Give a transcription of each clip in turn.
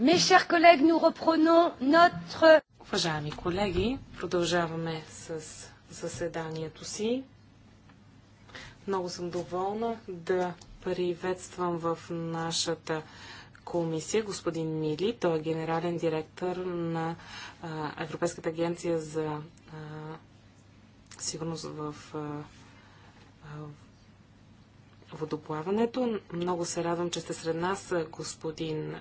Mes chers collègues, nous reprenons notre... Уважаеми колеги, продължаваме с заседанието си. Много съм доволна да приветствам в нашата комисия господин Мили. Той е генерален директор на Европейската агенция за сигурност в водоплаването. Много се радвам, че сте сред нас, господин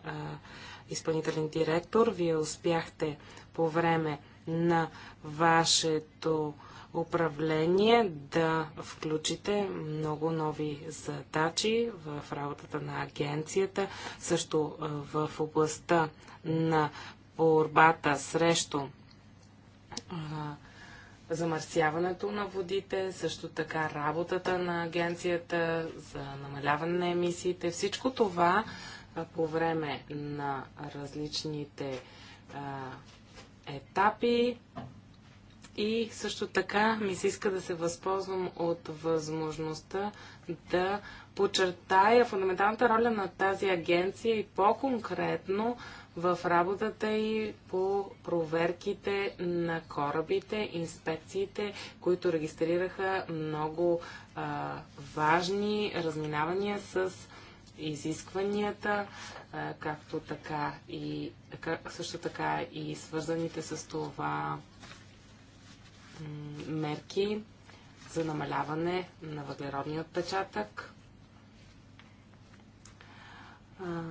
изпълнителен директор. Вие успяхте по време на вашето управление да включите много нови задачи в работата на агенцията, също в областта на борбата срещу замърсяването на водите, също така работата на агенцията за намаляване на емисиите. Всичко това по време на различните а, етапи. И също така ми се иска да се възползвам от възможността да подчертая фундаменталната роля на тази агенция и по-конкретно в работата и по проверките на корабите, инспекциите, които регистрираха много а, важни разминавания с изискванията, както така и също така и свързаните с това мерки за намаляване на въглеродния отпечатък,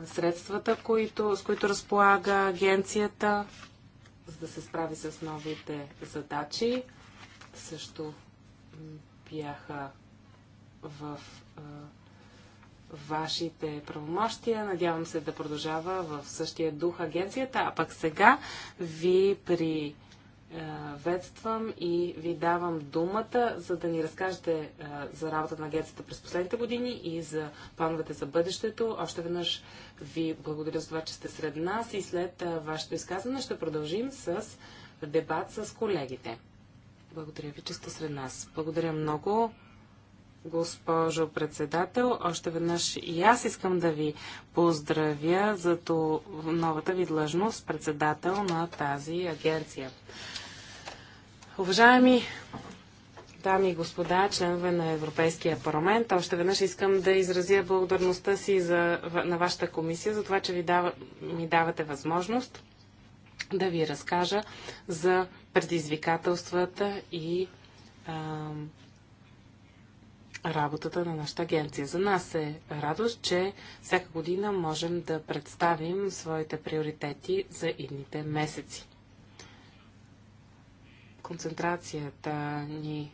средствата, които, с които разполага агенцията, за да се справи с новите задачи, също бяха в вашите правомощия. Надявам се да продължава в същия дух агенцията. А пък сега ви при приветствам и ви давам думата, за да ни разкажете е, за работата на агенцията през последните години и за плановете за бъдещето. Още веднъж ви благодаря за това, че сте сред нас и след е, вашето изказване ще продължим с дебат с колегите. Благодаря ви, че сте сред нас. Благодаря много госпожо председател. Още веднъж и аз искам да ви поздравя за новата ви длъжност председател на тази агенция. Уважаеми дами и господа, членове на Европейския парламент, още веднъж искам да изразя благодарността си за, на вашата комисия за това, че ви дава, ми давате възможност да ви разкажа за предизвикателствата и работата на нашата агенция. За нас е радост, че всяка година можем да представим своите приоритети за идните месеци. Концентрацията ни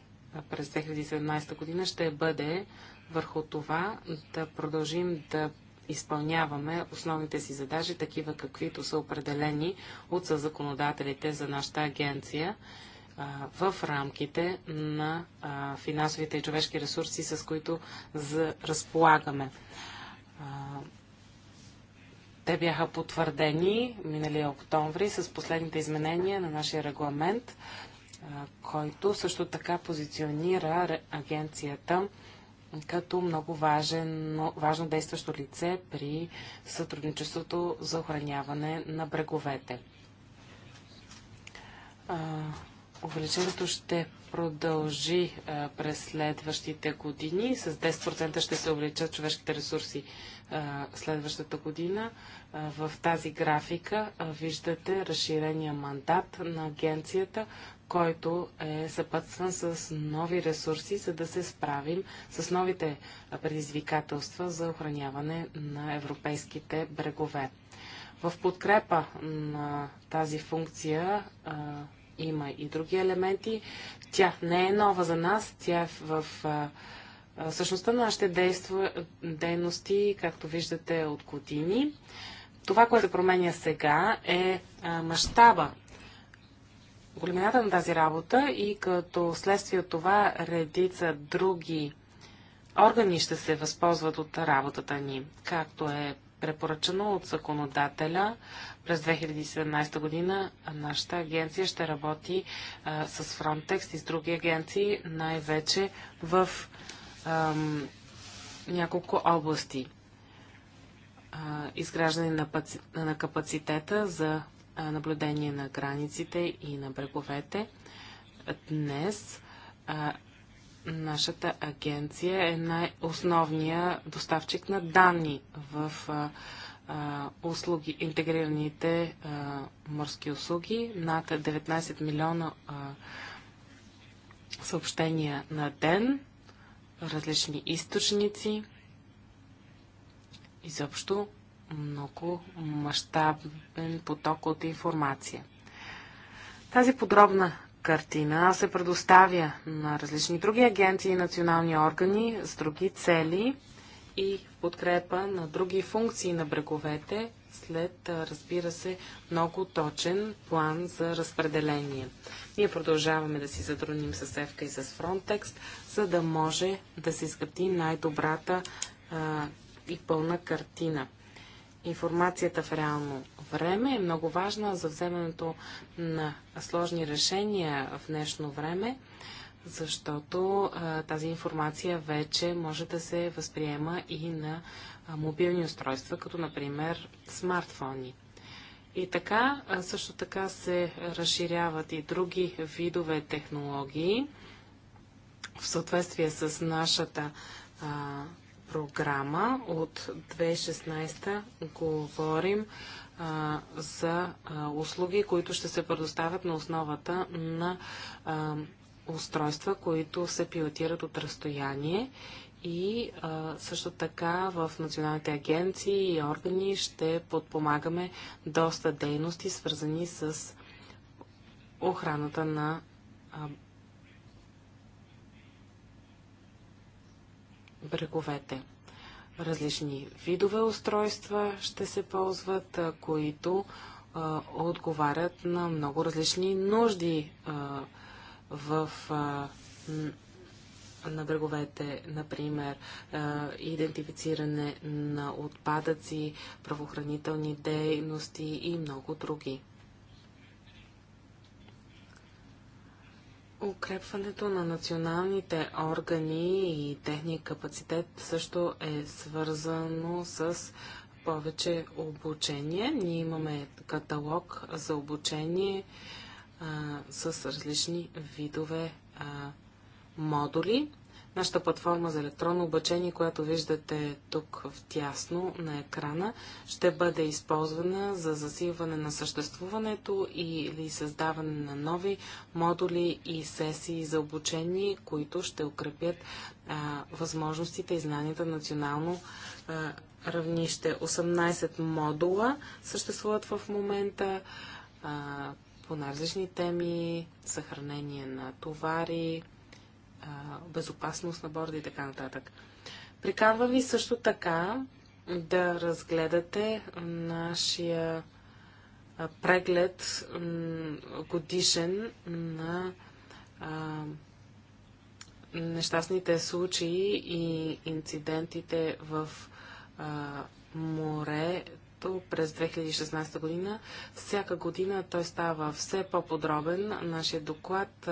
през 2017 година ще бъде върху това да продължим да изпълняваме основните си задачи, такива каквито са определени от законодателите за нашата агенция в рамките на финансовите и човешки ресурси, с които разполагаме. Те бяха потвърдени миналия октомври с последните изменения на нашия регламент, който също така позиционира агенцията като много важен, важно действащо лице при сътрудничеството за охраняване на бреговете. Увеличението ще продължи през следващите години. С 10% ще се увеличат човешките ресурси следващата година. в тази графика виждате разширения мандат на агенцията, който е съпътстван с нови ресурси, за да се справим с новите предизвикателства за охраняване на европейските брегове. В подкрепа на тази функция има и други елементи. Тя не е нова за нас, тя е в а, същността на нашите действа, дейности, както виждате, от години. Това, което променя сега е мащаба, големината на тази работа и като следствие от това редица други органи ще се възползват от работата ни, както е препоръчено от законодателя през 2017 година нашата агенция ще работи а, с Frontex и с други агенции, най-вече в а, няколко области. А, изграждане на, паци... на капацитета за а, наблюдение на границите и на бреговете. Днес нашата агенция е най-основния доставчик на данни в а, а, услуги, интегрираните а, морски услуги. Над 19 милиона съобщения на ден, различни източници. Изобщо много мащабен поток от информация. Тази подробна картина се предоставя на различни други агенции и национални органи с други цели и подкрепа на други функции на бреговете, след, разбира се, много точен план за разпределение. Ние продължаваме да си затрудним с Евка и с Frontex, за да може да се изгради най-добрата и пълна картина информацията в реално време е много важна за вземането на сложни решения в днешно време, защото а, тази информация вече може да се възприема и на а, мобилни устройства, като например смартфони. И така, а, също така се разширяват и други видове технологии в съответствие с нашата а, програма от 2016 говорим а, за а, услуги, които ще се предоставят на основата на а, устройства, които се пилотират от разстояние и а, също така в националните агенции и органи ще подпомагаме доста дейности, свързани с охраната на а, бреговете. Различни видове устройства ще се ползват, които отговарят на много различни нужди в на бреговете, например, идентифициране на отпадъци, правоохранителни дейности и много други. Укрепването на националните органи и техния капацитет също е свързано с повече обучение. Ние имаме каталог за обучение а, с различни видове а, модули нашата платформа за електронно обучение, която виждате тук в тясно на екрана, ще бъде използвана за засилване на съществуването или създаване на нови модули и сесии за обучение, които ще укрепят а, възможностите и знанията национално а, равнище. 18 модула съществуват в момента а, по различни теми, съхранение на товари, безопасност на борда и така нататък. Приканвам ви също така да разгледате нашия преглед годишен на нещастните случаи и инцидентите в море място през 2016 година. Всяка година той става все по-подробен. Нашия доклад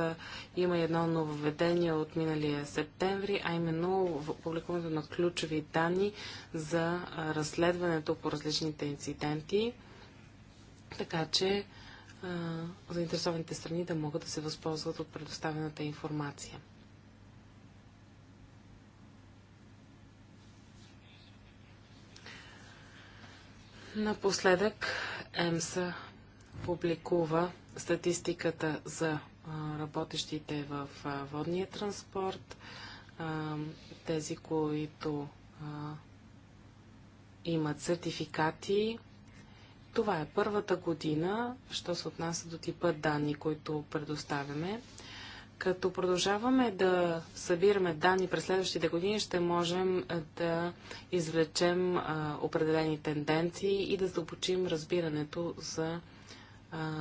има едно нововведение от миналия септември, а именно публикуването на ключови данни за разследването по различните инциденти. Така че заинтересованите страни да могат да се възползват от предоставената информация. Напоследък ЕМСА публикува статистиката за работещите в водния транспорт, тези, които имат сертификати. Това е първата година, що се отнася до типа данни, които предоставяме. Като продължаваме да събираме данни през следващите години, ще можем да извлечем а, определени тенденции и да задълбочим разбирането за а,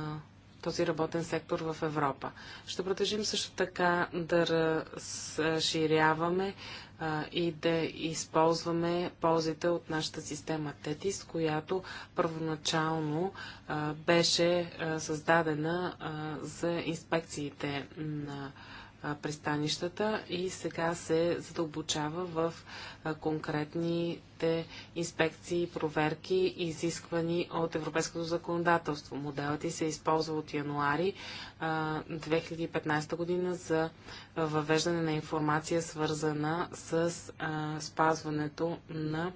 този работен сектор в Европа. Ще продължим също така да разширяваме а, и да използваме ползите от нашата система ТЕТИС, която първоначално а, беше а, създадена за инспекциите на пристанищата и сега се задълбочава в конкретните инспекции, проверки, изисквани от европейското законодателство. Моделът и се използва от януари 2015 година за въвеждане на информация, свързана с спазването на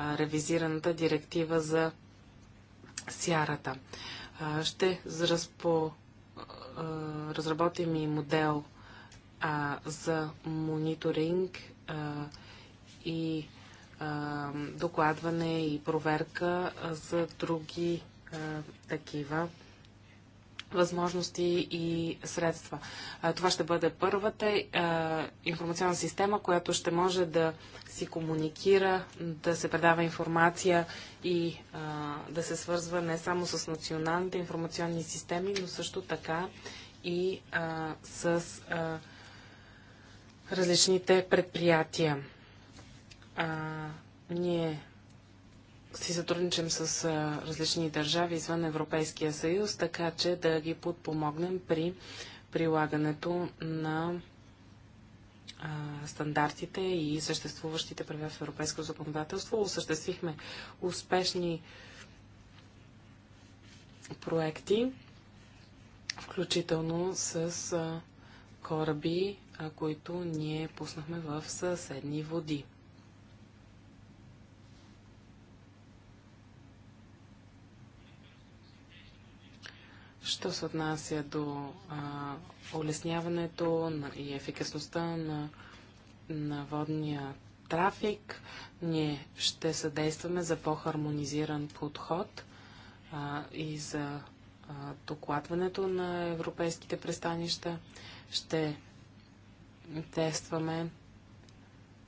ревизираната директива за сярата. Ще разпо разработим и модел а, за мониторинг а, и а, докладване и проверка за други а, такива възможности и средства. А, това ще бъде първата а, информационна система, която ще може да си комуникира, да се предава информация и а, да се свързва не само с националните информационни системи, но също така и с различните предприятия. А, ние си сътрудничим с а, различни държави извън Европейския съюз, така че да ги подпомогнем при прилагането на а, стандартите и съществуващите правила в европейско законодателство. Осъществихме успешни проекти, включително с а, кораби които ние пуснахме в съседни води. Що се отнася до а, улесняването на, и ефикасността на, на водния трафик, ние ще съдействаме за по-хармонизиран подход а, и за а, докладването на европейските пристанища. Ще тестваме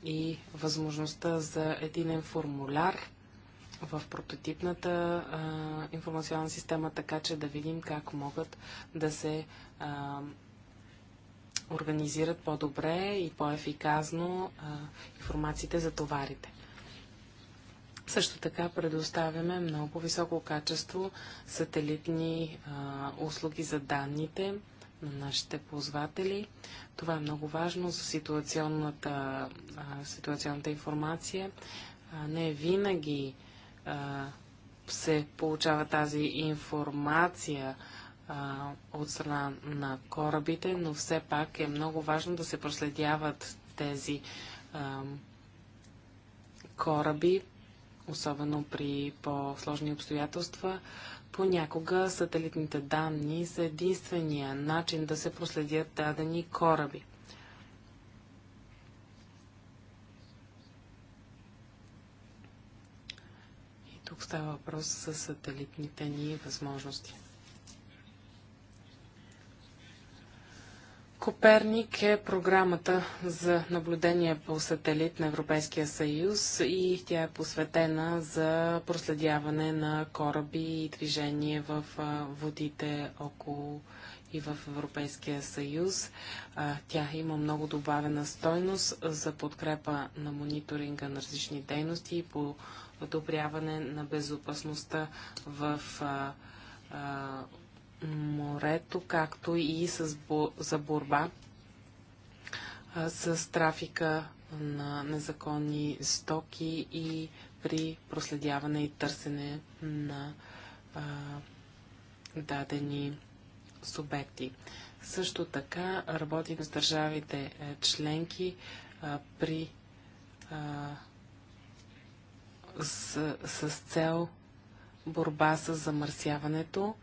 и възможността за единен формуляр в прототипната а, информационна система, така че да видим как могат да се а, организират по-добре и по-ефиказно информациите за товарите. Също така предоставяме много високо качество сателитни а, услуги за данните на нашите ползватели. Това е много важно за ситуационната, ситуационната информация. не винаги се получава тази информация от страна на корабите, но все пак е много важно да се проследяват тези кораби, особено при по-сложни обстоятелства. Понякога сателитните данни са единствения начин да се проследят дадени кораби. И тук става въпрос за сателитните ни възможности. Коперник е програмата за наблюдение по сателит на Европейския съюз и тя е посветена за проследяване на кораби и движение в водите около и в Европейския съюз. Тя има много добавена стойност за подкрепа на мониторинга на различни дейности и по подобряване на безопасността в морето, както и с, за борба с трафика на незаконни стоки и при проследяване и търсене на а, дадени субекти. Също така работим с държавите е, членки а, при а, с, с цел борба с замърсяването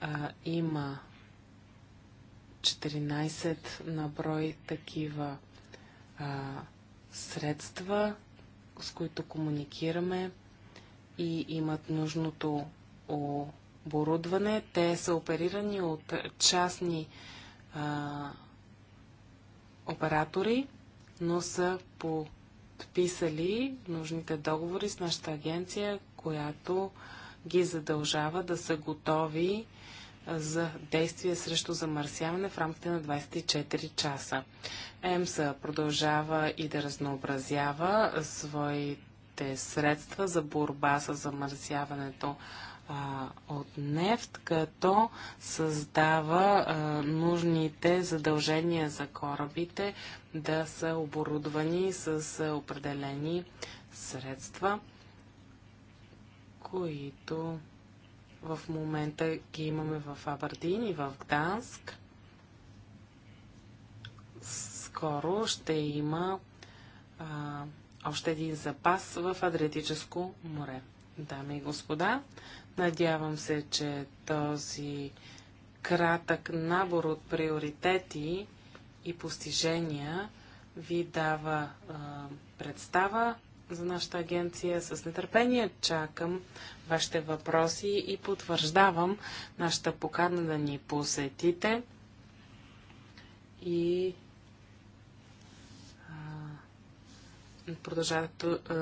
а, има 14 на брой такива а, средства, с които комуникираме и имат нужното оборудване. Те са оперирани от частни а, оператори, но са подписали нужните договори с нашата агенция, която ги задължава да са готови за действие срещу замърсяване в рамките на 24 часа. ЕМСА продължава и да разнообразява своите средства за борба с замърсяването от нефт, като създава а, нужните задължения за корабите да са оборудвани с а, определени средства, които в момента ги имаме в Абардин и в Гданск. Скоро ще има а, още един запас в Адриатическо море. Дами и господа, надявам се, че този кратък набор от приоритети и постижения ви дава а, представа за нашата агенция. С нетърпение чакам вашите въпроси и потвърждавам нашата покана да ни посетите. И продължава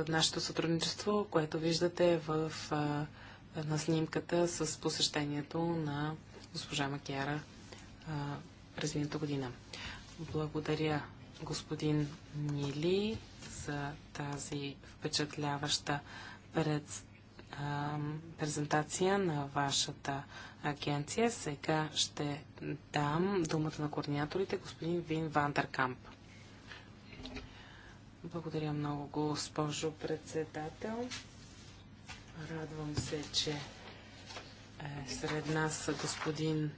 нашето сътрудничество, което виждате в, а, на снимката с посещението на госпожа Макяра през година. Благодаря, господин Нили за тази впечатляваща пред, а, презентация на вашата агенция. Сега ще дам думата на координаторите, господин Вин Вандеркамп. Благодаря много, госпожо председател. Радвам се, че е сред нас господин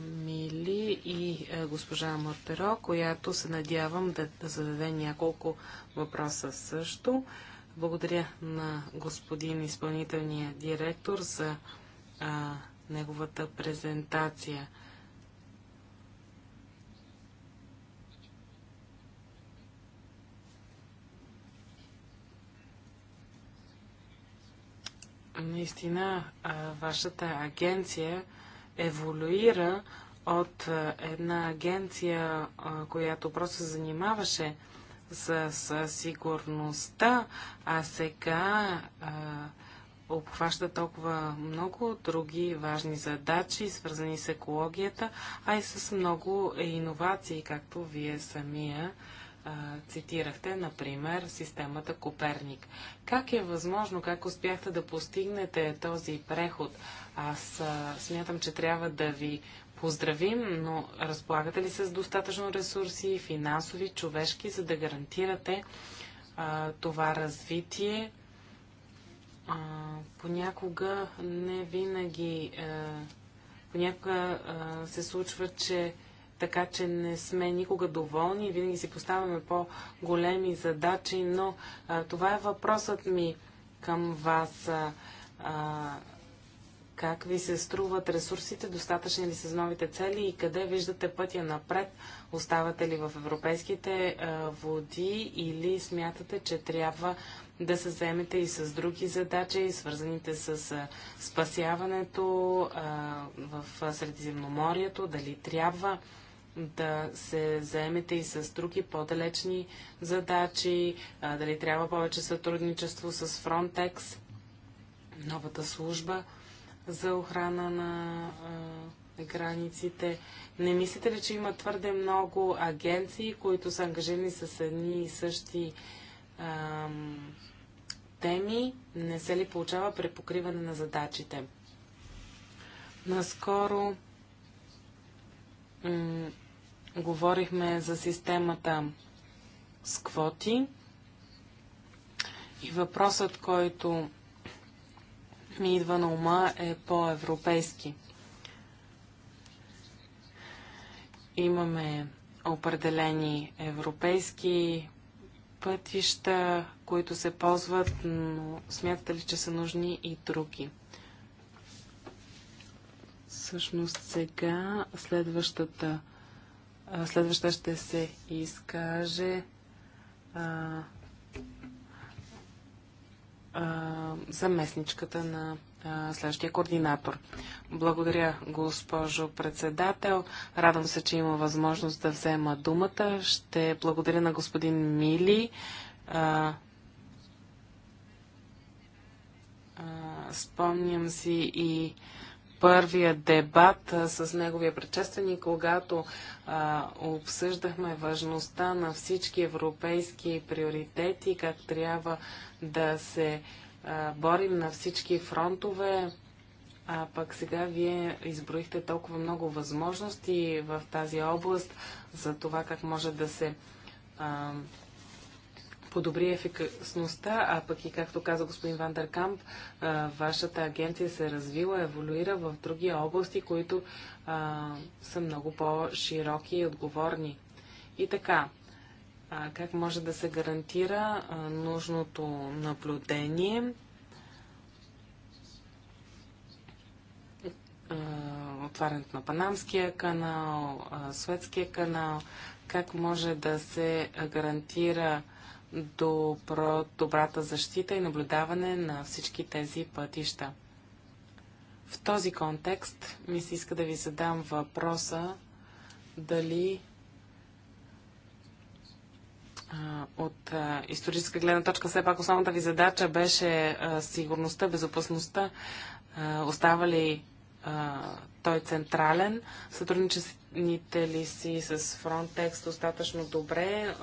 Мили и госпожа Мартеро, която се надявам да, зададе няколко въпроса също. Благодаря на господин изпълнителния директор за а, неговата презентация. Наистина, а, вашата агенция еволюира от е, една агенция, е, която просто се занимаваше с, сигурността, а сега е, обхваща толкова много други важни задачи, свързани с екологията, а и с много иновации, както вие самия цитирахте, например, системата Коперник. Как е възможно, как успяхте да постигнете този преход? Аз смятам, че трябва да ви поздравим, но разполагате ли с достатъчно ресурси, финансови, човешки, за да гарантирате а, това развитие? А, понякога не винаги. А, понякога а, се случва, че така, че не сме никога доволни, винаги си поставяме по-големи задачи, но а, това е въпросът ми към вас. А, а, как ви се струват ресурсите, достатъчни ли са за новите цели и къде виждате пътя напред? Оставате ли в европейските е, води или смятате, че трябва да се заемете и с други задачи, свързаните с е, спасяването е, в Средиземноморието? Дали трябва да се заемете и с други по-далечни задачи? дали трябва повече сътрудничество с Frontex, новата служба? за охрана на а, границите. Не мислите ли, че има твърде много агенции, които са ангажирани с едни и същи а, теми? Не се ли получава препокриване на задачите? Наскоро говорихме за системата с квоти и въпросът, който ми идва на ума е по-европейски. Имаме определени европейски пътища, които се ползват, но смятате ли, че са нужни и други? Всъщност сега следващата следваща ще се изкаже а, заместничката на следващия координатор. Благодаря, госпожо председател. Радвам се, че има възможност да взема думата. Ще благодаря на господин Мили. А, а, спомням си и първия дебат с неговия предшественик, когато а, обсъждахме важността на всички европейски приоритети, как трябва да се а, борим на всички фронтове. А пък сега вие изброихте толкова много възможности в тази област за това как може да се подобри ефикасността, а пък и както каза господин Вандеркамп, вашата агенция се развила, еволюира в други области, които а, са много по-широки и отговорни. И така, а, как може да се гарантира а, нужното наблюдение? отварянето на Панамския канал, Светския канал, как може да се гарантира добро, добрата защита и наблюдаване на всички тези пътища. В този контекст ми се иска да ви задам въпроса дали от а, историческа гледна точка, все пак основната ви задача беше а, сигурността, безопасността. А, остава ли той централен? Сътрудничеството Дните ли си с Frontex достатъчно добре?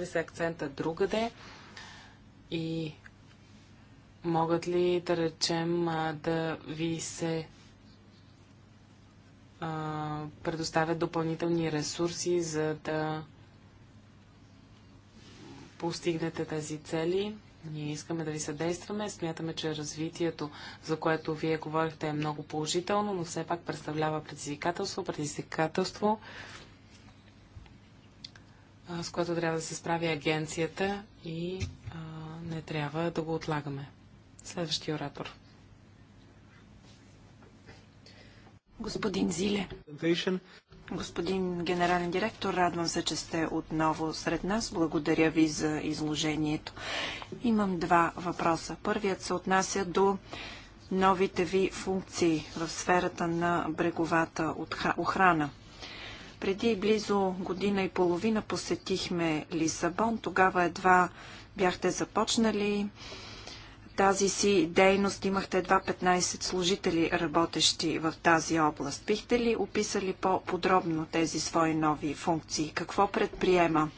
ли се акцента другаде? И могат ли, да речем, да ви се предоставят допълнителни ресурси, за да постигнете тези цели? Ние искаме да ви съдействаме. Смятаме, че развитието, за което вие говорихте, е много положително, но все пак представлява предизвикателство, предизвикателство, с което трябва да се справи агенцията и а, не трябва да го отлагаме. Следващия оратор. Господин Зиле. Господин генерален директор, радвам се, че сте отново сред нас. Благодаря ви за изложението. Имам два въпроса. Първият се отнася до новите ви функции в сферата на бреговата охрана. Преди близо година и половина посетихме Лисабон. Тогава едва бяхте започнали тази си дейност имахте едва 15 служители, работещи в тази област. Бихте ли описали по-подробно тези свои нови функции? Какво предприема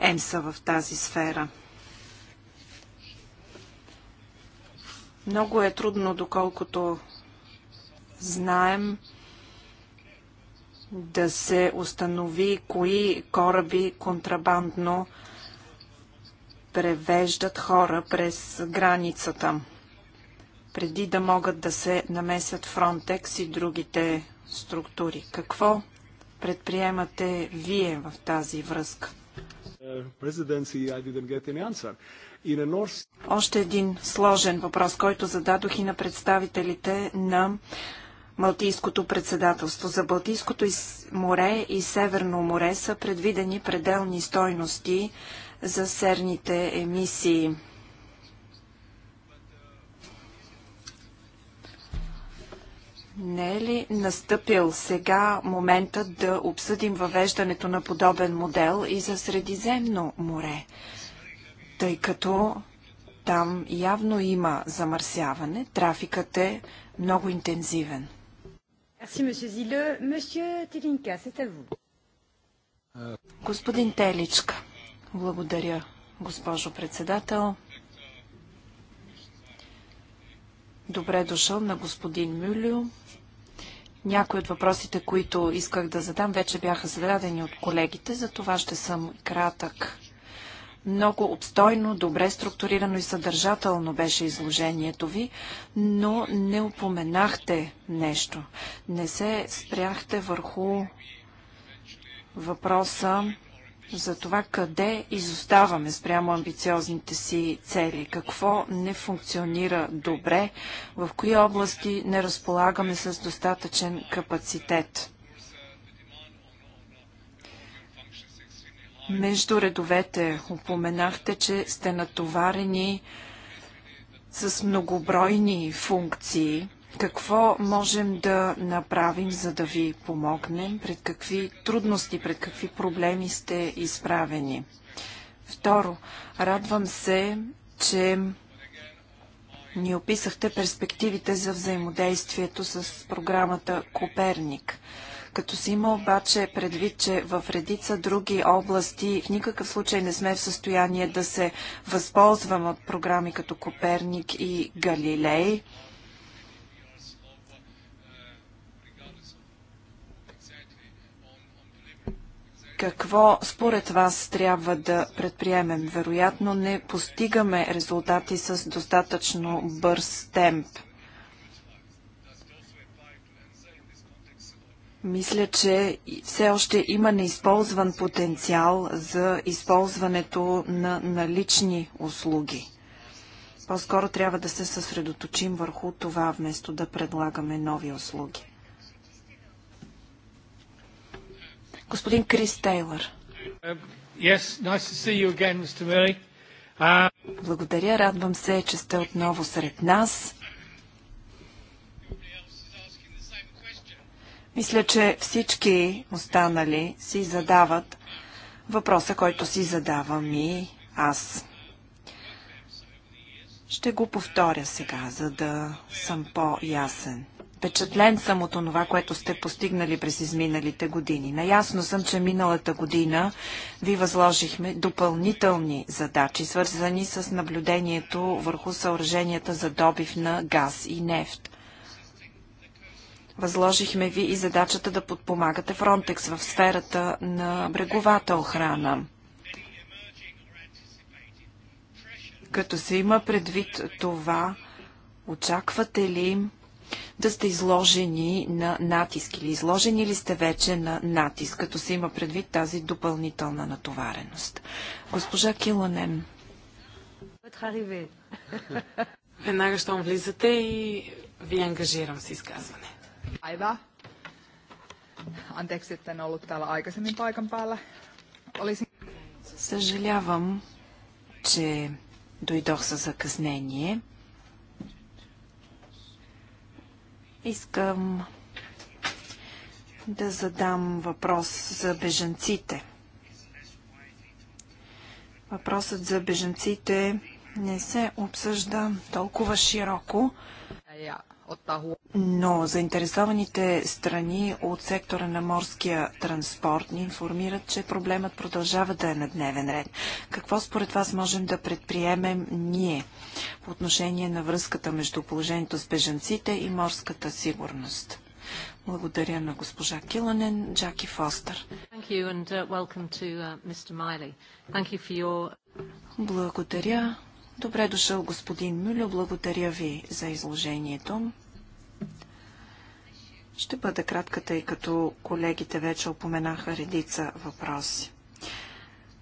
ЕМСА в тази сфера? Много е трудно, доколкото знаем, да се установи кои кораби контрабандно превеждат хора през границата, преди да могат да се намесят Фронтекс и другите структури. Какво предприемате вие в тази връзка? Още един сложен въпрос, който зададох и на представителите на Малтийското председателство. За Балтийското море и Северно море са предвидени пределни стойности за серните емисии. Не е ли настъпил сега моментът да обсъдим въвеждането на подобен модел и за Средиземно море? Тъй като там явно има замърсяване, трафикът е много интензивен. Господин Теличка. Благодаря, госпожо председател. Добре дошъл на господин Мюлю. Някои от въпросите, които исках да задам, вече бяха зададени от колегите, за това ще съм кратък. Много обстойно, добре структурирано и съдържателно беше изложението ви, но не упоменахте нещо. Не се спряхте върху въпроса за това къде изоставаме спрямо амбициозните си цели, какво не функционира добре, в кои области не разполагаме с достатъчен капацитет. Между редовете упоменахте, че сте натоварени с многобройни функции – какво можем да направим, за да ви помогнем? Пред какви трудности, пред какви проблеми сте изправени? Второ, радвам се, че ни описахте перспективите за взаимодействието с програмата Коперник. Като си има обаче предвид, че в редица други области в никакъв случай не сме в състояние да се възползваме от програми като Коперник и Галилей, Какво според вас трябва да предприемем? Вероятно не постигаме резултати с достатъчно бърз темп. Мисля, че все още има неизползван потенциал за използването на налични услуги. По-скоро трябва да се съсредоточим върху това, вместо да предлагаме нови услуги. Господин Крис Тейлър. Uh, uh, Благодаря, радвам се, че сте отново сред нас. Мисля, че всички останали си задават въпроса, който си задавам и аз. Ще го повторя сега, за да съм по-ясен. Впечатлен съм от това, което сте постигнали през изминалите години. Наясно съм, че миналата година ви възложихме допълнителни задачи, свързани с наблюдението върху съоръженията за добив на газ и нефт. Възложихме ви и задачата да подпомагате Фронтекс в сферата на бреговата охрана. Като се има предвид това, очаквате ли да сте изложени на натиск или изложени ли сте вече на натиск, като се има предвид тази допълнителна натовареност. Госпожа Килонен. Веднага, щом влизате и ви ангажирам с изказване. Айва. Антекси, että en ollut täällä aikaisemmin paikan päällä. Съжалявам, че дойдох със закъснение. Искам да задам въпрос за бежанците. Въпросът за бежанците не се обсъжда толкова широко. Но заинтересованите страни от сектора на морския транспорт ни информират, че проблемът продължава да е на дневен ред. Какво според вас можем да предприемем ние по отношение на връзката между положението с бежанците и морската сигурност? Благодаря на госпожа Киланен, Джаки Фостер. Uh, uh, Благодаря. Добре дошъл, господин Мюлю. Благодаря ви за изложението. Ще бъда кратка, тъй като колегите вече опоменаха редица въпроси.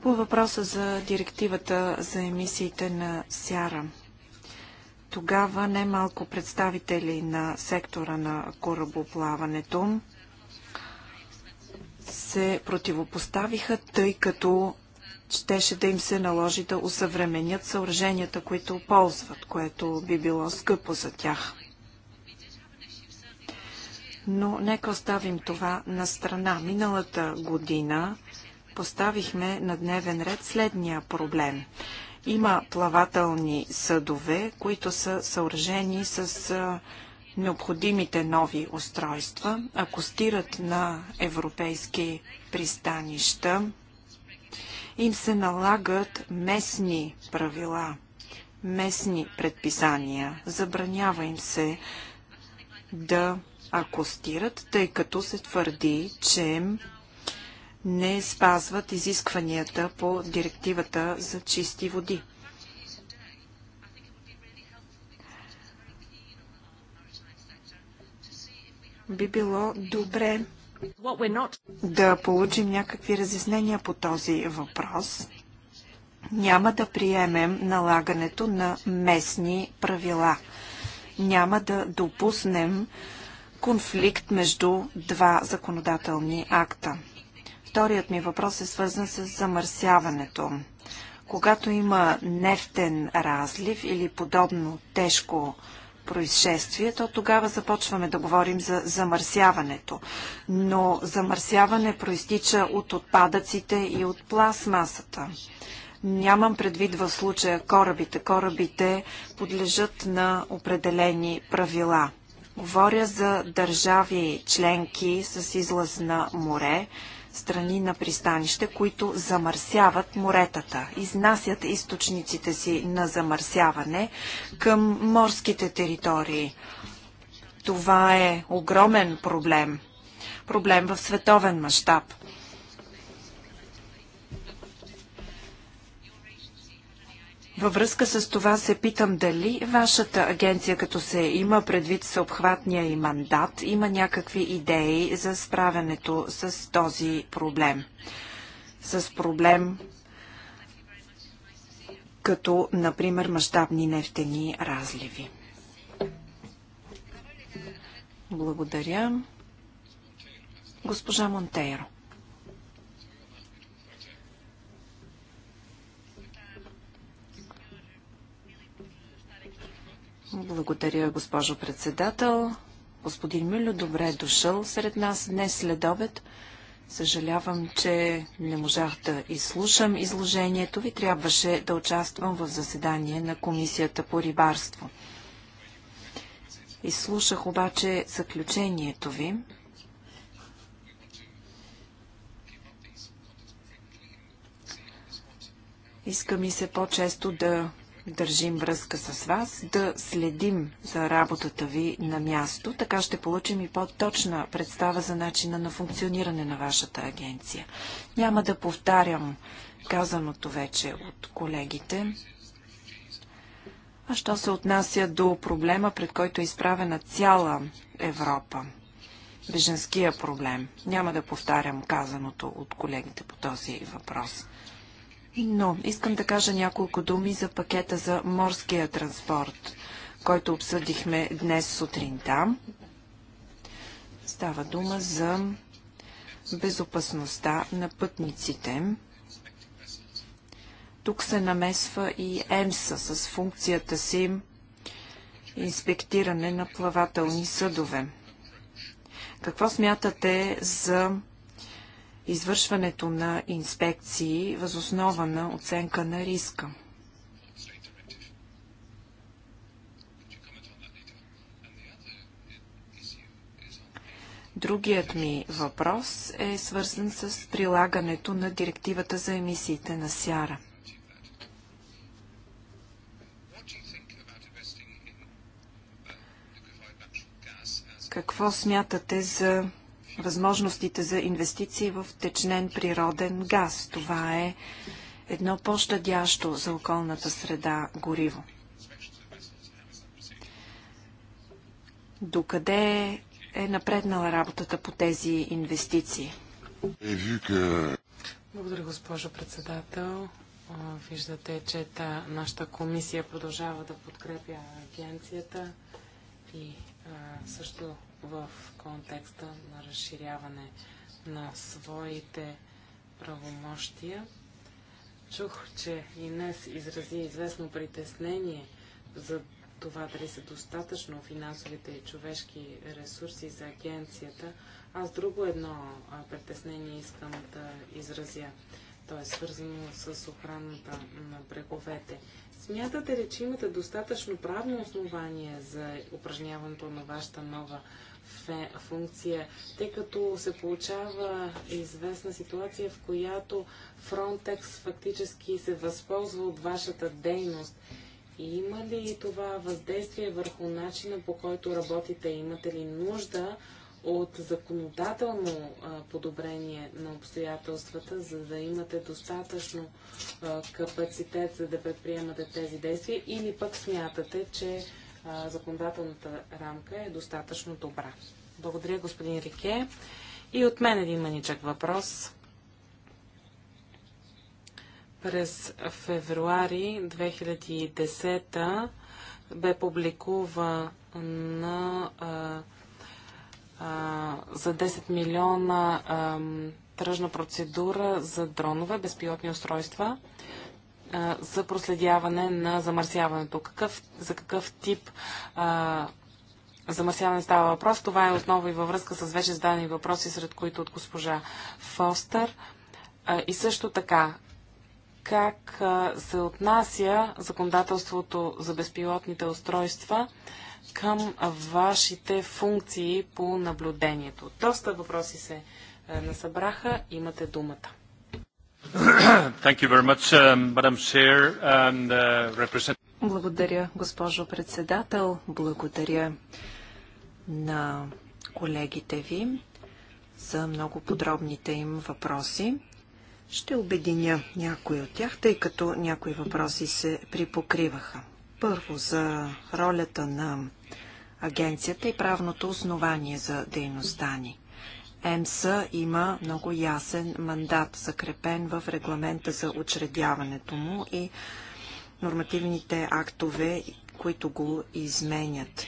По въпроса за директивата за емисиите на сяра. Тогава немалко представители на сектора на корабоплаването се противопоставиха, тъй като щеше да им се наложи да усъвременят съоръженията, които ползват, което би било скъпо за тях. Но нека оставим това на страна. Миналата година поставихме на дневен ред следния проблем. Има плавателни съдове, които са съоръжени с необходимите нови устройства, акустират на европейски пристанища, им се налагат местни правила, местни предписания. Забранява им се да акостират, тъй като се твърди, че не спазват изискванията по директивата за чисти води. Би било добре да получим някакви разяснения по този въпрос. Няма да приемем налагането на местни правила. Няма да допуснем конфликт между два законодателни акта. Вторият ми въпрос е свързан с замърсяването. Когато има нефтен разлив или подобно тежко происшествие, то тогава започваме да говорим за замърсяването. Но замърсяване проистича от отпадъците и от пластмасата. Нямам предвид в случая корабите. Корабите подлежат на определени правила. Говоря за държави членки с излаз на море, страни на пристанище, които замърсяват моретата, изнасят източниците си на замърсяване към морските територии. Това е огромен проблем. Проблем в световен мащаб. Във връзка с това се питам дали вашата агенция, като се има предвид съобхватния и мандат, има някакви идеи за справянето с този проблем. С проблем като, например, мащабни нефтени разливи. Благодаря. Госпожа Монтейро. Благодаря, госпожо председател. Господин Милю, добре е дошъл сред нас днес след обед. Съжалявам, че не можах да изслушам изложението ви. Трябваше да участвам в заседание на Комисията по рибарство. Изслушах обаче заключението ви. Иска ми се по-често да държим връзка с вас, да следим за работата ви на място. Така ще получим и по-точна представа за начина на функциониране на вашата агенция. Няма да повтарям казаното вече от колегите. А що се отнася до проблема, пред който е изправена цяла Европа? Беженския проблем. Няма да повтарям казаното от колегите по този въпрос. Но искам да кажа няколко думи за пакета за морския транспорт, който обсъдихме днес сутринта. Става дума за безопасността на пътниците. Тук се намесва и ЕМСА с функцията си инспектиране на плавателни съдове. Какво смятате за извършването на инспекции възоснова на оценка на риска. Другият ми въпрос е свързан с прилагането на директивата за емисиите на сяра. Какво смятате за възможностите за инвестиции в течнен природен газ. Това е едно по-щадящо за околната среда гориво. Докъде е напреднала работата по тези инвестиции? Е, Благодаря, госпожо председател. Виждате, че та, нашата комисия продължава да подкрепя агенцията и също в контекста на разширяване на своите правомощия. Чух, че Инес изрази известно притеснение за това дали са достатъчно финансовите и човешки ресурси за агенцията. Аз друго едно притеснение искам да изразя. То е свързано с охраната на бреговете. Смятате ли, че имате достатъчно правно основание за упражняването на вашата нова функция, тъй като се получава известна ситуация, в която Frontex фактически се възползва от вашата дейност. Има ли това въздействие върху начина по който работите? Имате ли нужда от законодателно подобрение на обстоятелствата, за да имате достатъчно капацитет, за да предприемате тези действия, или пък смятате, че законодателната рамка е достатъчно добра. Благодаря, господин Рике. И от мен един маничък въпрос. През февруари 2010 бе публикувана а, а, за 10 милиона а, тръжна процедура за дронове, безпилотни устройства за проследяване на замърсяването. Какъв, за какъв тип а, замърсяване става въпрос? Това е отново и във връзка с вече зададени въпроси, сред които от госпожа Фостер. А, и също така, как се отнася законодателството за безпилотните устройства към вашите функции по наблюдението. Доста въпроси се насъбраха. Имате думата. Um, uh, Благодаря, госпожо председател. Благодаря на колегите ви за много подробните им въпроси. Ще обединя някои от тях, тъй като някои въпроси се припокриваха. Първо за ролята на агенцията и правното основание за дейността ни. ЕМСА има много ясен мандат, закрепен в регламента за учредяването му и нормативните актове, които го изменят.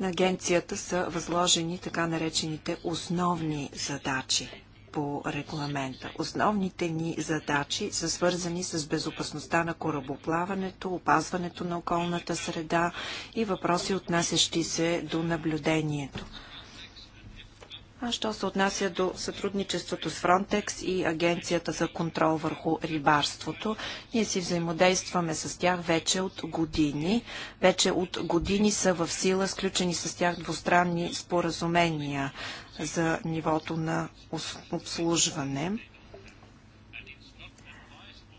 На агенцията са възложени така наречените основни задачи по регламента. Основните ни задачи са свързани с безопасността на корабоплаването, опазването на околната среда и въпроси, отнасящи се до наблюдението. А що се отнася до сътрудничеството с Фронтекс и Агенцията за контрол върху рибарството, ние си взаимодействаме с тях вече от години. Вече от години са в сила сключени с тях двустранни споразумения за нивото на обслужване.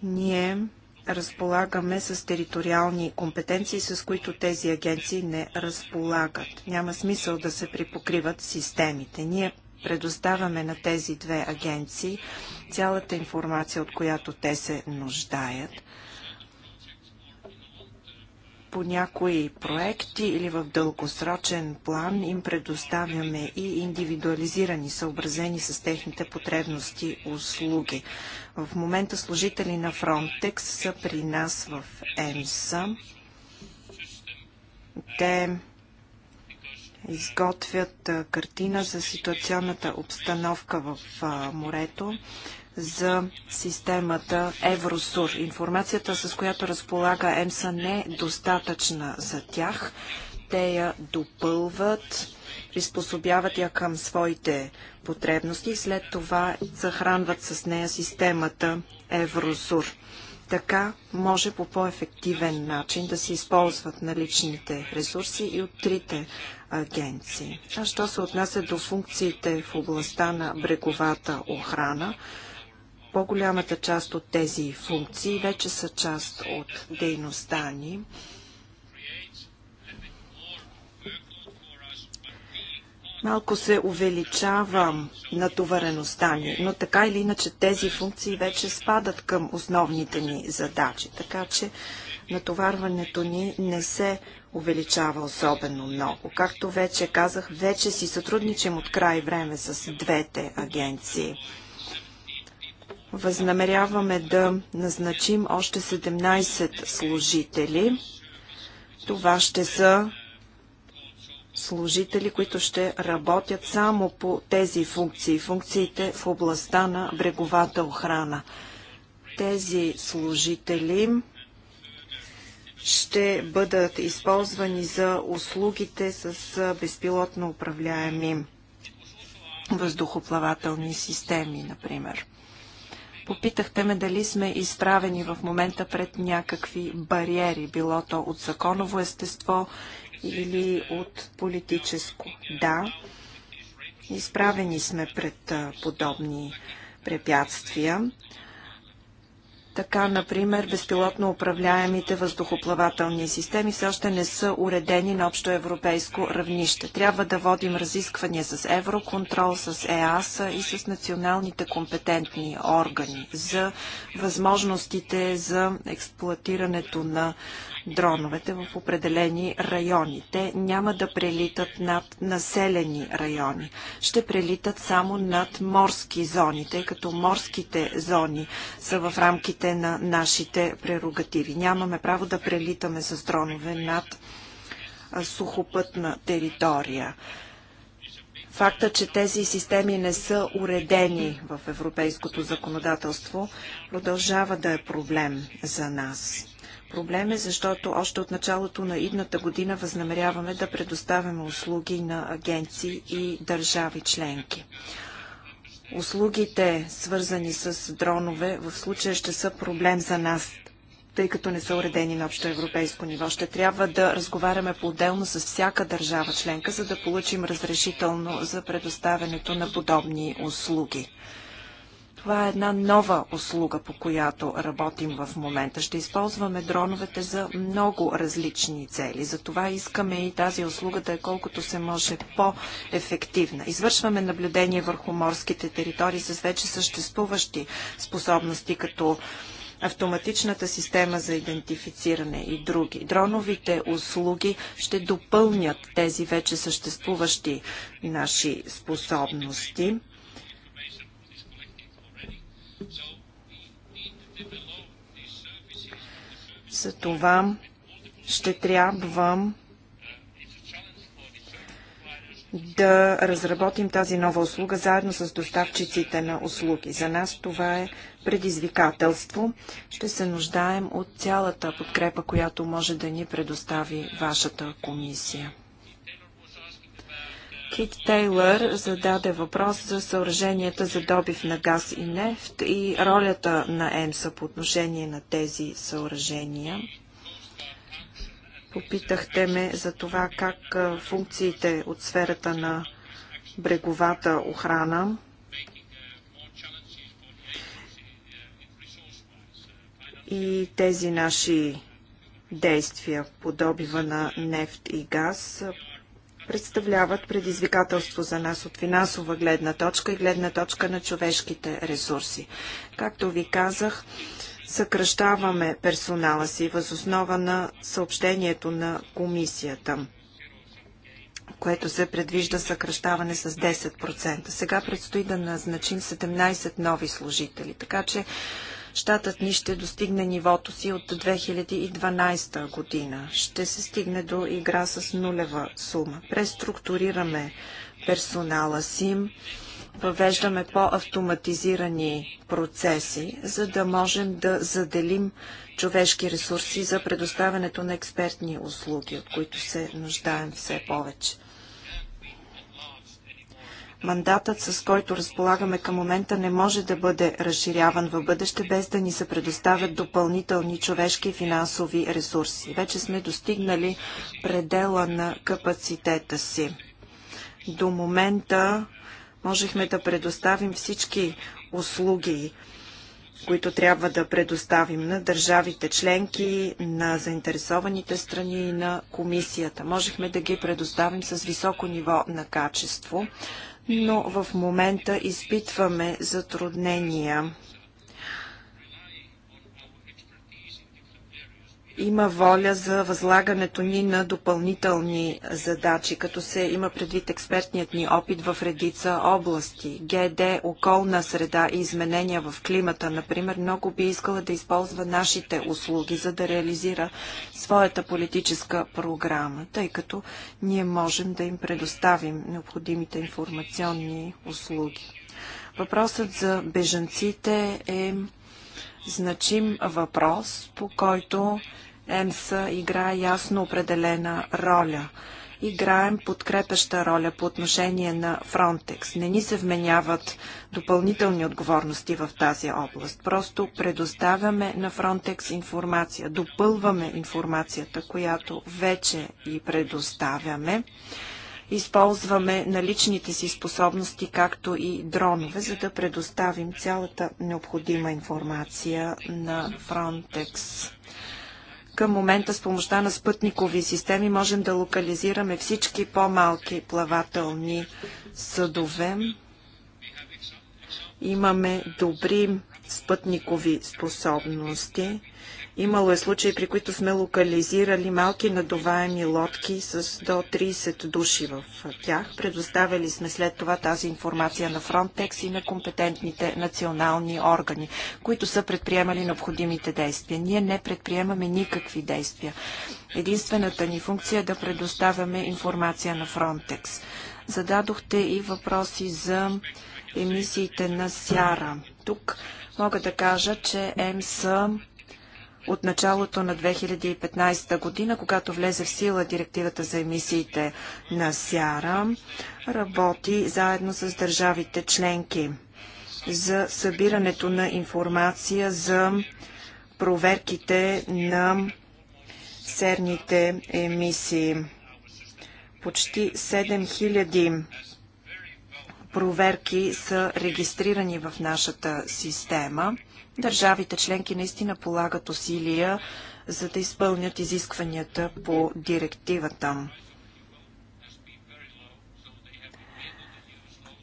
Ние разполагаме с териториални компетенции, с които тези агенции не разполагат. Няма смисъл да се припокриват системите. Ние предоставяме на тези две агенции цялата информация, от която те се нуждаят по някои проекти или в дългосрочен план им предоставяме и индивидуализирани, съобразени с техните потребности услуги. В момента служители на Frontex са при нас в ЕМСА. Те изготвят картина за ситуационната обстановка в морето, за системата Евросур. Информацията, с която разполага ЕМСА, не е достатъчна за тях. Те я допълват, приспособяват я към своите потребности и след това захранват с нея системата Евросур. Така може по по-ефективен начин да се използват наличните ресурси и от трите агенции. А що се отнася до функциите в областта на бреговата охрана, по-голямата част от тези функции вече са част от дейността ни. малко се увеличава натовареността ни, но така или иначе тези функции вече спадат към основните ни задачи, така че натоварването ни не се увеличава особено много. Както вече казах, вече си сътрудничим от край време с двете агенции. Възнамеряваме да назначим още 17 служители. Това ще са служители, които ще работят само по тези функции, функциите в областта на бреговата охрана. Тези служители ще бъдат използвани за услугите с безпилотно управляеми въздухоплавателни системи, например. Попитахте ме дали сме изправени в момента пред някакви бариери, било то от законово естество или от политическо. Да, изправени сме пред подобни препятствия. Така, например, безпилотно управляемите въздухоплавателни системи все още не са уредени на общо европейско равнище. Трябва да водим разисквания с Евроконтрол, с ЕАСА и с националните компетентни органи за възможностите за експлуатирането на дроновете в определени райони. Те няма да прелитат над населени райони. Ще прелитат само над морски зони, тъй като морските зони са в рамките на нашите прерогативи. Нямаме право да прелитаме с дронове над сухопътна територия. Факта, че тези системи не са уредени в европейското законодателство, продължава да е проблем за нас. Проблем е, защото още от началото на идната година възнамеряваме да предоставяме услуги на агенции и държави членки. Услугите, свързани с дронове, в случая ще са проблем за нас, тъй като не са уредени на общо европейско ниво. Ще трябва да разговаряме по-отделно с всяка държава членка, за да получим разрешително за предоставянето на подобни услуги. Това е една нова услуга, по която работим в момента. Ще използваме дроновете за много различни цели. Затова искаме и тази услуга да е колкото се може по-ефективна. Извършваме наблюдение върху морските територии с вече съществуващи способности, като автоматичната система за идентифициране и други. Дроновите услуги ще допълнят тези вече съществуващи наши способности. За това ще трябва да разработим тази нова услуга заедно с доставчиците на услуги. За нас това е предизвикателство. Ще се нуждаем от цялата подкрепа, която може да ни предостави вашата комисия. Кит Тейлър зададе въпрос за съоръженията за добив на газ и нефт и ролята на ЕМСА по отношение на тези съоръжения. Попитахте ме за това как функциите от сферата на бреговата охрана и тези наши действия по добива на нефт и газ представляват предизвикателство за нас от финансова гледна точка и гледна точка на човешките ресурси. Както ви казах, съкръщаваме персонала си възоснова на съобщението на комисията което се предвижда съкръщаване с 10%. Сега предстои да назначим 17 нови служители, така че щатът ни ще достигне нивото си от 2012 година. Ще се стигне до игра с нулева сума. Преструктурираме персонала си, въвеждаме по-автоматизирани процеси, за да можем да заделим човешки ресурси за предоставянето на експертни услуги, от които се нуждаем все повече. Мандатът, с който разполагаме към момента, не може да бъде разширяван в бъдеще, без да ни се предоставят допълнителни човешки и финансови ресурси. Вече сме достигнали предела на капацитета си. До момента можехме да предоставим всички услуги, които трябва да предоставим на държавите членки, на заинтересованите страни и на комисията. Можехме да ги предоставим с високо ниво на качество, но в момента изпитваме затруднения. има воля за възлагането ни на допълнителни задачи, като се има предвид експертният ни опит в редица области. ГД, околна среда и изменения в климата, например, много би искала да използва нашите услуги, за да реализира своята политическа програма, тъй като ние можем да им предоставим необходимите информационни услуги. Въпросът за бежанците е значим въпрос, по който МС играе ясно определена роля. Играем подкрепеща роля по отношение на Фронтекс. Не ни се вменяват допълнителни отговорности в тази област. Просто предоставяме на Фронтекс информация, допълваме информацията, която вече и предоставяме използваме наличните си способности, както и дронове, за да предоставим цялата необходима информация на Frontex. Към момента с помощта на спътникови системи можем да локализираме всички по-малки плавателни съдове. Имаме добри спътникови способности. Имало е случаи, при които сме локализирали малки надуваеми лодки с до 30 души в тях. Предоставили сме след това тази информация на Frontex и на компетентните национални органи, които са предприемали необходимите действия. Ние не предприемаме никакви действия. Единствената ни функция е да предоставяме информация на Frontex. Зададохте и въпроси за емисиите на сяра. Тук мога да кажа, че ЕМСА от началото на 2015 година, когато влезе в сила директивата за емисиите на сяра, работи заедно с държавите членки за събирането на информация за проверките на серните емисии. Почти 7000 проверки са регистрирани в нашата система. Държавите членки наистина полагат усилия за да изпълнят изискванията по директивата.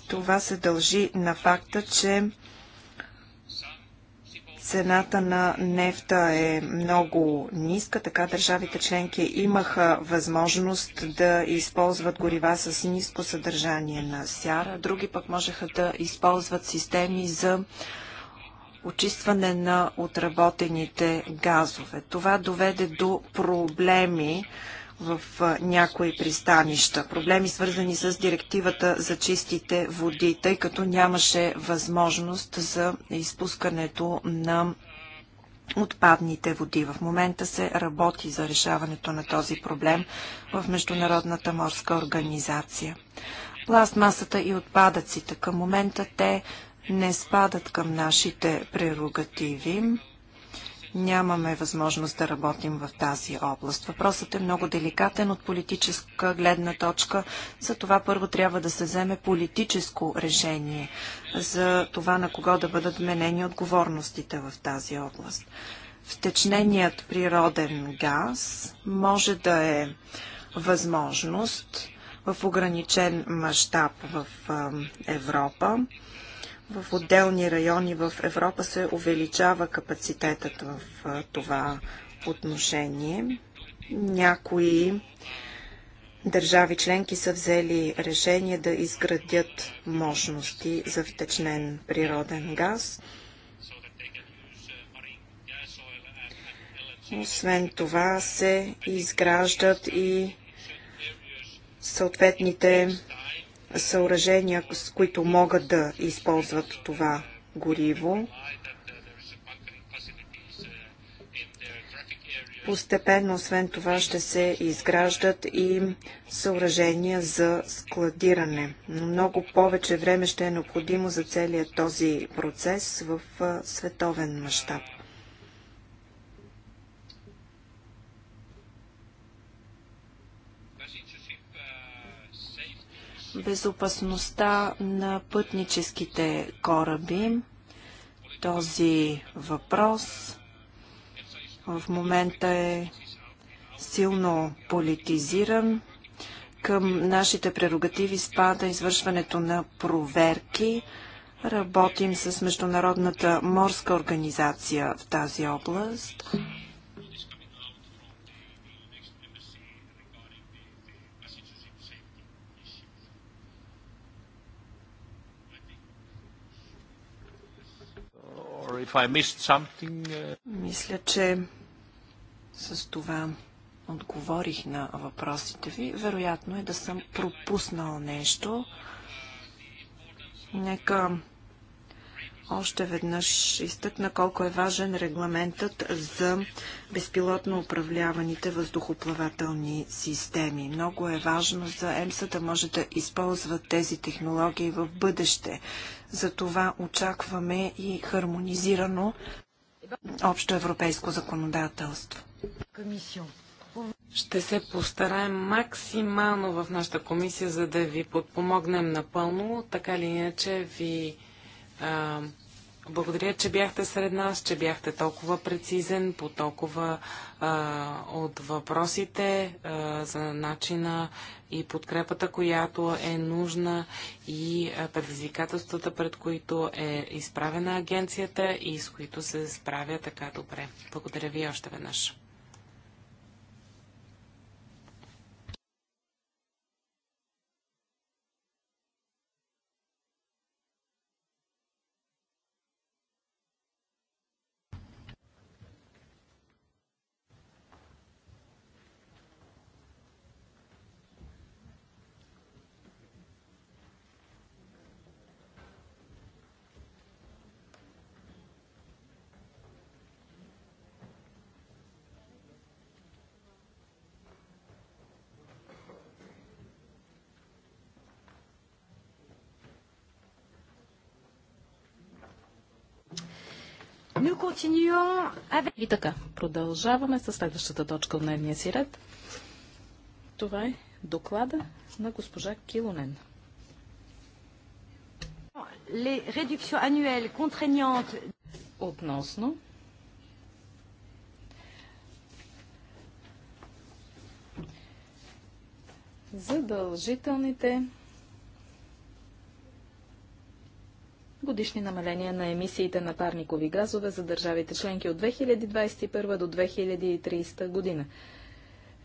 Това се дължи на факта, че Цената на нефта е много ниска, така държавите членки имаха възможност да използват горива с ниско съдържание на сяра. Други пък можеха да използват системи за очистване на отработените газове. Това доведе до проблеми в някои пристанища. Проблеми свързани с директивата за чистите води, тъй като нямаше възможност за изпускането на отпадните води. В момента се работи за решаването на този проблем в Международната морска организация. Пластмасата и отпадъците. Към момента те не спадат към нашите прерогативи нямаме възможност да работим в тази област. Въпросът е много деликатен от политическа гледна точка. За това първо трябва да се вземе политическо решение за това на кого да бъдат менени отговорностите в тази област. Втечненият природен газ може да е възможност в ограничен мащаб в Европа. В отделни райони в Европа се увеличава капацитетът в това отношение. Някои държави членки са взели решение да изградят мощности за втечнен природен газ. Освен това се изграждат и съответните съоръжения, с които могат да използват това гориво. Постепенно, освен това, ще се изграждат и съоръжения за складиране. Но много повече време ще е необходимо за целият този процес в световен мащаб. безопасността на пътническите кораби. Този въпрос в момента е силно политизиран. Към нашите прерогативи спада извършването на проверки. Работим с Международната морска организация в тази област. Uh, Мисля, че с това отговорих на въпросите ви. Вероятно е да съм пропуснал нещо. Нека още веднъж изтъкна колко е важен регламентът за безпилотно управляваните въздухоплавателни системи. Много е важно за ЕМСА да може да използват тези технологии в бъдеще. За това очакваме и хармонизирано общо европейско законодателство. Ще се постараем максимално в нашата комисия, за да ви подпомогнем напълно. Така или иначе ви а, благодаря, че бяхте сред нас, че бяхте толкова прецизен по толкова а, от въпросите а, за начина и подкрепата, която е нужна и предизвикателствата, пред които е изправена агенцията и с които се справя така добре. Благодаря ви още веднъж. И така, продължаваме с следващата точка от дневния си ред. Това е доклада на госпожа Килонен. Относно задължителните годишни намаления на емисиите на парникови газове за държавите членки от 2021 до 2030 година.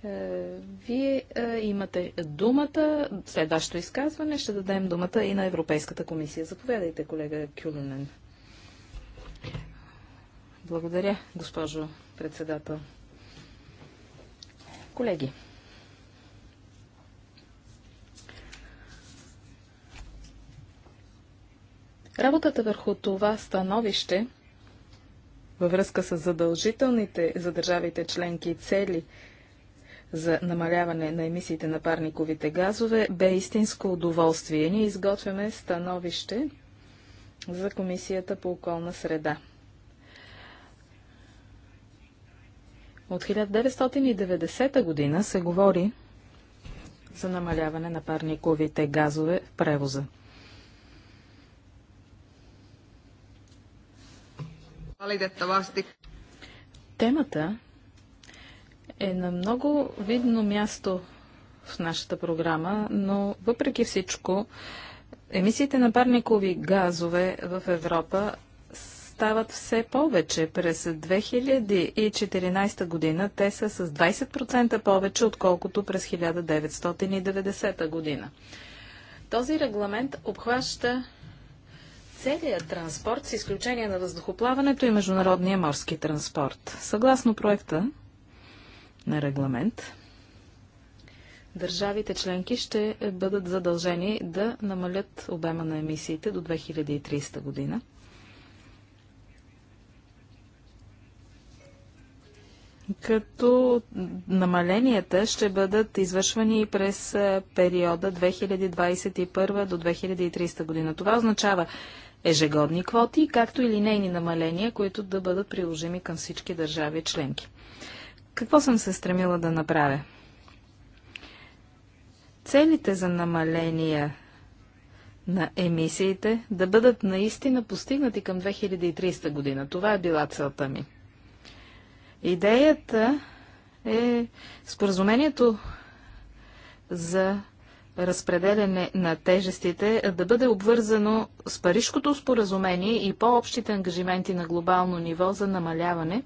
Е, вие е, имате думата. След вашето изказване ще дадем думата и на Европейската комисия. Заповядайте, колега Кюленен. Благодаря, госпожо председател. Колеги, Работата върху това становище във връзка с задължителните за държавите членки цели за намаляване на емисиите на парниковите газове бе истинско удоволствие. Ние изготвяме становище за Комисията по околна среда. От 1990 година се говори за намаляване на парниковите газове в превоза. Темата е на много видно място в нашата програма, но въпреки всичко, емисиите на парникови газове в Европа стават все повече. През 2014 година те са с 20% повече, отколкото през 1990 година. Този регламент обхваща целият транспорт, с изключение на въздухоплаването и международния морски транспорт. Съгласно проекта на регламент, държавите членки ще бъдат задължени да намалят обема на емисиите до 2030 година. като намаленията ще бъдат извършвани и през периода 2021 до 2030 година. Това означава ежегодни квоти, както и линейни намаления, които да бъдат приложими към всички държави членки. Какво съм се стремила да направя? Целите за намаления на емисиите да бъдат наистина постигнати към 2300 година. Това е била целта ми. Идеята е споразумението за разпределяне на тежестите да бъде обвързано с Парижкото споразумение и по-общите ангажименти на глобално ниво за намаляване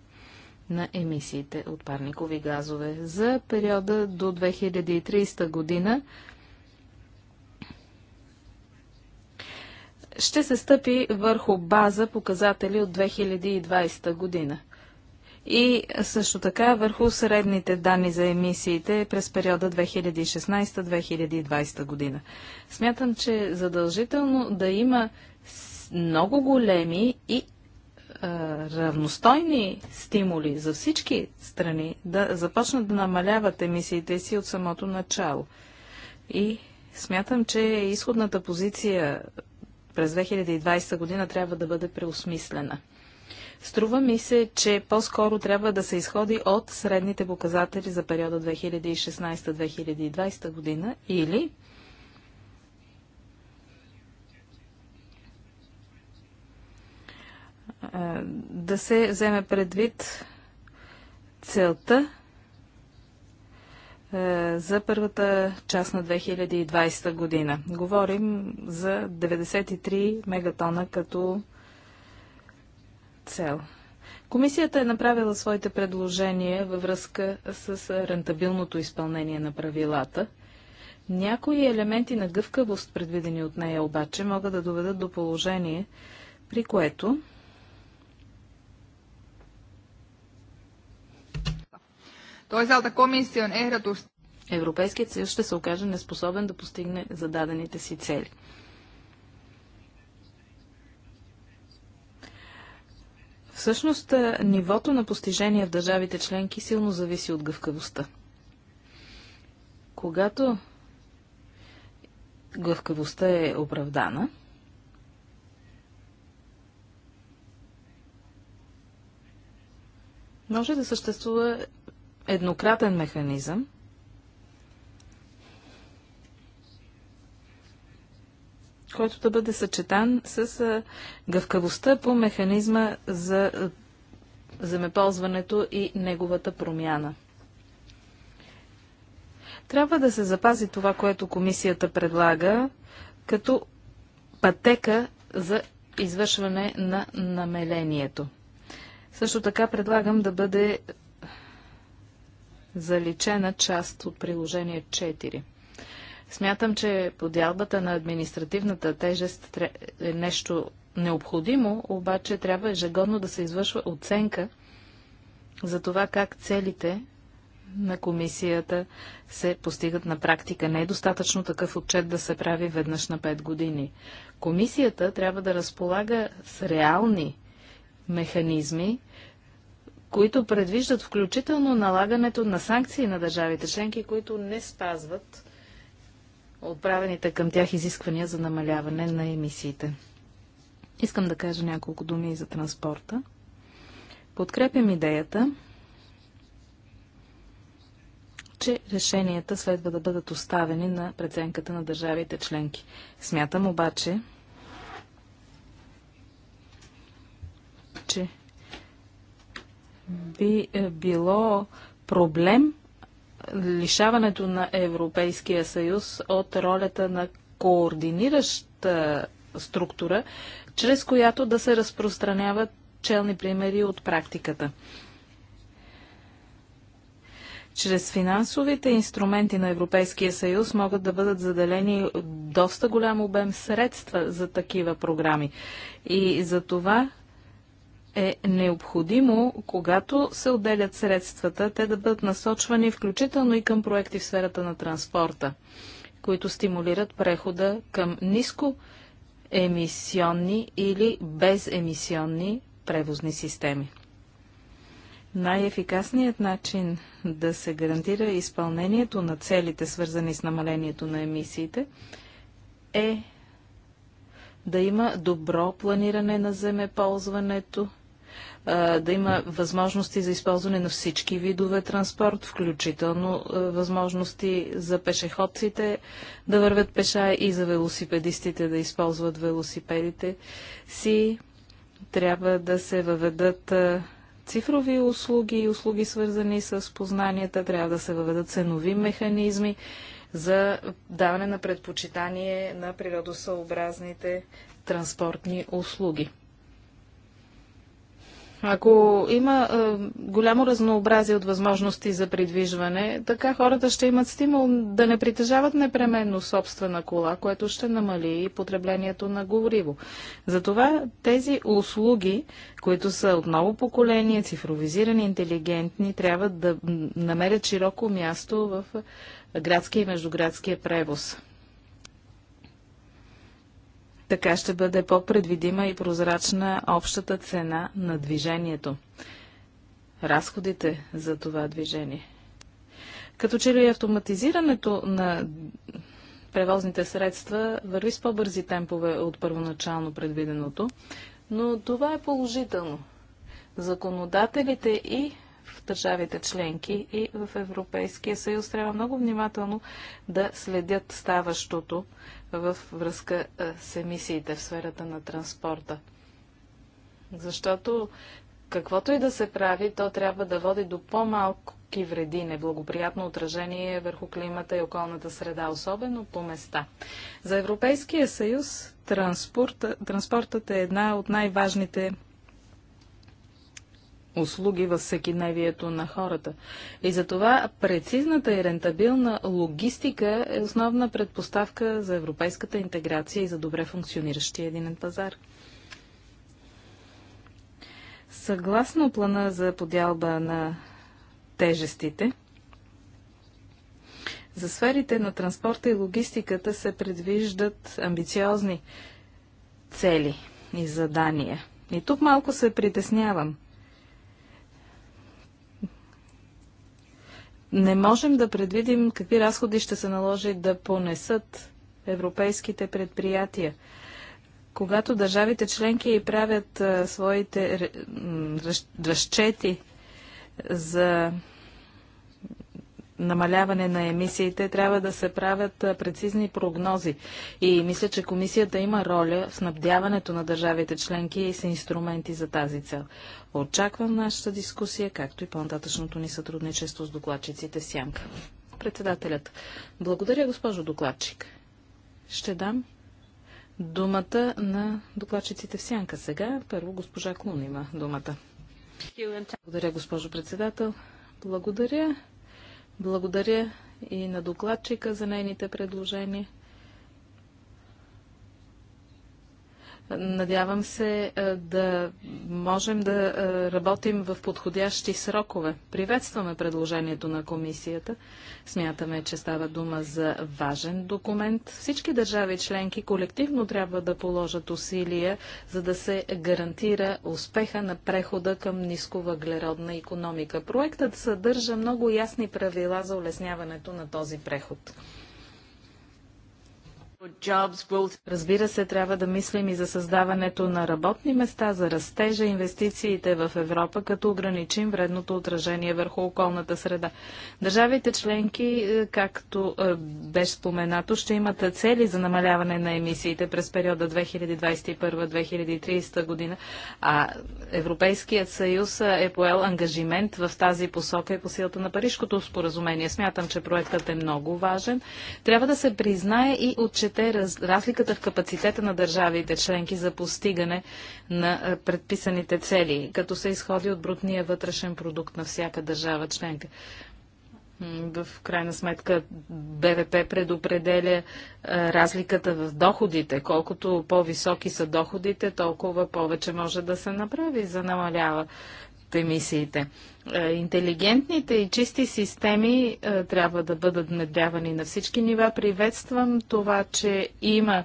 на емисиите от парникови газове за периода до 2030 година. Ще се стъпи върху база показатели от 2020 година и също така върху средните данни за емисиите през периода 2016-2020 година. Смятам, че е задължително да има много големи и а, равностойни стимули за всички страни да започнат да намаляват емисиите си от самото начало. И смятам, че изходната позиция през 2020 година трябва да бъде преосмислена. Струва ми се, че по-скоро трябва да се изходи от средните показатели за периода 2016-2020 година или е, да се вземе предвид целта е, за първата част на 2020 година. Говорим за 93 мегатона като цел. Комисията е направила своите предложения във връзка с рентабилното изпълнение на правилата. Някои елементи на гъвкавост, предвидени от нея обаче, могат да доведат до положение, при което Toisaalta komission ehdotus Европейският съюз ще се окаже неспособен да постигне зададените си цели. Всъщност, е, нивото на постижение в държавите членки силно зависи от гъвкавостта. Когато гъвкавостта е оправдана, може да съществува еднократен механизъм, който да бъде съчетан с гъвкавостта по механизма за земеползването и неговата промяна. Трябва да се запази това, което комисията предлага, като пътека за извършване на намелението. Също така предлагам да бъде заличена част от приложение 4. Смятам, че подялбата на административната тежест е нещо необходимо, обаче трябва ежегодно да се извършва оценка за това как целите на комисията се постигат на практика. Не е достатъчно такъв отчет да се прави веднъж на 5 години. Комисията трябва да разполага с реални механизми, които предвиждат включително налагането на санкции на държавите членки, които не спазват отправените към тях изисквания за намаляване на емисиите. Искам да кажа няколко думи и за транспорта. Подкрепям идеята, че решенията следва да бъдат оставени на преценката на държавите членки. Смятам обаче, че би е, било проблем лишаването на Европейския съюз от ролята на координираща структура, чрез която да се разпространяват челни примери от практиката. Чрез финансовите инструменти на Европейския съюз могат да бъдат заделени доста голям обем средства за такива програми. И за това е необходимо, когато се отделят средствата, те да бъдат насочвани включително и към проекти в сферата на транспорта, които стимулират прехода към ниско емисионни или беземисионни превозни системи. Най-ефикасният начин да се гарантира изпълнението на целите, свързани с намалението на емисиите, е да има добро планиране на земеползването, да има възможности за използване на всички видове транспорт, включително възможности за пешеходците да вървят пеша и за велосипедистите да използват велосипедите си. Трябва да се въведат цифрови услуги и услуги свързани с познанията. Трябва да се въведат ценови механизми за даване на предпочитание на природосъобразните транспортни услуги. Ако има а, е, голямо разнообразие от възможности за придвижване, така хората ще имат стимул да не притежават непременно собствена кола, което ще намали и потреблението на гориво. Затова тези услуги, които са от ново поколение, цифровизирани, интелигентни, трябва да намерят широко място в е, градския и междуградския превоз. Така ще бъде по-предвидима и прозрачна общата цена на движението. Разходите за това движение. Като че ли автоматизирането на превозните средства върви с по-бързи темпове от първоначално предвиденото, но това е положително. Законодателите и в държавите членки и в Европейския съюз трябва много внимателно да следят ставащото в връзка с емисиите в сферата на транспорта. Защото каквото и да се прави, то трябва да води до по-малки вреди, неблагоприятно отражение върху климата и околната среда, особено по места. За Европейския съюз транспорт, транспортът е една от най-важните услуги във всекидневието на хората. И затова прецизната и рентабилна логистика е основна предпоставка за европейската интеграция и за добре функциониращия единен пазар. Съгласно плана за подялба на тежестите, за сферите на транспорта и логистиката се предвиждат амбициозни цели и задания. И тук малко се притеснявам – не можем да предвидим какви разходи ще се наложи да понесат европейските предприятия. Когато държавите членки правят своите разчети за намаляване на емисиите, трябва да се правят прецизни прогнози. И мисля, че комисията има роля в снабдяването на държавите членки и с инструменти за тази цел. Очаквам нашата дискусия, както и по-нататъчното ни сътрудничество с докладчиците Сянка. Председателят. Благодаря, госпожо докладчик. Ще дам думата на докладчиците в Сянка сега. Първо госпожа Клун има думата. Благодаря, госпожо председател. Благодаря благодаря и на докладчика за нейните предложения. Надявам се е, да можем да е, работим в подходящи срокове. Приветстваме предложението на комисията. Смятаме, че става дума за важен документ. Всички държави членки колективно трябва да положат усилия, за да се гарантира успеха на прехода към нисковъглеродна економика. Проектът съдържа много ясни правила за улесняването на този преход. Разбира се, трябва да мислим и за създаването на работни места, за растежа, инвестициите в Европа, като ограничим вредното отражение върху околната среда. Държавите членки, е, както е, беше споменато, ще имат цели за намаляване на емисиите през периода 2021-2030 година, а Европейският съюз е, е поел ангажимент в тази посока и по силата на Парижкото споразумение. Смятам, че проектът е много важен. Трябва да се признае и отчет отчете раз, разликата в капацитета на държавите членки за постигане на предписаните цели, като се изходи от брутния вътрешен продукт на всяка държава членка в крайна сметка БВП предопределя разликата в доходите. Колкото по-високи са доходите, толкова повече може да се направи за намалява емисиите. Е, интелигентните и чисти системи е, трябва да бъдат внедрявани на всички нива. Приветствам това, че има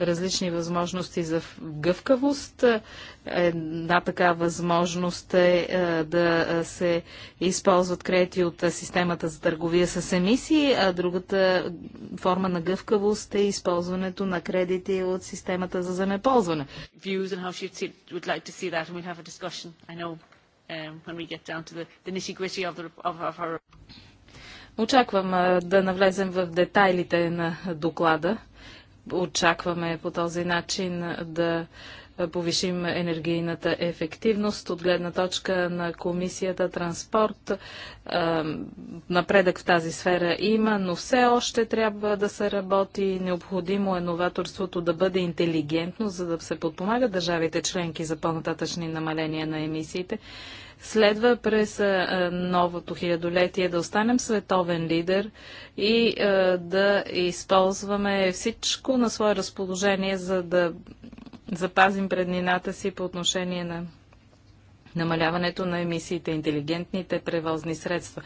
различни възможности за гъвкавост. Е, една така възможност е, е да се използват кредити от системата за търговия с емисии, а другата форма на гъвкавост е използването на кредити от системата за занеползване um, when we get down to the, the nitty-gritty of, the, of, of our... Очаквам да навлезем в детайлите на доклада. Очакваме по този начин да повишим енергийната ефективност. От гледна точка на комисията транспорт напредък в тази сфера има, но все още трябва да се работи. Необходимо е новаторството да бъде интелигентно, за да се подпомагат държавите членки за по-нататъчни намаления на емисиите. Следва през новото хилядолетие да останем световен лидер и да използваме всичко на свое разположение, за да запазим преднината си по отношение на намаляването на емисиите, интелигентните превозни средства.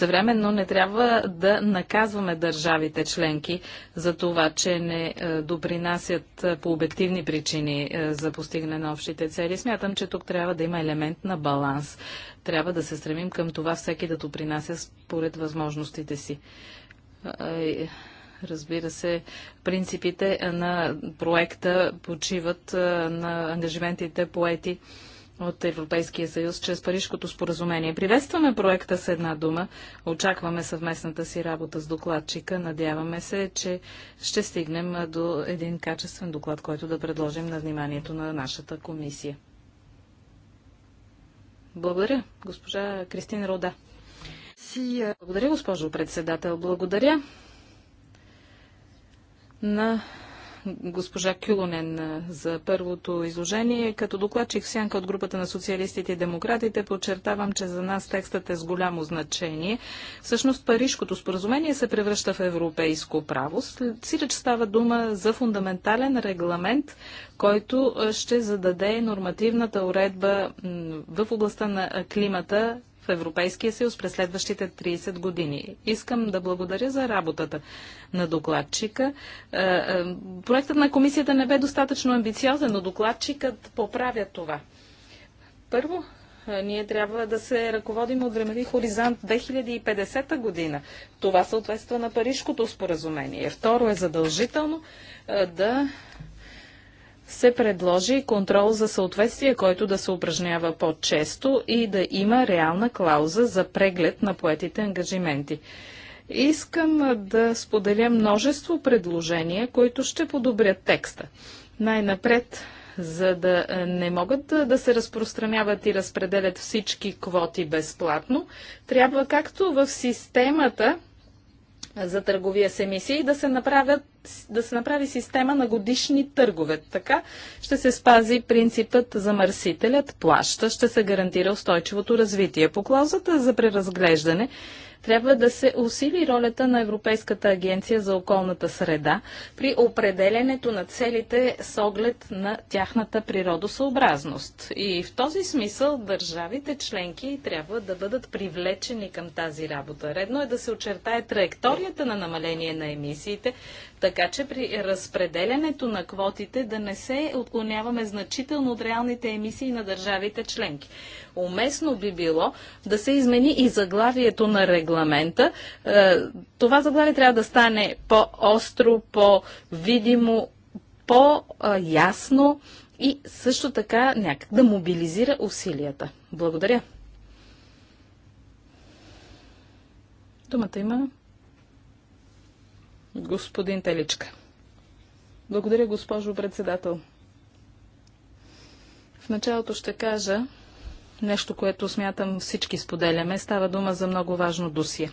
време но не трябва да наказваме държавите членки за това, че не е, допринасят е, по обективни причини е, за постигане на общите цели. Смятам, че тук трябва да има елемент на баланс. Трябва да се стремим към това всеки да допринася според възможностите си. Разбира се, принципите на проекта почиват на ангажиментите поети от Европейския съюз чрез Парижкото споразумение. Приветстваме проекта с една дума, очакваме съвместната си работа с докладчика, надяваме се, че ще стигнем до един качествен доклад, който да предложим на вниманието на нашата комисия. Благодаря, госпожа Кристин Рода. Благодаря, госпожо председател. Благодаря на госпожа Кюлонен за първото изложение. Като докладчик сянка от групата на социалистите и демократите, подчертавам, че за нас текстът е с голямо значение. Всъщност Парижкото споразумение се превръща в европейско право. Сиреч става дума за фундаментален регламент, който ще зададе нормативната уредба в областта на климата в Европейския съюз през следващите 30 години. Искам да благодаря за работата на докладчика. Е, е, проектът на комисията не бе достатъчно амбициозен, но докладчикът поправя това. Първо, е, ние трябва да се ръководим от времеви хоризонт 2050 година. Това съответства на Парижкото споразумение. Второ е задължително да се предложи контрол за съответствие, който да се упражнява по-често и да има реална клауза за преглед на поетите ангажименти. Искам да споделя множество предложения, които ще подобрят текста. Най-напред за да не могат да се разпространяват и разпределят всички квоти безплатно, трябва както в системата за търговия с емисии, да се, направят, да се направи система на годишни търгове. Така ще се спази принципът замърсителят плаща, ще се гарантира устойчивото развитие. По клаузата за преразглеждане трябва да се усили ролята на Европейската агенция за околната среда при определенето на целите с оглед на тяхната природосъобразност. И в този смисъл държавите членки трябва да бъдат привлечени към тази работа. Редно е да се очертае траекторията на намаление на емисиите, така че при разпределянето на квотите да не се отклоняваме значително от реалните емисии на държавите членки. Уместно би било да се измени и заглавието на регламента. Е, това заглавие трябва да стане по-остро, по-видимо, по-ясно и също така някак да мобилизира усилията. Благодаря. Думата има Господин Теличка. Благодаря, госпожо председател. В началото ще кажа нещо, което смятам всички споделяме. Става дума за много важно досие.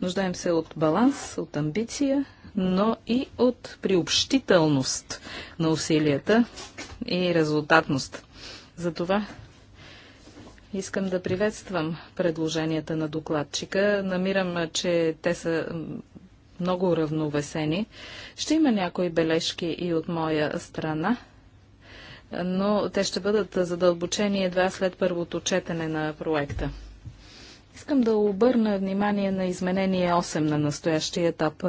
Нуждаем се от баланс, от амбиция, но и от приобщителност на усилията и резултатност. Затова искам да приветствам предложенията на докладчика. Намирам, че те са много уравновесени. Ще има някои бележки и от моя страна, но те ще бъдат задълбочени едва след първото четене на проекта. Искам да обърна внимание на изменение 8 на настоящия етап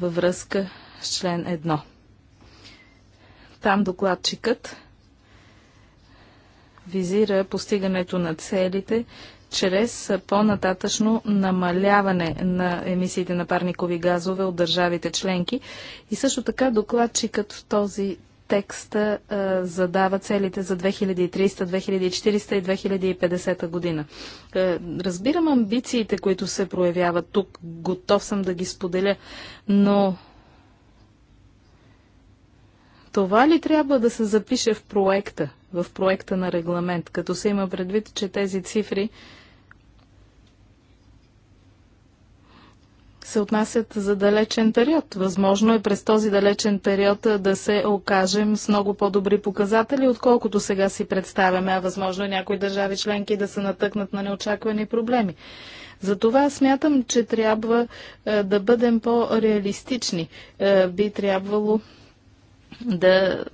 във връзка с член 1. Там докладчикът визира постигането на целите чрез по-нататъчно намаляване на емисиите на парникови газове от държавите членки. И също така докладчикът в този текст задава целите за 2300, 2400 и 2050 година. Е, разбирам амбициите, които се проявяват тук. Готов съм да ги споделя, но това ли трябва да се запише в проекта, в проекта на регламент, като се има предвид, че тези цифри се отнасят за далечен период. Възможно е през този далечен период да се окажем с много по-добри показатели, отколкото сега си представяме, а възможно е някои държави членки да се натъкнат на неочаквани проблеми. Затова смятам, че трябва е, да бъдем по-реалистични. Е, би трябвало да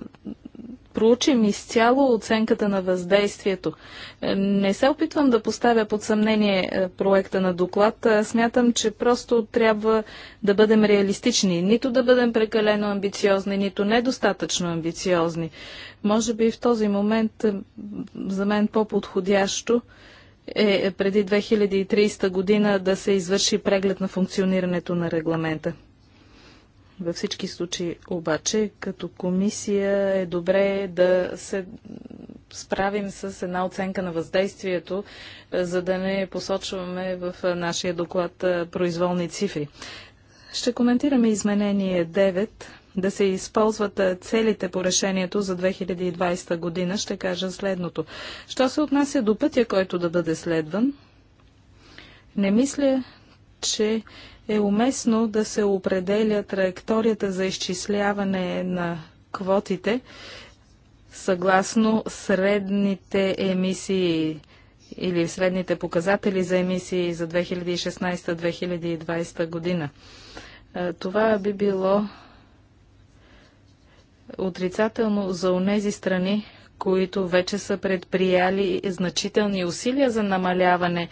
проучим изцяло оценката на въздействието. Е, не се опитвам да поставя под съмнение е, проекта на доклад. Смятам, че просто трябва да бъдем реалистични. Нито да бъдем прекалено амбициозни, нито недостатъчно амбициозни. Може би в този момент е, за мен по-подходящо е преди 2030 година да се извърши преглед на функционирането на регламента. Във всички случаи обаче, като комисия е добре да се справим с една оценка на въздействието, е, за да не посочваме в е, нашия доклад е, произволни цифри. Ще коментираме изменение 9 да се използват целите по решението за 2020 година, ще кажа следното. Що се отнася до пътя, който да бъде следван, не мисля, че е уместно да се определя траекторията за изчисляване на квотите съгласно средните емисии или средните показатели за емисии за 2016-2020 година. Това би било отрицателно за онези страни, които вече са предприяли значителни усилия за намаляване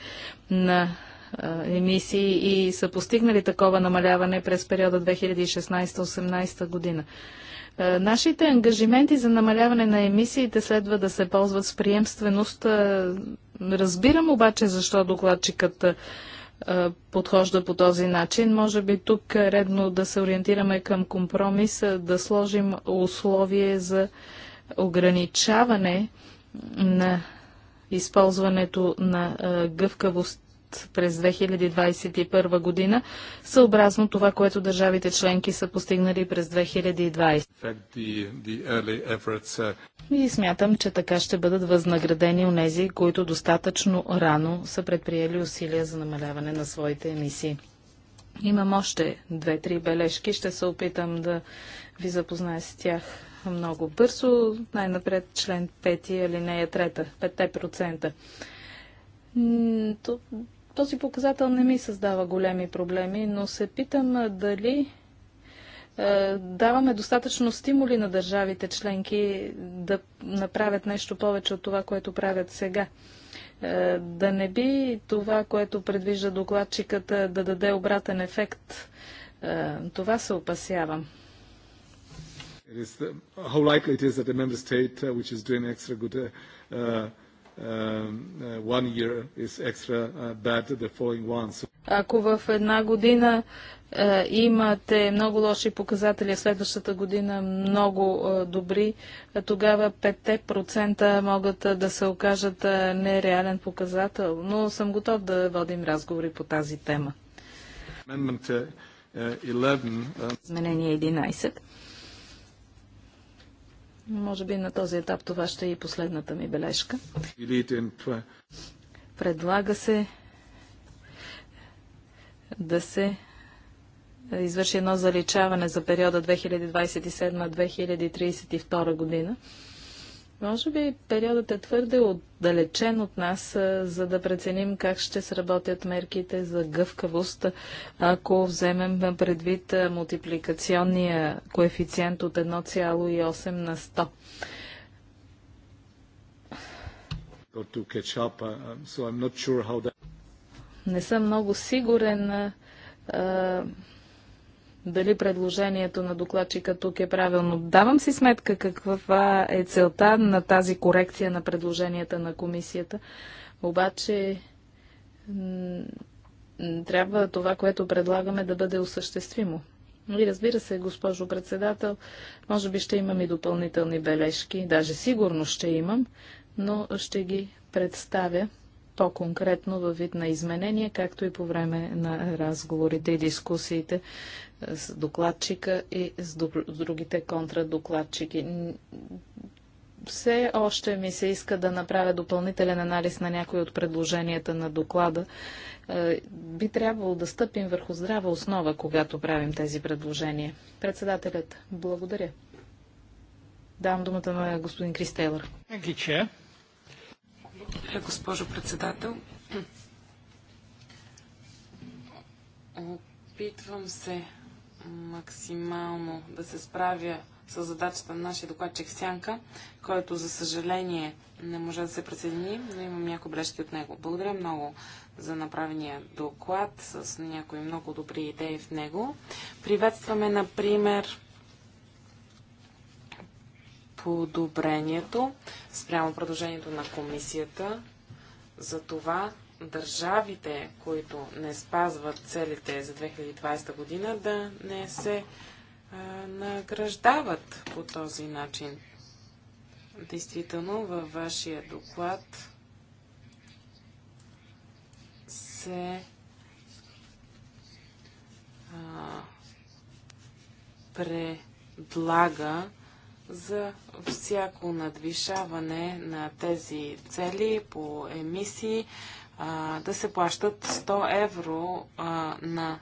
на емисии и са постигнали такова намаляване през периода 2016-18 година. Нашите ангажименти за намаляване на емисиите следва да се ползват с приемственост. Разбирам обаче защо докладчикът подхожда по този начин. Може би тук е редно да се ориентираме към компромис, да сложим условие за ограничаване на използването на гъвкавост през 2021 година, съобразно това, което държавите членки са постигнали през 2020. Uh, и смятам, че така ще бъдат възнаградени у нези, които достатъчно рано са предприели усилия за намаляване на своите емисии. Имам още две-три бележки. Ще се опитам да ви запозная с тях много бързо. Най-напред член 5, алинея 3, 5%. Този показател не ми създава големи проблеми, но се питам дали даваме достатъчно стимули на държавите членки да направят нещо повече от това, което правят сега. Да не би това, което предвижда докладчиката, да даде обратен ефект. Това се опасявам. It is the, how likely it is that a member state uh, which is doing extra good uh, uh, Uh, uh, one year is extra uh, bad the following one. Ако в една година е, имате много лоши показатели, в следващата година много е, добри, е, тогава 5% могат да се окажат нереален показател. Но съм готов да водим разговори по тази тема. Изменение 11. Може би на този етап това ще е и последната ми бележка. Предлага се да се извърши едно заличаване за периода 2027-2032 година. Може би периодът е твърде отдалечен от нас, за да преценим как ще сработят мерките за гъвкавост, ако вземем предвид мултипликационния коефициент от 1,8 на 100. Uh, um, Не съм много сигурен дали предложението на докладчика тук е правилно. Давам си сметка каква е целта на тази корекция на предложенията на комисията. Обаче трябва това, което предлагаме, да бъде осъществимо. И разбира се, госпожо председател, може би ще имам и допълнителни бележки, даже сигурно ще имам, но ще ги представя по конкретно във вид на изменения, както и по време на разговорите и дискусиите с докладчика и с другите контрадокладчики. Все още ми се иска да направя допълнителен анализ на някои от предложенията на доклада. Е, би трябвало да стъпим върху здрава основа, когато правим тези предложения. Председателят, благодаря. Давам думата на господин Кристейлър. Thank благодаря, госпожо председател. Опитвам се максимално да се справя с задачата на нашия докладчик Сянка, който за съжаление не може да се присъедини, но имам някои бележки от него. Благодаря много за направения доклад с някои много добри идеи в него. Приветстваме, например, подобрението спрямо предложението на комисията за това държавите, които не спазват целите за 2020 година, да не се а, награждават по този начин. Действително, във вашия доклад се а, предлага за всяко надвишаване на тези цели по емисии а, да се плащат 100 евро а, на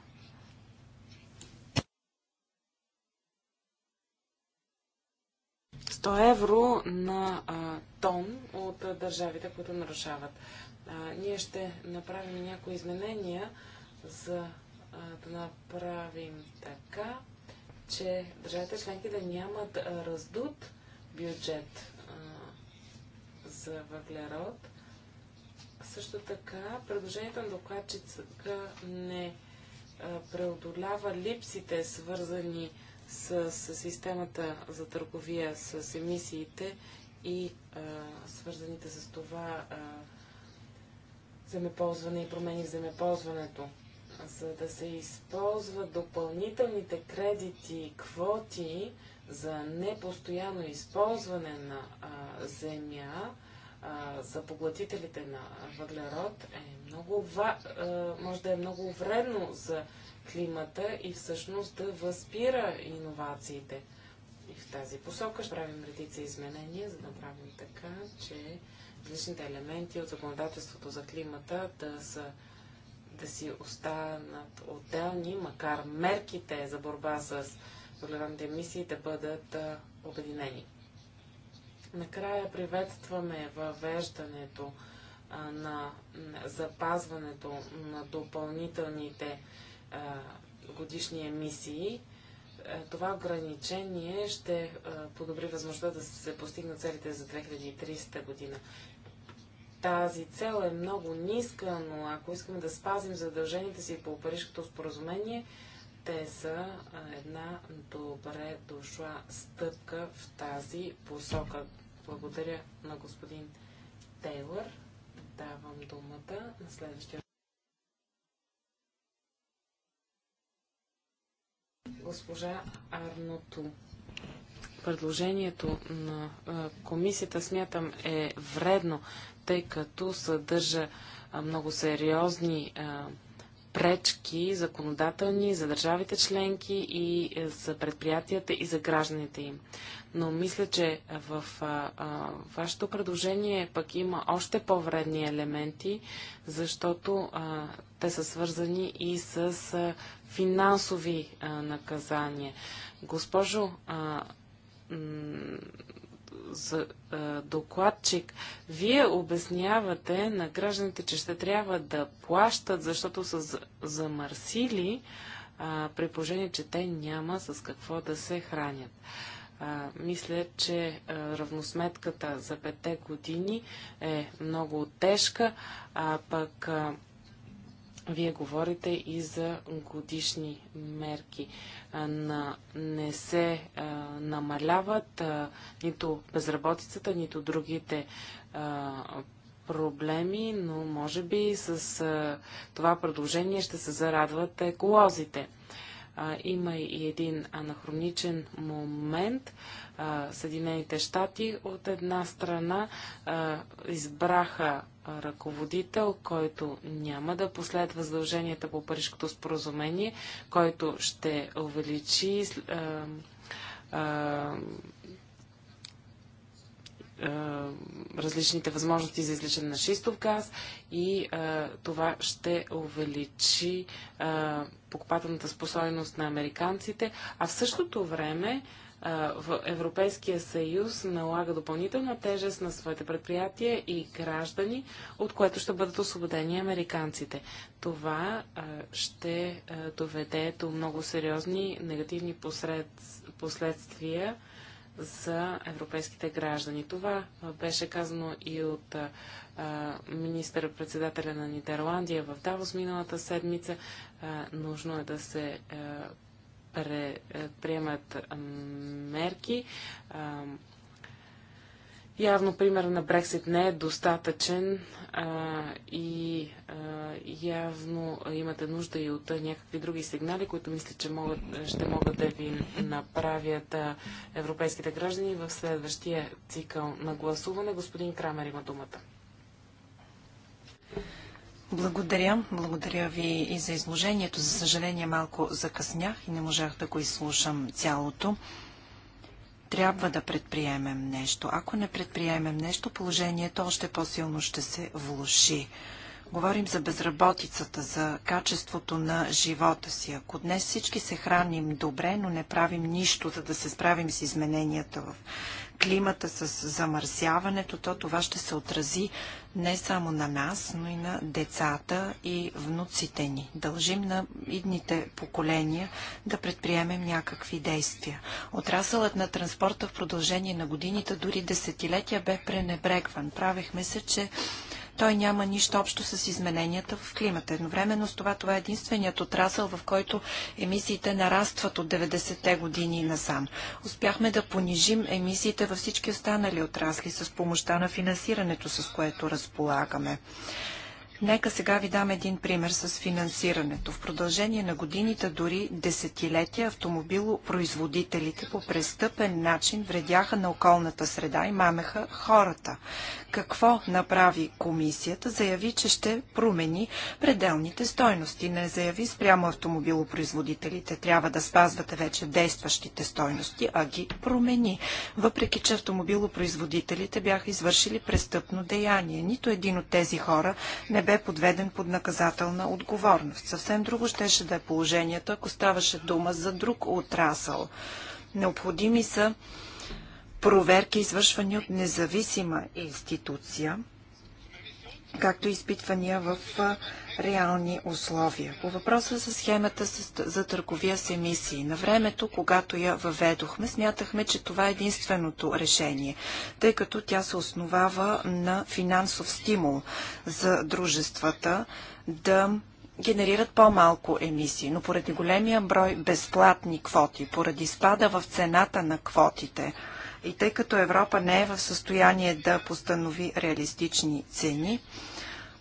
евро на а, тон от а, държавите, които нарушават. А, ние ще направим някои изменения, за а, да направим така, че държавите членки да нямат раздут бюджет а, за въглерод. Също така, предложението на докладчицата не а, преодолява липсите, свързани с, с системата за търговия с емисиите и а, свързаните с това а, земеползване и промени в земеползването. За да се използват допълнителните кредити, квоти, за непостоянно използване на а, земя а, за поглътителите на въглерод е много ва, а, може да е много вредно за климата и всъщност да възпира иновациите. И в тази посока ще правим редица изменения, за да правим така, че различните елементи от законодателството за климата да са да си останат отделни, макар мерките за борба с толерантни емисии да бъдат обединени. Накрая приветстваме въвеждането на, запазването на допълнителните годишни емисии. Е, това ограничение ще подобри възможността да се постигнат целите за 2300 година тази цел е много ниска, но ако искаме да спазим задълженията си по Парижското споразумение, те са една добре дошла стъпка в тази посока. Благодаря на господин Тейлър. Давам думата на следващия. Госпожа Арното. Предложението на комисията смятам е вредно, тъй като съдържа много сериозни пречки законодателни за държавите членки и е, за предприятията и за гражданите им. Но мисля, че в а, а, вашето предложение пък има още по-вредни елементи, защото а, те са свързани и с а, финансови а, наказания. Госпожо, а, за, а, докладчик, вие обяснявате на гражданите, че ще трябва да плащат, защото са замърсили, а, при положение, че те няма с какво да се хранят. А, мисля, че а, равносметката за пете години е много тежка, а пък а, вие говорите и за годишни мерки. На, не се а, намаляват а, нито безработицата, нито другите а, проблеми, но може би с а, това предложение ще се зарадват еколозите има и един анахроничен момент. Съединените щати от една страна избраха ръководител, който няма да последва задълженията по Парижското споразумение, който ще увеличи различните възможности за изличане на шистов газ и това ще увеличи покупателната способност на американците, а в същото време в Европейския съюз налага допълнителна тежест на своите предприятия и граждани, от което ще бъдат освободени американците. Това ще доведе до много сериозни негативни посред, последствия за европейските граждани. Това беше казано и от министър-председателя на Нидерландия в Давос миналата седмица. нужно е да се приемат мерки. Явно пример на Брексит не е достатъчен а, и а, явно имате нужда и от някакви други сигнали, които мисля, че могат, ще могат да ви направят а, европейските граждани в следващия цикъл на гласуване. Господин Крамер има думата. Благодаря. Благодаря ви и за изложението. За съжаление малко закъснях и не можах да го изслушам цялото. Трябва да предприемем нещо. Ако не предприемем нещо, положението още по-силно ще се влуши. Говорим за безработицата, за качеството на живота си. Ако днес всички се храним добре, но не правим нищо, за да се справим с измененията в климата, с замърсяването, то това ще се отрази не само на нас, но и на децата и внуците ни. Дължим на идните поколения да предприемем някакви действия. Отрасълът на транспорта в продължение на годините, дори десетилетия, бе пренебрегван. Правехме се, че той няма нищо общо с измененията в климата. Едновременно с това това е единственият отрасъл, в който емисиите нарастват от 90-те години насам. Успяхме да понижим емисиите във всички останали отрасли с помощта на финансирането, с което разполагаме. Нека сега ви дам един пример с финансирането. В продължение на годините, дори десетилетия, автомобилопроизводителите по престъпен начин вредяха на околната среда и мамеха хората. Какво направи комисията? Заяви, че ще промени пределните стойности. Не заяви спрямо автомобилопроизводителите. Трябва да спазвате вече действащите стойности, а ги промени. Въпреки, че автомобилопроизводителите бяха извършили престъпно деяние. Нито един от тези хора не бе подведен под наказателна отговорност. Съвсем друго щеше да е положението, ако ставаше дума за друг отрасъл. Необходими са проверки, извършвани от независима институция – както и изпитвания в реални условия. По въпроса за схемата за търговия с емисии. На времето, когато я въведохме, смятахме, че това е единственото решение, тъй като тя се основава на финансов стимул за дружествата да генерират по-малко емисии, но поради големия брой безплатни квоти, поради спада в цената на квотите – и тъй като Европа не е в състояние да постанови реалистични цени,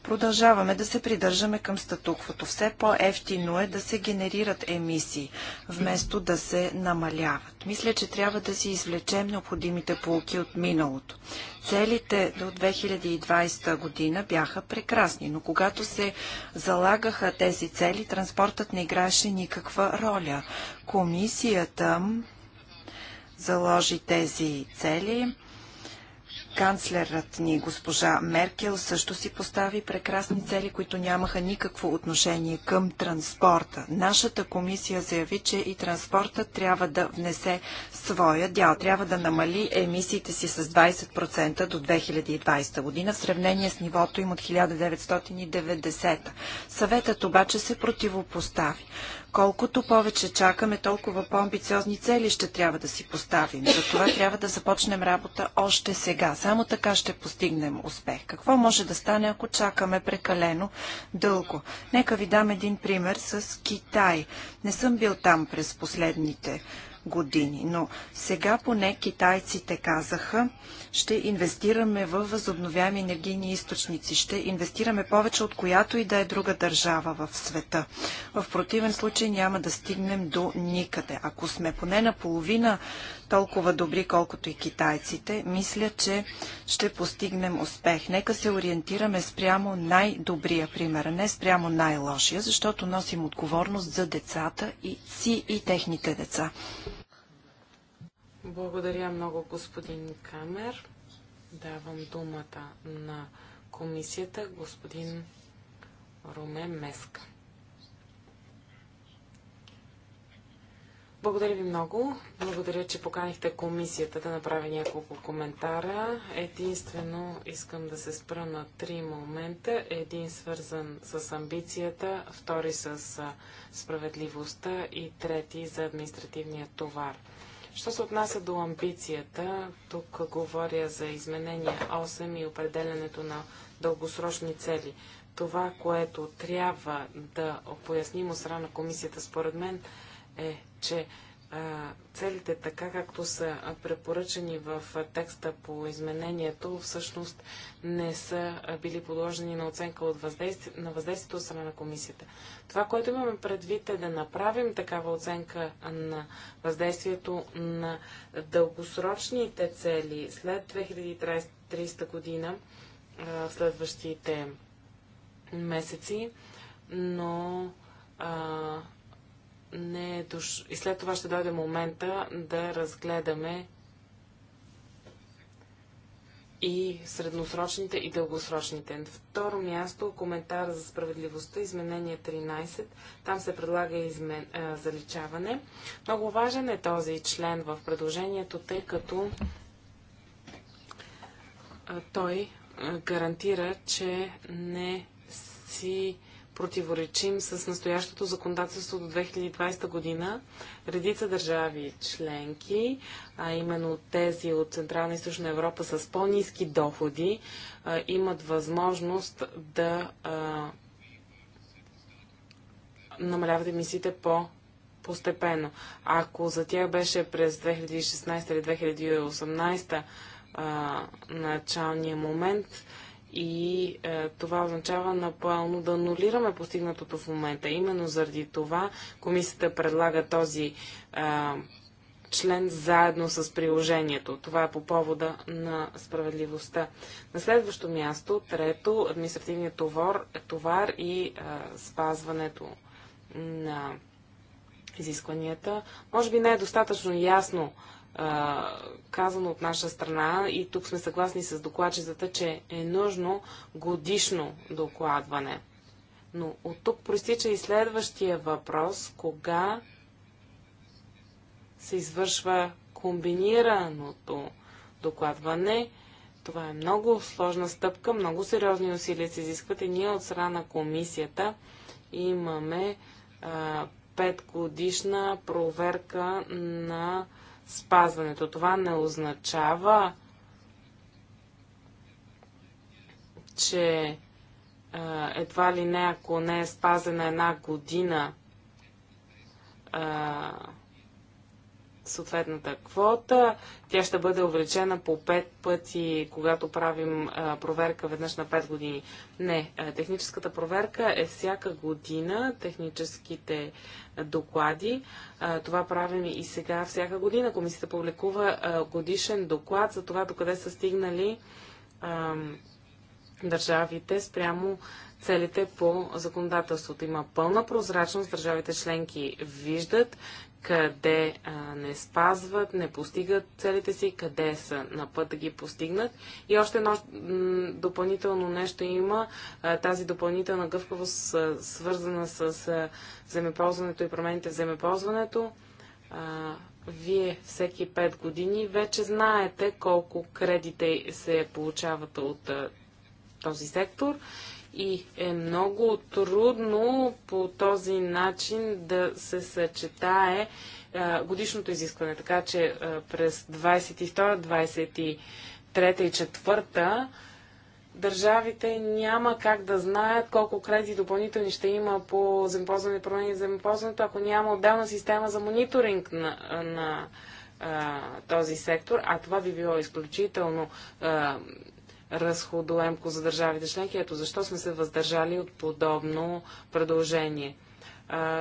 продължаваме да се придържаме към статуквото. Все по-ефтино е да се генерират емисии, вместо да се намаляват. Мисля, че трябва да си извлечем необходимите полки от миналото. Целите до 2020 година бяха прекрасни, но когато се залагаха тези цели, транспортът не играеше никаква роля. Комисията заложи тези цели. Канцлерът ни, госпожа Меркел, също си постави прекрасни цели, които нямаха никакво отношение към транспорта. Нашата комисия заяви, че и транспорта трябва да внесе своя дял. Трябва да намали емисиите си с 20% до 2020 година в сравнение с нивото им от 1990. Съветът обаче се противопостави. Колкото повече чакаме, толкова по-амбициозни цели ще трябва да си поставим. Затова трябва да започнем работа още сега. Само така ще постигнем успех. Какво може да стане, ако чакаме прекалено дълго? Нека ви дам един пример с Китай. Не съм бил там през последните години. Но сега поне китайците казаха, ще инвестираме в възобновяеми енергийни източници, ще инвестираме повече от която и да е друга държава в света. В противен случай няма да стигнем до никъде. Ако сме поне на половина толкова добри, колкото и китайците, мисля, че ще постигнем успех. Нека се ориентираме спрямо най-добрия пример, а не спрямо най-лошия, защото носим отговорност за децата и си и техните деца. Благодаря много, господин Камер. Давам думата на комисията, господин Румен Меска. Благодаря ви много. Благодаря, че поканихте комисията да направи няколко коментара. Единствено искам да се спра на три момента. Един свързан с амбицията, втори с справедливостта и трети за административния товар. Що се отнася до амбицията, тук говоря за изменение 8 и определенето на дългосрочни цели. Това, което трябва да поясним от страна на комисията, според мен, е, че целите, така както са препоръчани в текста по изменението, всъщност не са били подложени на оценка от въздействие, на въздействието от страна на комисията. Това, което имаме предвид е да направим такава оценка на въздействието на дългосрочните цели след 2030 година, в следващите месеци, но а, не е дош... И след това ще дойде момента да разгледаме и средносрочните и дългосрочните. На второ място коментар за справедливостта, изменение 13. Там се предлага измен... заличаване. Много важен е този член в предложението, тъй като той гарантира, че не си противоречим с настоящото законодателство до 2020 година. Редица държави членки, а именно тези от Централна и Източна Европа с по-низки доходи, а, имат възможност да а, намаляват емисиите по постепенно. Ако за тях беше през 2016 или 2018 а, началния момент, и е, това означава напълно да анулираме постигнатото в момента. Именно заради това комисията предлага този е, член заедно с приложението. Това е по повода на справедливостта. На следващо място, трето, административният товар, товар и е, спазването на изискванията. Може би не е достатъчно ясно казано от наша страна и тук сме съгласни с докладчицата, че е нужно годишно докладване. Но от тук проистича и следващия въпрос, кога се извършва комбинираното докладване. Това е много сложна стъпка, много сериозни усилия се изискват и ние от страна на комисията имаме а, 5 годишна проверка на а, спазването. Това не означава, че едва ли не, ако не е спазена една година съответната квота. Тя ще бъде увеличена по 5 пъти, когато правим проверка веднъж на 5 години. Не, техническата проверка е всяка година, техническите доклади. това правим и сега всяка година. Комисията публикува годишен доклад за това докъде са стигнали държавите спрямо целите по законодателството. Има пълна прозрачност, държавите членки виждат къде а, не спазват, не постигат целите си, къде са на път да ги постигнат. И още едно допълнително нещо има. А, тази допълнителна гъвкавост, а, свързана с а, земеползването и промените в земеползването. А, вие всеки 5 години вече знаете колко кредите се получават от а, този сектор и е много трудно по този начин да се съчетае а, е, годишното изискване. Така че а, е, през 22, 23 и 4 държавите няма как да знаят колко кредити допълнителни ще има по земеползване, промени земеползването, ако няма отделна система за мониторинг на, на а, този сектор, а това би било изключително а, разходоемко за държавите членки. Ето защо сме се въздържали от подобно предложение.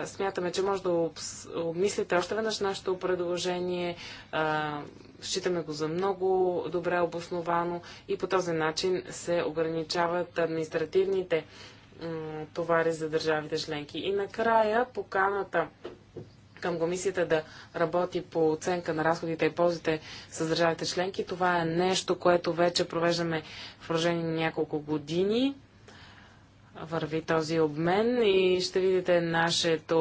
смятаме, че може да обмислите още веднъж нашето предложение. считаме го за много добре обосновано и по този начин се ограничават административните товари за държавите членки. И накрая поканата към комисията да работи по оценка на разходите и ползите с държавите членки. Това е нещо, което вече провеждаме в продължение на няколко години. Върви този обмен и ще видите нашето,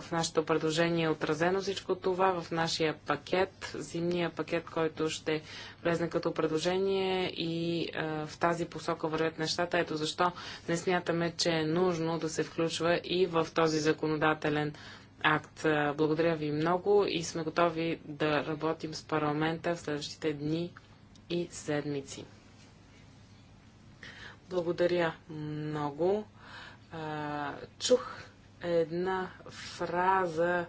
в нашето предложение е отразено всичко това в нашия пакет, зимния пакет, който ще влезне като предложение и в тази посока вървят нещата. Ето защо не смятаме, че е нужно да се включва и в този законодателен акт. Благодаря ви много и сме готови да работим с парламента в следващите дни и седмици. Благодаря много. Чух една фраза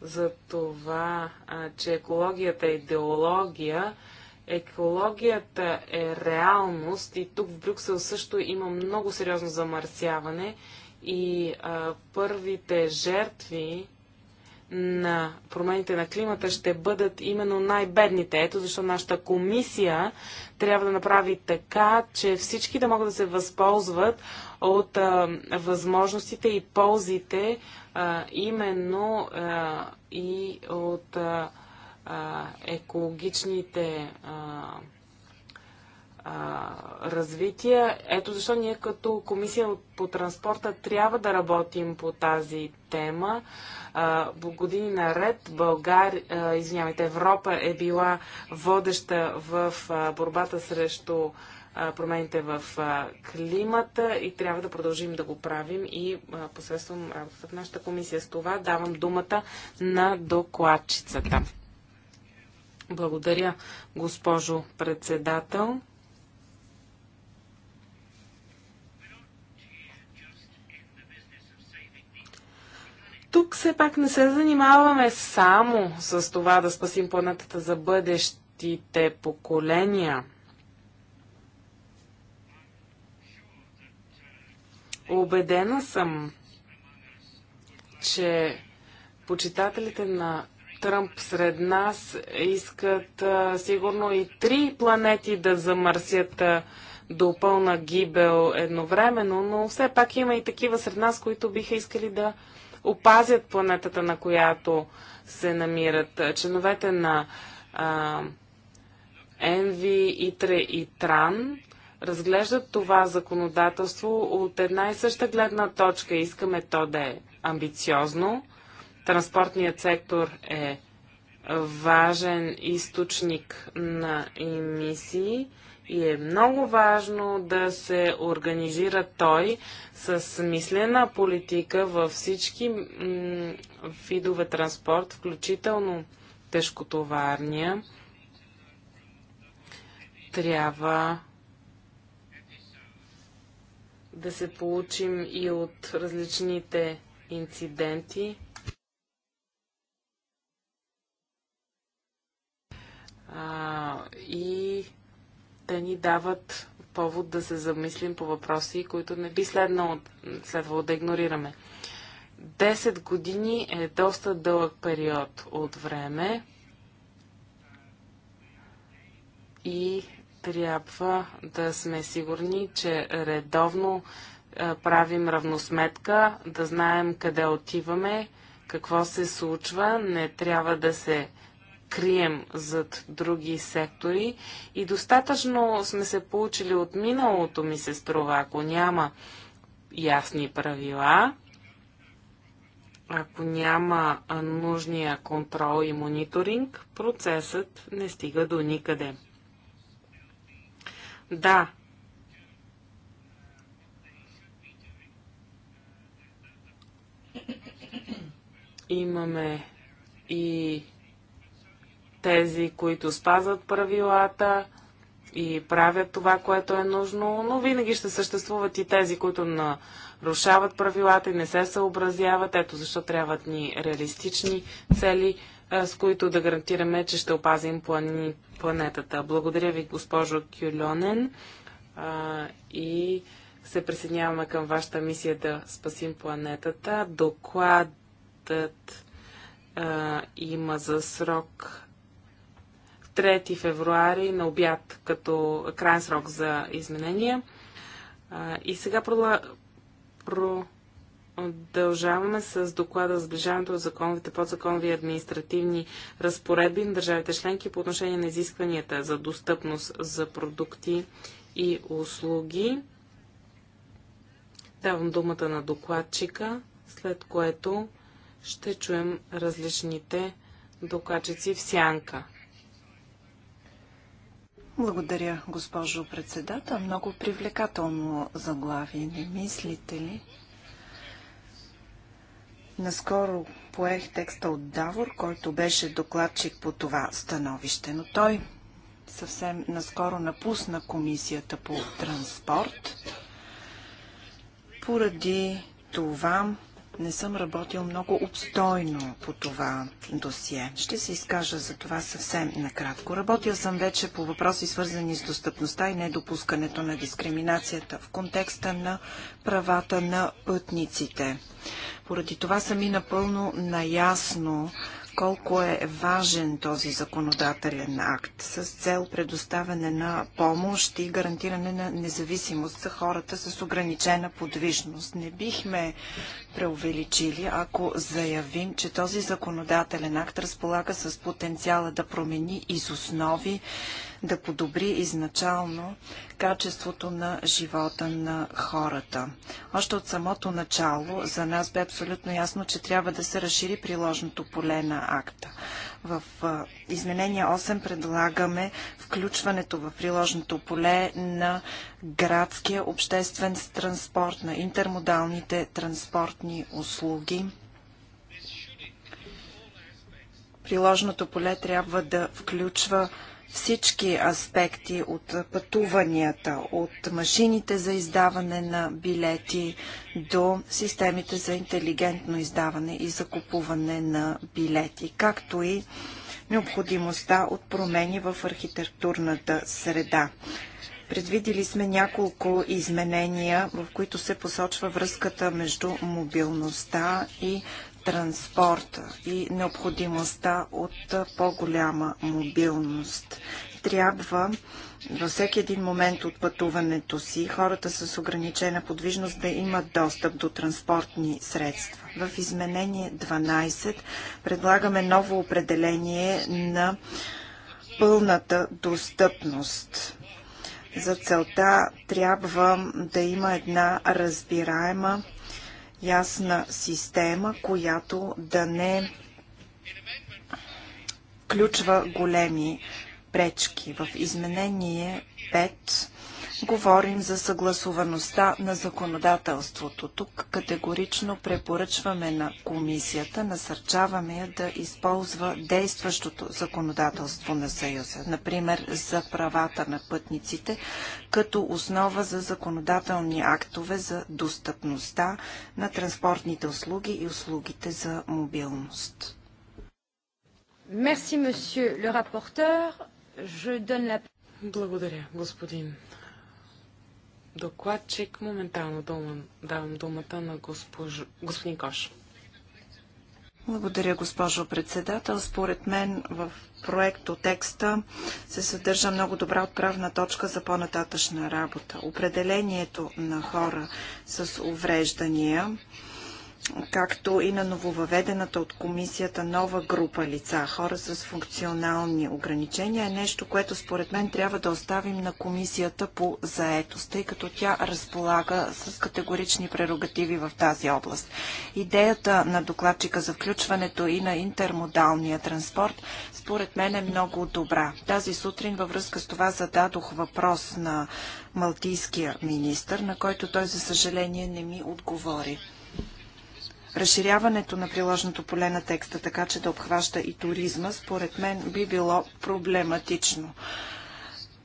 за това, че екологията е идеология. Екологията е реалност и тук в Брюксел също има много сериозно замърсяване и а, първите жертви на промените на климата ще бъдат именно най-бедните. Ето защо нашата комисия трябва да направи така, че всички да могат да се възползват от а, възможностите и ползите а, именно а, и от а, екологичните а, развитие. Ето защо ние като комисия по транспорта трябва да работим по тази тема. А, години наред България, извинявайте, Европа е била водеща в а, борбата срещу промените в климата и трябва да продължим да го правим и посредством работата в нашата комисия. С това давам думата на докладчицата. Благодаря, госпожо председател. тук все пак не се занимаваме само с това да спасим планетата за бъдещите поколения. Обедена съм, че почитателите на Тръмп сред нас искат а, сигурно и три планети да замърсят до пълна гибел едновременно, но все пак има и такива сред нас, които биха искали да опазят планетата, на която се намират. Членовете на Енви, Итре и Тран разглеждат това законодателство от една и съща гледна точка. Искаме то да е амбициозно. Транспортният сектор е важен източник на емисии и е много важно да се организира той с мислена политика във всички видове транспорт, включително тежкотоварния. Трябва да се получим и от различните инциденти. А, и те ни дават повод да се замислим по въпроси, които не би следнало, следвало да игнорираме. Десет години е доста дълъг период от време и трябва да сме сигурни, че редовно правим равносметка, да знаем къде отиваме, какво се случва, не трябва да се крием зад други сектори и достатъчно сме се получили от миналото ми се струва, ако няма ясни правила, ако няма нужния контрол и мониторинг, процесът не стига до никъде. Да, имаме и тези, които спазват правилата и правят това, което е нужно, но винаги ще съществуват и тези, които нарушават правилата и не се съобразяват. Ето защо трябват ни реалистични цели, с които да гарантираме, че ще опазим планетата. Благодаря ви, госпожо Кюльонен. и се присъединяваме към вашата мисия да спасим планетата. Докладът а, има за срок 3 февруари на обяд като крайен срок за изменения. И сега продължаваме с доклада за сближаването на законовите, подзаконови и административни разпоредби на държавите членки по отношение на изискванията за достъпност за продукти и услуги. Давам думата на докладчика, след което ще чуем различните докладчици в сянка. Благодаря, госпожо председател. Много привлекателно заглавие, не мислите ли? Наскоро поех текста от Давор, който беше докладчик по това становище, но той съвсем наскоро напусна комисията по транспорт. Поради това не съм работил много обстойно по това досие. Ще се изкажа за това съвсем накратко. Работил съм вече по въпроси свързани с достъпността и недопускането на дискриминацията в контекста на правата на пътниците. Поради това съм и напълно наясно колко е важен този законодателен акт с цел предоставяне на помощ и гарантиране на независимост за хората с ограничена подвижност. Не бихме преувеличили, ако заявим, че този законодателен акт разполага с потенциала да промени из основи да подобри изначално качеството на живота на хората. Още от самото начало за нас бе абсолютно ясно, че трябва да се разшири приложното поле на акта. В изменение 8 предлагаме включването в приложното поле на градския обществен транспорт, на интермодалните транспортни услуги, приложното поле трябва да включва всички аспекти от пътуванията, от машините за издаване на билети до системите за интелигентно издаване и закупуване на билети, както и необходимостта от промени в архитектурната среда. Предвидили сме няколко изменения, в които се посочва връзката между мобилността и транспорта и необходимостта от по-голяма мобилност. Трябва във всеки един момент от пътуването си хората с ограничена подвижност да имат достъп до транспортни средства. В изменение 12 предлагаме ново определение на пълната достъпност. За целта трябва да има една разбираема, ясна система, която да не включва големи пречки. В изменение 5 Говорим за съгласуваността на законодателството. Тук категорично препоръчваме на комисията, насърчаваме я да използва действащото законодателство на Съюза, например за правата на пътниците, като основа за законодателни актове за достъпността на транспортните услуги и услугите за мобилност. Merci, monsieur le rapporteur. Je donne la... Благодаря, господин докладчик. Моментално дума, давам думата на госпож... господин Кош. Благодаря, госпожо председател. Според мен в проекто текста се съдържа много добра отправна точка за по-нататъчна работа. Определението на хора с увреждания както и на нововъведената от комисията нова група лица, хора с функционални ограничения, е нещо, което според мен трябва да оставим на комисията по заетост, тъй като тя разполага с категорични прерогативи в тази област. Идеята на докладчика за включването и на интермодалния транспорт според мен е много добра. Тази сутрин във връзка с това зададох въпрос на малтийския министр, на който той за съжаление не ми отговори разширяването на приложното поле на текста, така че да обхваща и туризма, според мен би било проблематично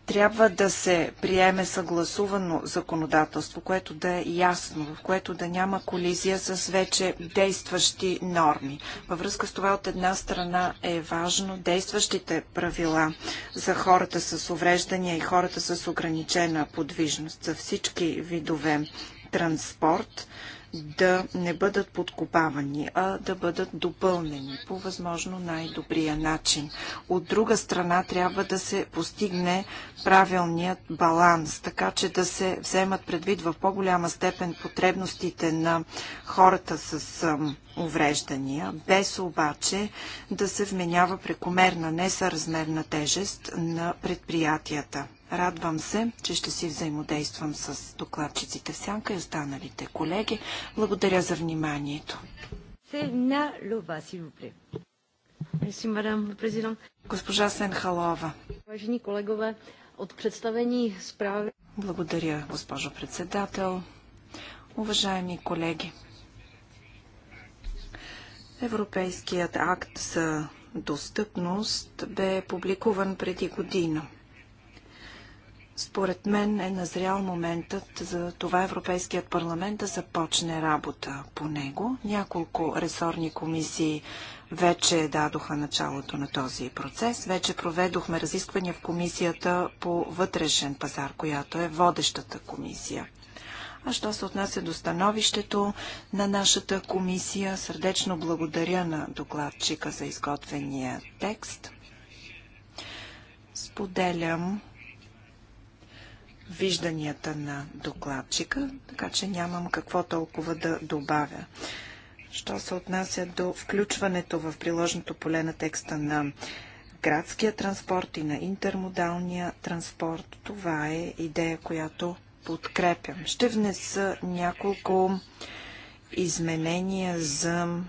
трябва да се приеме съгласувано законодателство, което да е ясно, в което да няма колизия с вече действащи норми. Във връзка с това от една страна е важно действащите правила за хората с увреждания и хората с ограничена подвижност за всички видове транспорт да не бъдат подкопавани, а да бъдат допълнени по възможно най-добрия начин. От друга страна трябва да се постигне правилният баланс, така че да се вземат предвид в по-голяма степен потребностите на хората с увреждания, без обаче да се вменява прекомерна несъразмерна тежест на предприятията. Радвам се, че ще си взаимодействам с докладчиците в сянка и останалите колеги. Благодаря за вниманието. Госпожа Сенхалова. колегове, от представени справи... Благодаря, госпожо председател. Уважаеми колеги, Европейският акт за достъпност бе публикуван преди година. Според мен е назрял моментът за това Европейският парламент да започне работа по него. Няколко ресорни комисии вече дадоха началото на този процес. Вече проведохме разисквания в комисията по вътрешен пазар, която е водещата комисия. А що се отнася до становището на нашата комисия, сърдечно благодаря на докладчика за изготвения текст. Споделям вижданията на докладчика, така че нямам какво толкова да добавя. Що се отнася до включването в приложното поле на текста на градския транспорт и на интермодалния транспорт, това е идея, която подкрепям. Ще внеса няколко изменения за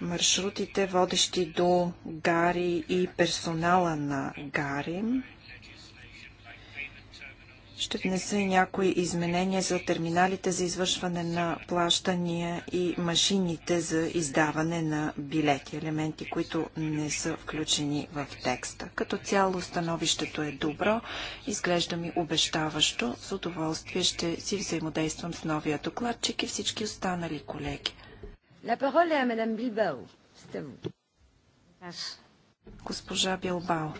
маршрутите, водещи до гари и персонала на гари. Ще внеса и някои изменения за терминалите за извършване на плащания и машините за издаване на билети, елементи, които не са включени в текста. Като цяло становището е добро, изглежда ми обещаващо. С удоволствие ще си взаимодействам с новия докладчик и всички останали колеги. La parole est à Madame Bilbao. C'est à vous. Госпожа Билбао.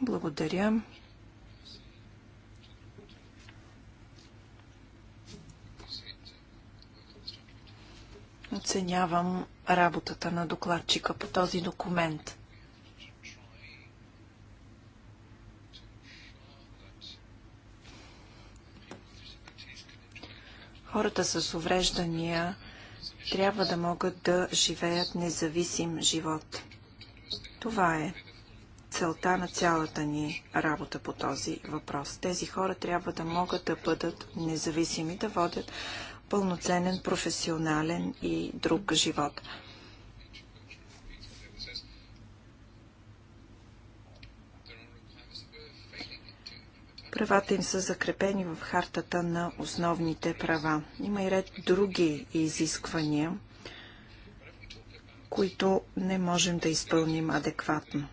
Благодаря. Оценявам работата на докладчика по този документ. Хората с увреждания трябва да могат да живеят независим живот. Това е целта на цялата ни работа по този въпрос. Тези хора трябва да могат да бъдат независими, да водят пълноценен, професионален и друг живот. Правата им са закрепени в хартата на основните права. Има и ред други изисквания, които не можем да изпълним адекватно.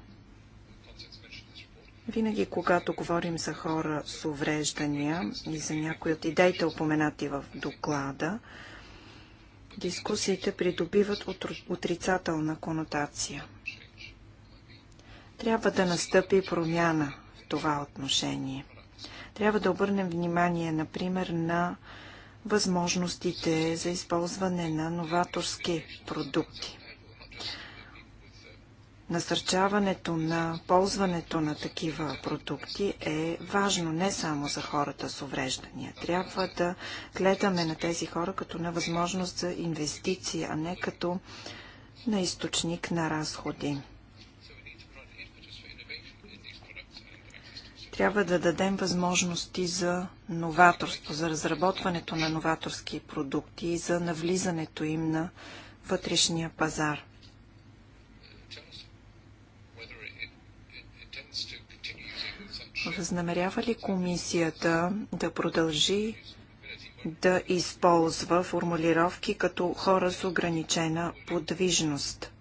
Винаги, когато говорим за хора с увреждания и за някои от идеите, упоменати в доклада, дискусиите придобиват отрицателна конотация. Трябва да настъпи промяна в това отношение – трябва да обърнем внимание, например, на възможностите за използване на новаторски продукти. Насърчаването на ползването на такива продукти е важно не само за хората с увреждания. Трябва да гледаме на тези хора като на възможност за инвестиции, а не като на източник на разходи. Трябва да дадем възможности за новаторство, за разработването на новаторски продукти и за навлизането им на вътрешния пазар. Възнамерява ли комисията да продължи да използва формулировки като хора с ограничена подвижност?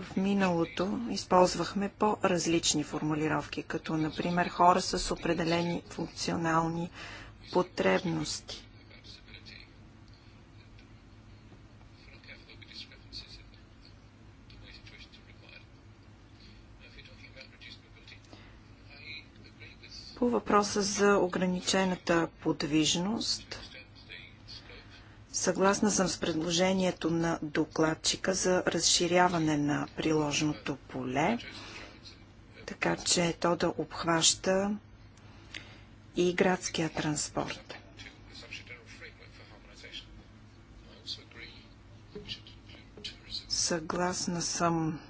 В миналото използвахме по-различни формулировки, като например хора с определени функционални потребности. По въпроса за ограничената подвижност, Съгласна съм с предложението на докладчика за разширяване на приложното поле, така че то да обхваща и градския транспорт. Съгласна съм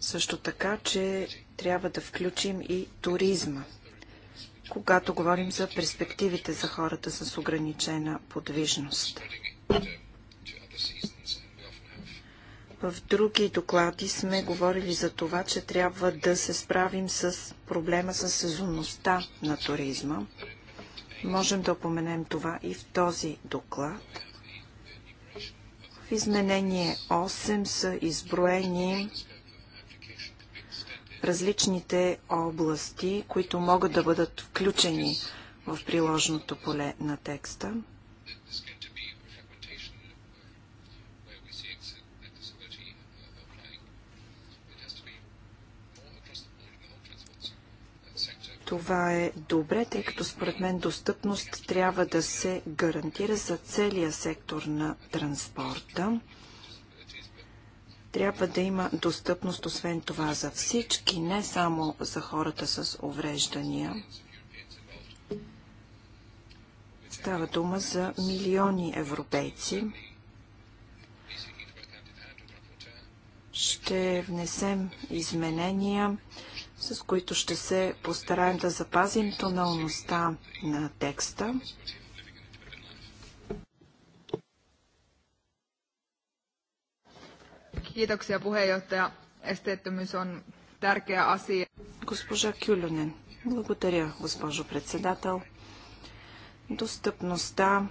също така, че трябва да включим и туризма – когато говорим за перспективите за хората с ограничена подвижност. В други доклади сме говорили за това, че трябва да се справим с проблема с сезонността на туризма. Можем да опоменем това и в този доклад. В изменение 8 са изброени различните области, които могат да бъдат включени в приложното поле на текста. Това е добре, тъй като според мен достъпност трябва да се гарантира за целия сектор на транспорта. Трябва да има достъпност, освен това, за всички, не само за хората с увреждания. Става дума за милиони европейци. Ще внесем изменения, с които ще се постараем да запазим тоналността на текста. Kiitoksia puheenjohtaja. Esteettömyys on tärkeä asia. Госпожа Кюлюнен. Благодаря, госпожо председател. Достъпността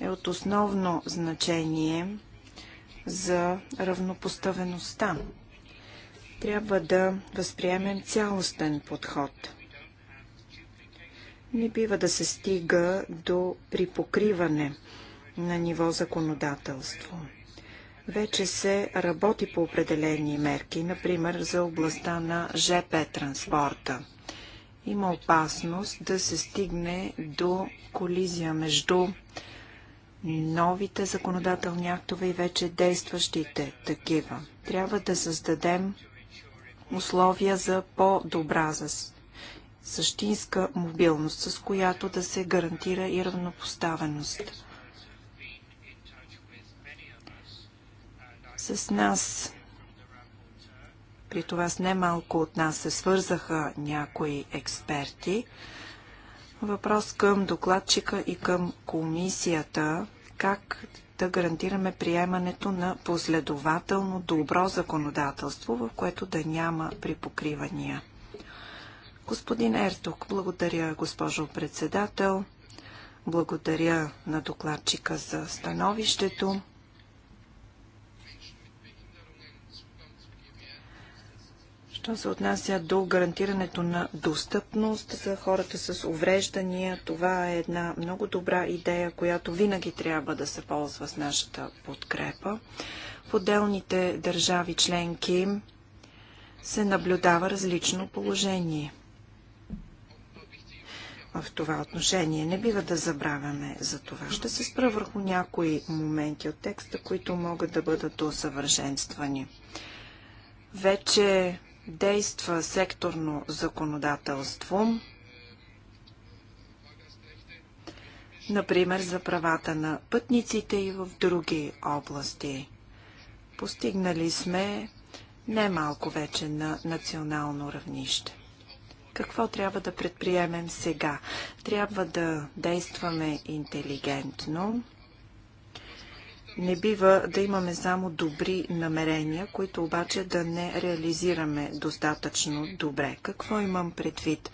е от основно значение за равнопоставеността. Трябва да възприемем цялостен подход. Не бива да се стига до припокриване на ниво законодателство. Вече се работи по определени мерки, например за областта на ЖП транспорта. Има опасност да се стигне до колизия между новите законодателни актове и вече действащите такива. Трябва да създадем условия за по-добра същинска мобилност, с която да се гарантира и равнопоставеност. с нас. При това с немалко от нас се свързаха някои експерти. Въпрос към докладчика и към комисията. Как да гарантираме приемането на последователно добро законодателство, в което да няма припокривания? Господин Ерток, благодаря, госпожо председател. Благодаря на докладчика за становището. Що се отнася до гарантирането на достъпност за хората с увреждания, това е една много добра идея, която винаги трябва да се ползва с нашата подкрепа. В отделните държави членки се наблюдава различно положение. В това отношение не бива да забравяме за това. Ще се спра върху някои моменти от текста, които могат да бъдат усъвършенствани. Вече действа секторно законодателство, например за правата на пътниците и в други области. Постигнали сме немалко вече на национално равнище. Какво трябва да предприемем сега? Трябва да действаме интелигентно, не бива да имаме само добри намерения, които обаче да не реализираме достатъчно добре. Какво имам предвид?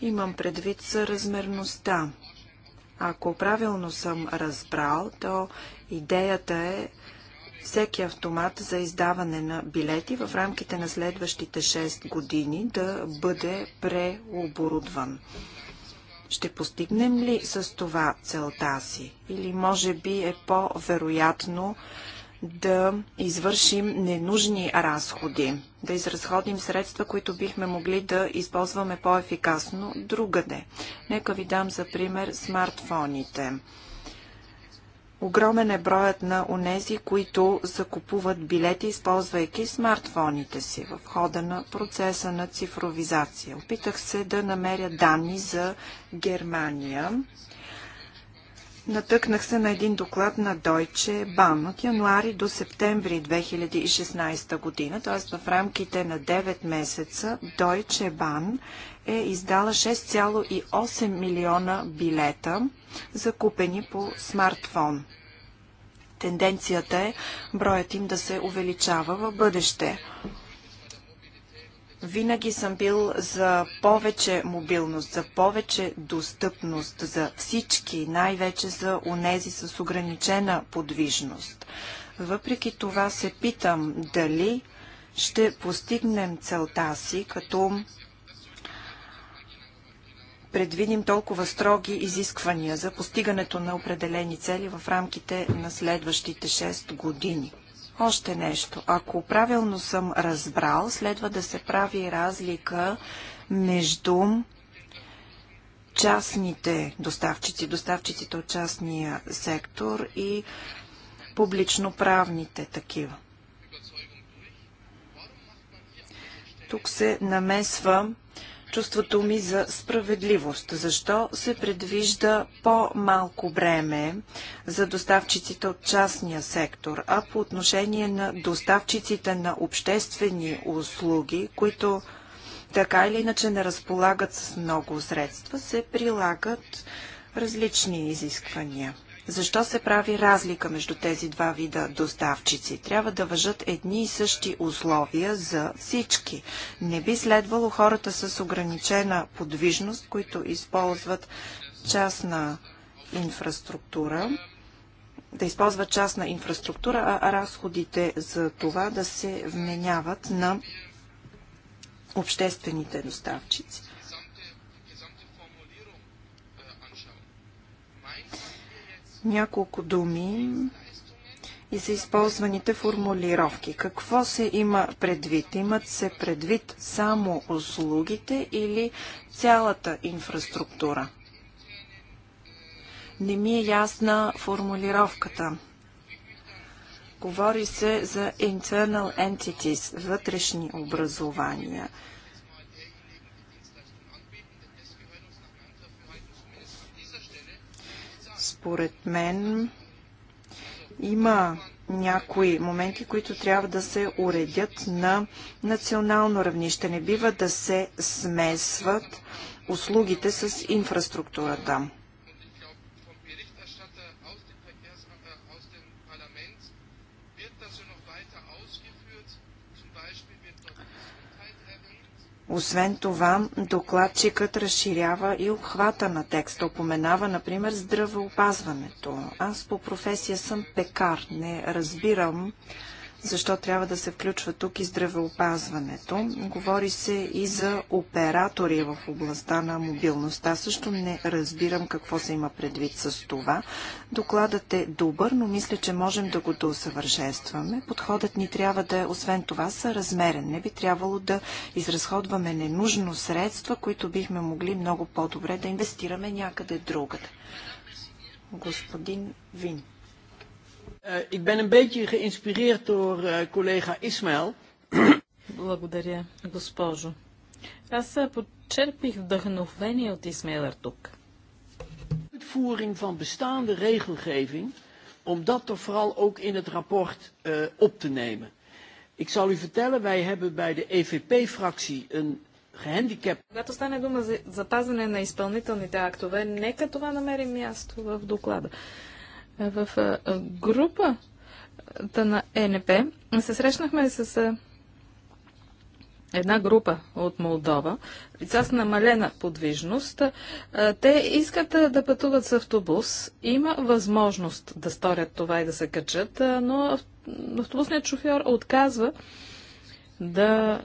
Имам предвид съразмерността. Ако правилно съм разбрал, то идеята е всеки автомат за издаване на билети в рамките на следващите 6 години да бъде преоборудван. Ще постигнем ли с това целта си? Или може би е по-вероятно да извършим ненужни разходи, да изразходим средства, които бихме могли да използваме по-ефикасно другаде. Нека ви дам за пример смартфоните. Огромен е броят на онези, които закупуват билети, използвайки смартфоните си в хода на процеса на цифровизация. Опитах се да намеря данни за Германия. Натъкнах се на един доклад на Deutsche Bahn от януари до септември 2016 година, т.е. в рамките на 9 месеца Deutsche Bahn е издала 6,8 милиона билета, закупени по смартфон. Тенденцията е броят им да се увеличава в бъдеще. Винаги съм бил за повече мобилност, за повече достъпност за всички, най-вече за унези с ограничена подвижност. Въпреки това се питам дали ще постигнем целта си, като предвидим толкова строги изисквания за постигането на определени цели в рамките на следващите 6 години. Още нещо. Ако правилно съм разбрал, следва да се прави разлика между частните доставчици, доставчиците от частния сектор и публично-правните такива. Тук се намесва чувството ми за справедливост. Защо се предвижда по-малко бреме за доставчиците от частния сектор, а по отношение на доставчиците на обществени услуги, които така или иначе не разполагат с много средства, се прилагат различни изисквания. Защо се прави разлика между тези два вида доставчици? Трябва да въжат едни и същи условия за всички. Не би следвало хората с ограничена подвижност, които използват частна инфраструктура, да използват частна инфраструктура, а разходите за това да се вменяват на обществените доставчици. Няколко думи и за използваните формулировки. Какво се има предвид? Имат се предвид само услугите или цялата инфраструктура? Не ми е ясна формулировката. Говори се за internal entities, вътрешни образования. според мен има някои моменти, които трябва да се уредят на национално равнище. Не бива да се смесват услугите с инфраструктурата. Освен това, докладчикът разширява и обхвата на текста. Опоменава, например, здравеопазването. Аз по професия съм пекар. Не разбирам защо трябва да се включва тук и здравеопазването. Говори се и за оператори в областта на мобилността. Също не разбирам какво се има предвид с това. Докладът е добър, но мисля, че можем да го доусъвършенстваме. Подходът ни трябва да е, освен това, съразмерен. Не би трябвало да изразходваме ненужно средства, които бихме могли много по-добре да инвестираме някъде другаде. Господин Вин. Ik ben een beetje geïnspireerd door collega Исмаил. Благодаря, госпожо. Аз почерпих вдъхновение от Исмейлър тук. Uitvoering van bestaande regelgeving, om dat er vooral ook in het rapport uh, op te nemen. Ik zal u vertellen, wij hebben bij de EVP-fractie een gehandicapt... Когато стане дума за запазване на изпълнителните актове, нека това намери място в доклада. Uh, в групата на ЕНП се срещнахме с една група от Молдова, лица с намалена подвижност, те искат да пътуват с автобус. Има възможност да сторят това и да се качат, но автобусният шофьор отказва да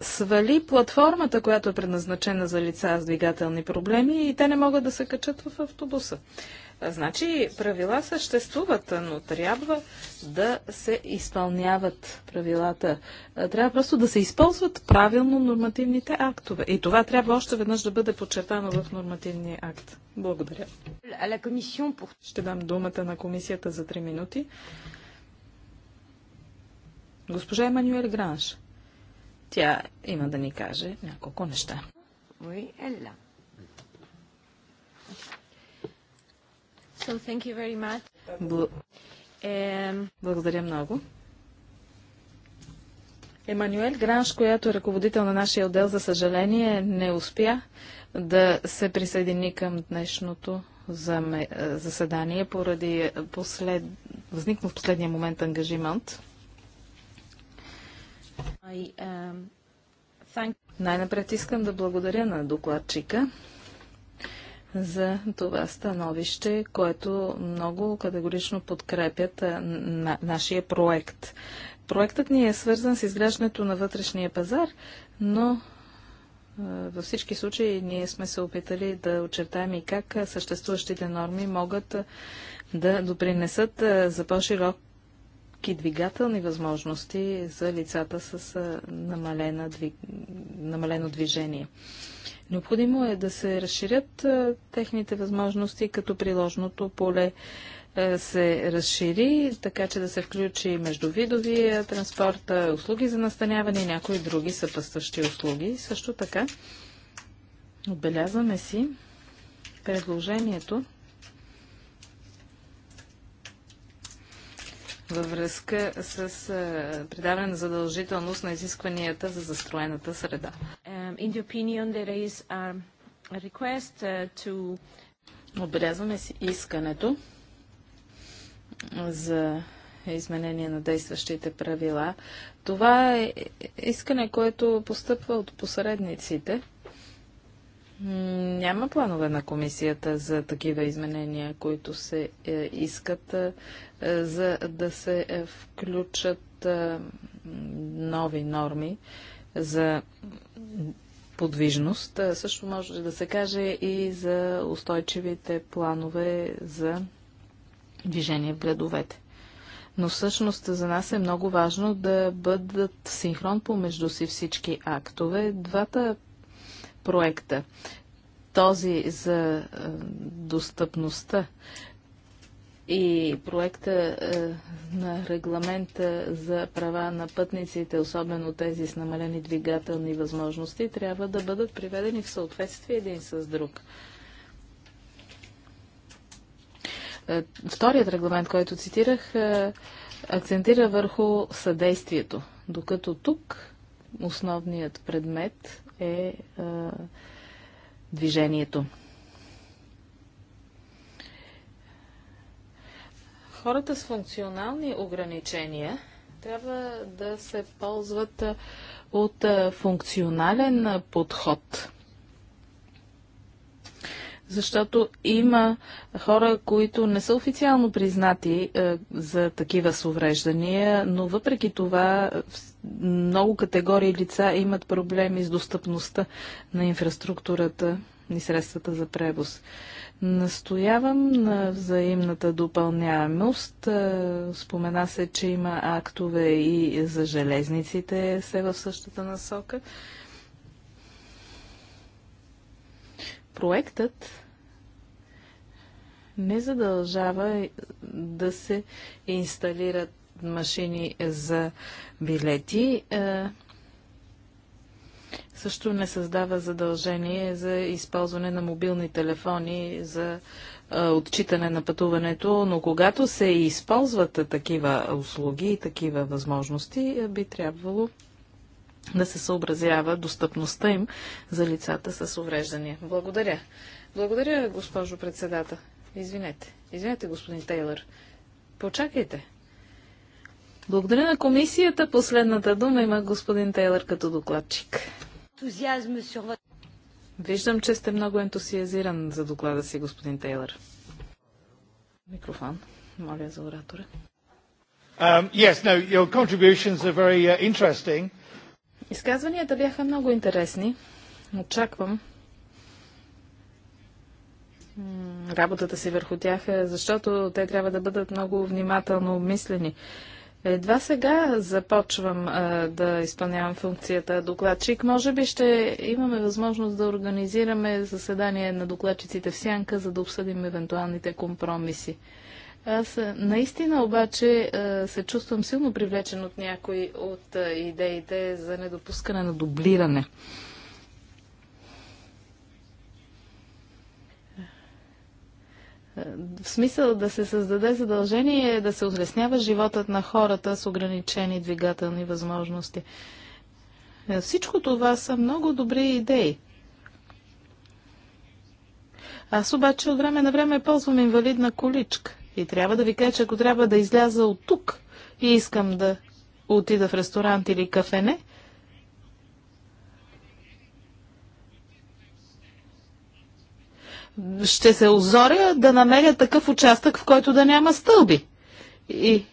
свали платформата, която е предназначена за лица с двигателни проблеми и те не могат да се качат в автобуса. Значи правила съществуват, но трябва да се изпълняват правилата. Трябва просто да се използват правилно нормативните актове. И това трябва още веднъж да бъде подчертано в нормативния акт. Благодаря. Ще дам думата на комисията за 3 минути. Госпожа Емануел Гранш. Тя има да ни каже няколко неща. Oui, elle So thank you very much. Бл... Благодаря много. Емануел Гранш, която е ръководител на нашия отдел, за съжаление не успя да се присъедини към днешното е, заседание поради е, послед... възникнал в последния момент ангажимент. Um, thank... Най-напред искам да благодаря на докладчика за това становище, което много категорично подкрепят на нашия проект. Проектът ни е свързан с изграждането на вътрешния пазар, но във всички случаи ние сме се опитали да очертаем и как съществуващите норми могат да допринесат за по-широк и двигателни възможности за лицата с намалено движение. Необходимо е да се разширят техните възможности, като приложното поле се разшири, така че да се включи междувидовия транспорт, услуги за настаняване и някои други съпъстващи услуги. Също така, отбелязваме си предложението във връзка с а, придаване на задължителност на изискванията за застроената среда. Um, uh, Отбелязваме си искането за изменение на действащите правила. Това е искане, което постъпва от посредниците – няма планове на комисията за такива изменения, които се е, искат, е, е, за да се включат нови норми за подвижност. Също може да се каже и за устойчивите планове за движение в градовете. Но всъщност за нас е много важно да бъдат синхрон помежду си всички актове. Двата проекта. Този за е, достъпността и проекта е, на регламента за права на пътниците, особено тези с намалени двигателни възможности, трябва да бъдат приведени в съответствие един с друг. Е, вторият регламент, който цитирах, акцентира върху съдействието, докато тук основният предмет е а, е, движението. Хората с функционални ограничения трябва да се ползват е, от е, функционален подход. Защото има хора, които не са официално признати за такива с увреждания, но въпреки това много категории лица имат проблеми с достъпността на инфраструктурата и средствата за превоз. Настоявам на взаимната допълняемост. Е, спомена се, че има актове и за железниците се в същата насока. Проектът не задължава да се инсталират машини за билети е, също не създава задължение за използване на мобилни телефони за е, отчитане на пътуването, но когато се използват такива услуги и такива възможности, е, би трябвало да се съобразява достъпността им за лицата с увреждания. Благодаря. Благодаря, госпожо председател. Извинете. Извинете, господин Тейлър. Почакайте. Благодаря на комисията. Последната дума има господин Тейлър като докладчик. Виждам, че сте много ентусиазиран за доклада си, господин Тейлър. Микрофон. Моля за оратора. Um, yes, no, your contributions are very uh, interesting. Изказванията бяха много интересни. Очаквам работата си върху тях, е, защото те трябва да бъдат много внимателно обмислени. Едва сега започвам а, да изпълнявам функцията докладчик. Може би ще имаме възможност да организираме заседание на докладчиците в Сянка, за да обсъдим евентуалните компромиси. Аз наистина обаче се чувствам силно привлечен от някои от идеите за недопускане на дублиране. Е, в смисъл да се създаде задължение е да се улеснява животът на хората с ограничени двигателни възможности. Е, всичко това са много добри идеи. Аз обаче от време на време ползвам инвалидна количка. И трябва да ви кажа, че ако трябва да изляза от тук и искам да отида в ресторант или кафене, ще се озоря да намеря такъв участък, в който да няма стълби. И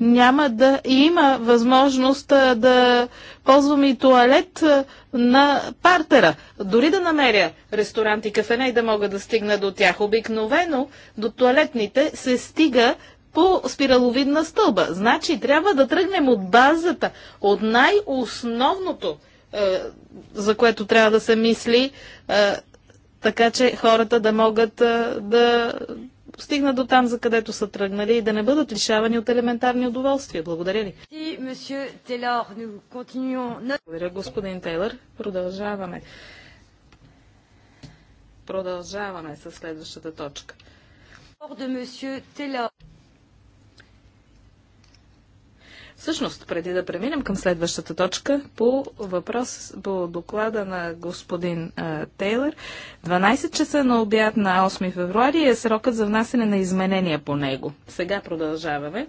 няма да има възможност да ползвам и туалет на партера. Дори да намеря ресторант и кафене и да мога да стигна до тях. Обикновено до туалетните се стига по спираловидна стълба. Значи трябва да тръгнем от базата, от най-основното, е, за което трябва да се мисли е, така че хората да могат да стигнат до там, за където са тръгнали и да не бъдат лишавани от елементарни удоволствия. Благодаря ви. Благодаря, господин Тейлър. Продължаваме. Продължаваме с следващата точка. Всъщност, преди да преминем към следващата точка, по въпрос по доклада на господин а, Тейлър, 12 часа на обяд на 8 февруари е срокът за внасене на изменения по него. Сега продължаваме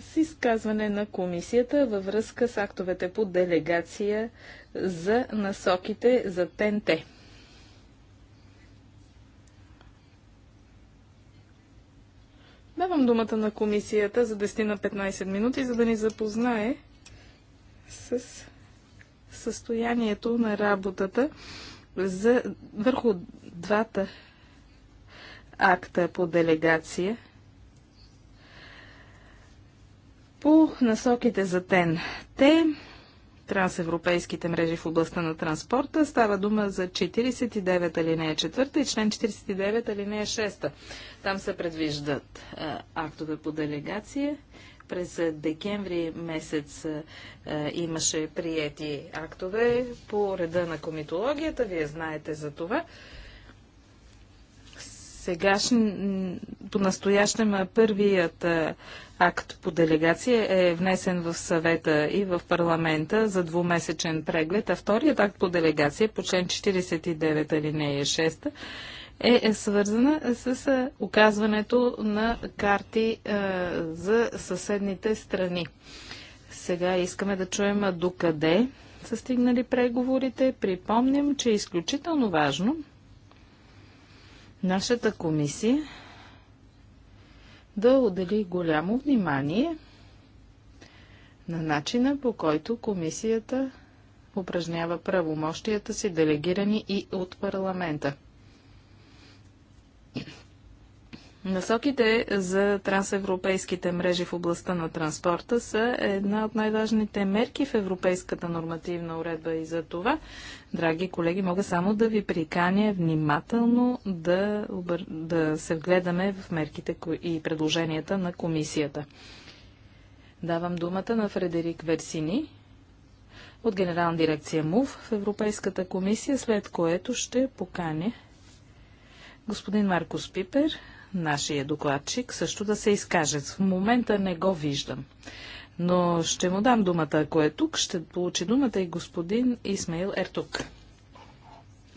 с изказване на комисията във връзка с актовете по делегация за насоките за ТНТ. Давам думата на комисията за 10 на 15 минути, за да ни запознае с състоянието на работата за, върху двата акта по делегация по насоките за ТЕН. Те трансевропейските мрежи в областта на транспорта. Става дума за 49 алинея 4 и член 49 алинея 6. Там се предвиждат актове по делегация. През декември месец а, имаше приети актове по реда на комитологията. Вие знаете за това сегашното по настоящем първият акт по делегация е внесен в съвета и в парламента за двумесечен преглед, а вторият акт по делегация по член 49 алинея 6 е, е, свързана с оказването на карти за съседните страни. Сега искаме да чуем докъде са стигнали преговорите. Припомням, че е изключително важно нашата комисия да отдели голямо внимание на начина по който комисията упражнява правомощията си, делегирани и от парламента. Насоките за трансевропейските мрежи в областта на транспорта са една от най-важните мерки в европейската нормативна уредба и за това, драги колеги, мога само да ви приканя внимателно да, обър... да се вгледаме в мерките и предложенията на комисията. Давам думата на Фредерик Версини от Генерална дирекция МУВ в Европейската комисия, след което ще поканя господин Маркос Пипер, нашия докладчик, също да се изкаже. В момента не го виждам. Но ще му дам думата, ако е тук, ще получи думата и господин Исмаил Ертук.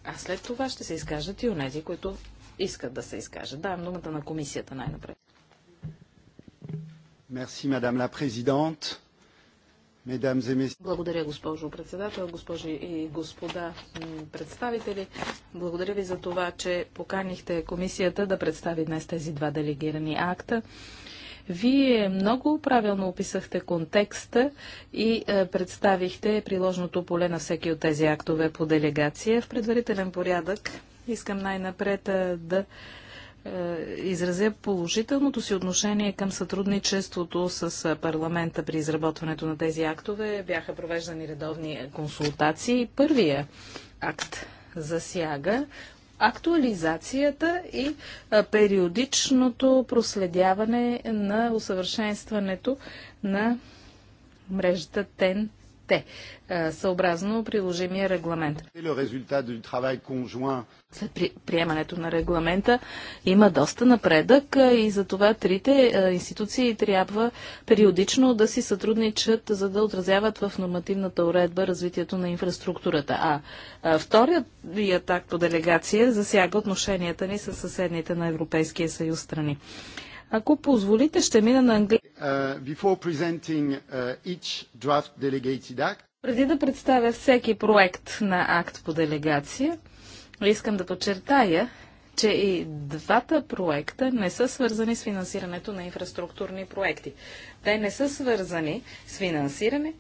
А след това ще се изкажат и онези, които искат да се изкажат. Давам думата на комисията най-напред. Мерси, мадам ла президент. Благодаря, госпожо председател, госпожи и господа представители. Благодаря ви за това, че поканихте комисията да представи днес тези два делегирани акта. Вие много правилно описахте контекста и е, представихте приложното поле на всеки от тези актове по делегация. В предварителен порядък искам най-напред е, да е, изразя положителното си отношение към сътрудничеството с е, парламента при изработването на тези актове. Бяха провеждани редовни консултации. Първия акт засяга актуализацията и е, периодичното проследяване на усъвършенстването на мрежата ТЕН те, е, съобразно приложимия регламент. След при, приемането на регламента има доста напредък е, и за това трите е, институции трябва периодично да си сътрудничат, за да отразяват в нормативната уредба развитието на инфраструктурата. А вторият акт по делегация засяга отношенията ни с съседните на Европейския съюз страни. Ако позволите, ще мина на английски. Uh, uh, Преди да представя всеки проект на акт по делегация, искам да подчертая, че и двата проекта не са свързани с финансирането на инфраструктурни проекти. Те не са свързани с финансиране,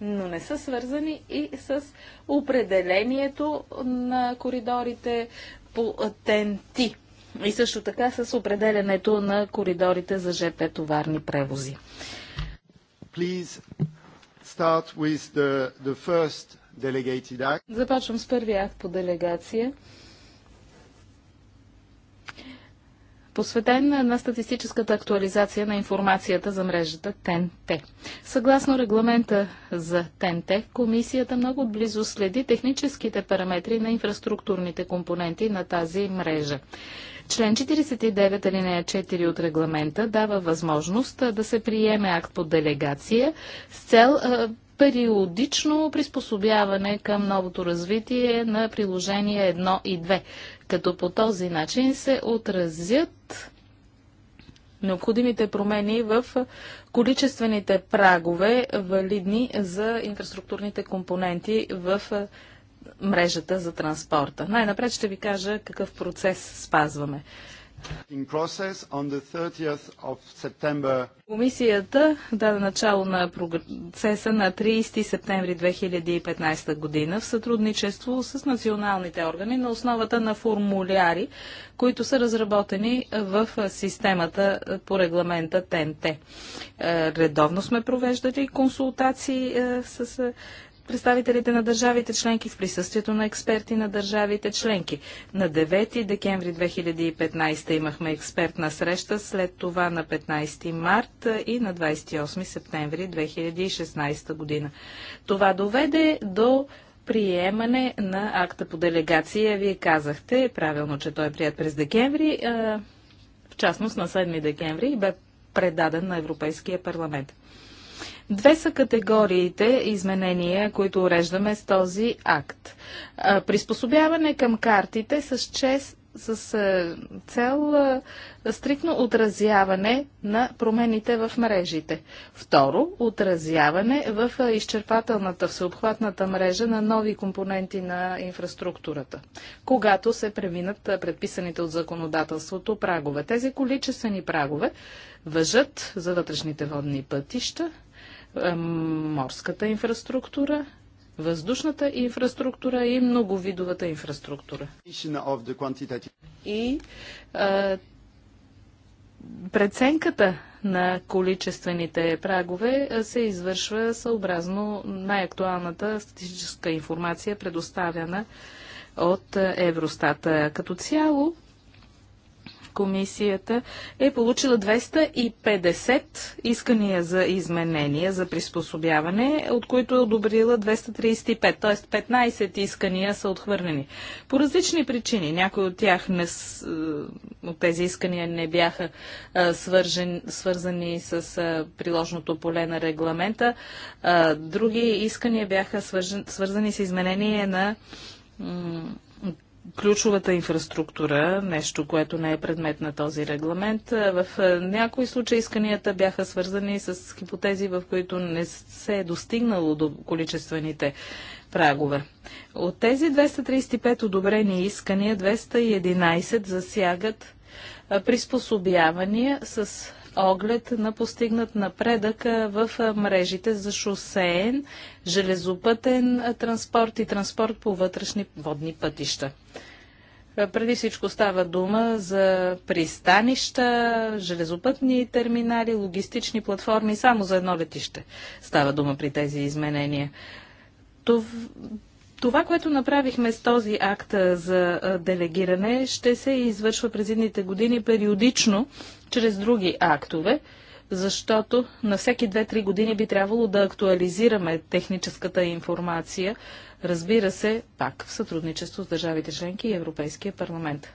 но не са свързани и с определението на коридорите по ТНТ и също така с определенето на коридорите за ЖП товарни превози. The, the Започвам с първия акт по делегация. посветен на статистическата актуализация на информацията за мрежата ТНТ. Съгласно регламента за ТНТ, комисията много близо следи техническите параметри на инфраструктурните компоненти на тази мрежа. Член 49 алинея 4 от регламента дава възможност да се приеме акт по делегация с цел периодично приспособяване към новото развитие на приложения 1 и 2, като по този начин се отразят необходимите промени в количествените прагове, валидни за инфраструктурните компоненти в мрежата за транспорта. Най-напред ще ви кажа какъв процес спазваме. Комисията даде начало на процеса на 30 септември 2015 година в сътрудничество с националните органи на основата на формуляри, които са разработени в системата по регламента ТНТ. Е, редовно сме провеждали консултации е, с е, представителите на държавите членки в присъствието на експерти на държавите членки. На 9 декември 2015 имахме експертна среща, след това на 15 март и на 28 септември 2016 година. Това доведе до приемане на акта по делегация. Вие казахте правилно, че той е прият през декември, в частност на 7 декември и бе предаден на Европейския парламент. Две са категориите изменения, които уреждаме с този акт. Приспособяване към картите с, чест, с цел стрикно отразяване на промените в мрежите. Второ, отразяване в изчерпателната, всеобхватната мрежа на нови компоненти на инфраструктурата, когато се преминат предписаните от законодателството прагове. Тези количествени прагове въжат за вътрешните водни пътища, морската инфраструктура, въздушната инфраструктура и многовидовата инфраструктура. И а, преценката на количествените прагове се извършва съобразно най-актуалната статистическа информация, предоставяна от Евростата. Като цяло, комисията е получила 250 искания за изменения, за приспособяване, от които е одобрила 235, т.е. 15 искания са отхвърлени. По различни причини. Някои от тях не, е, от тези искания не бяха е, свържен, свързани с е, приложното поле на регламента. други искания бяха свържен, свързани с изменение на ключовата инфраструктура, нещо, което не е предмет на този регламент. Е, в е, някои случаи исканията бяха свързани с хипотези, в които не се е достигнало до количествените прагове. От тези 235 одобрени искания, 211 засягат е, приспособявания с оглед на постигнат напредък в мрежите за шосеен, железопътен транспорт и транспорт по вътрешни водни пътища. Преди всичко става дума за пристанища, железопътни терминали, логистични платформи, само за едно летище става дума при тези изменения. Това, което направихме с този акт за делегиране, ще се извършва през едните години периодично чрез други актове, защото на всеки 2-3 години би трябвало да актуализираме техническата информация, разбира се, пак в сътрудничество с държавите членки и Европейския парламент.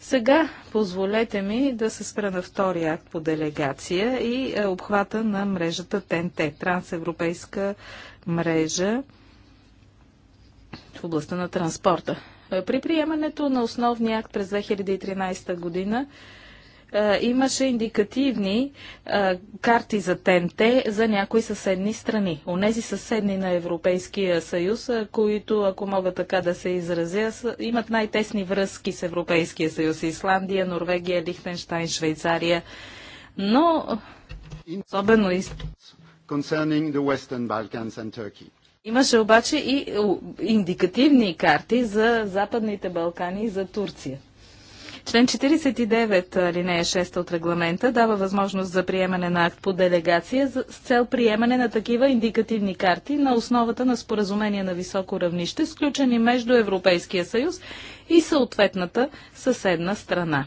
Сега позволете ми да се спра на втория акт по делегация и е, обхвата на мрежата ТНТ, трансевропейска мрежа в областта на транспорта. Е, при приемането на основния акт през 2013 година е, имаше индикативни е, карти за ТНТ за някои съседни страни. Онези съседни на Европейския съюз, е, които, ако мога така да се изразя, имат най-тесни връзки с Европейския съюз. Исландия, Норвегия, Лихтенштайн, Швейцария. Но особено Turkey. Имаше обаче и индикативни карти за Западните Балкани и за Турция. Член 49, алинея 6 от регламента, дава възможност за приемане на акт по делегация с цел приемане на такива индикативни карти на основата на споразумения на високо равнище, сключени между Европейския съюз и съответната съседна страна.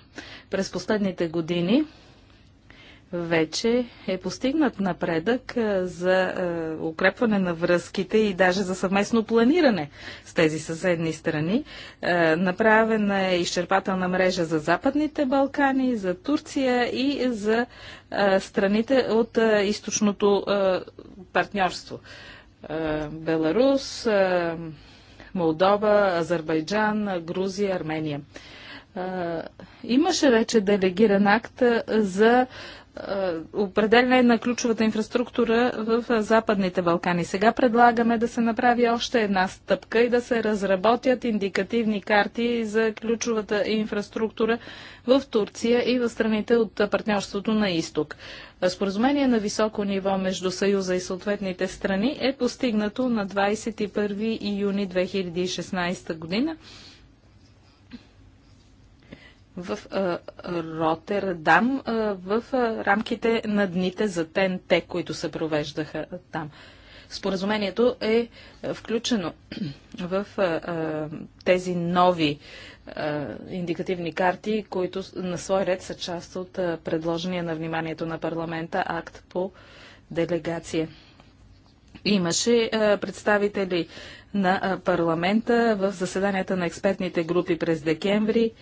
През последните години вече е постигнат напредък за укрепване на връзките и даже за съвместно планиране с тези съседни страни. Направена е изчерпателна мрежа за Западните Балкани, за Турция и за страните от източното партньорство. Беларус, Молдова, Азербайджан, Грузия, Армения имаше вече делегиран акт за е, определяне на ключовата инфраструктура в е, Западните Балкани. Сега предлагаме да се направи още една стъпка и да се разработят индикативни карти за ключовата инфраструктура в Турция и в страните от партньорството на изток. Споразумение на високо ниво между Съюза и съответните страни е постигнато на 21 юни 2016 година в а, Ротердам а, в а, рамките на дните за ТНТ, които се провеждаха там. Споразумението е, е включено в а, а, тези нови а, индикативни карти, които на свой ред са част от а, предложения на вниманието на парламента акт по делегация. Имаше а, представители на а, парламента в заседанията на експертните групи през декември. А,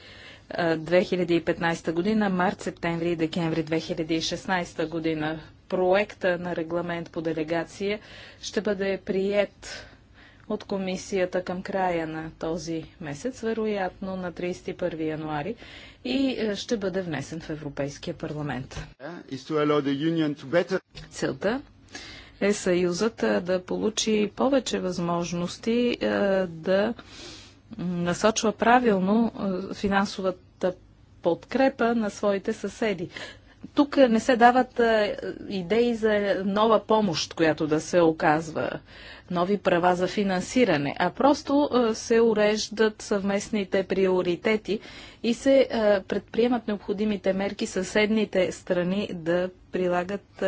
2015 година, март, септември и декември 2016 година. Проекта на регламент по делегация ще бъде прият от комисията към края на този месец, вероятно на 31 януари, и е, ще бъде внесен в Европейския парламент. Целта е Съюзът е, да получи повече възможности е, да насочва правилно финансовата подкрепа на своите съседи. Тук не се дават идеи за нова помощ, която да се оказва, нови права за финансиране, а просто се уреждат съвместните приоритети и се предприемат необходимите мерки съседните страни да прилагат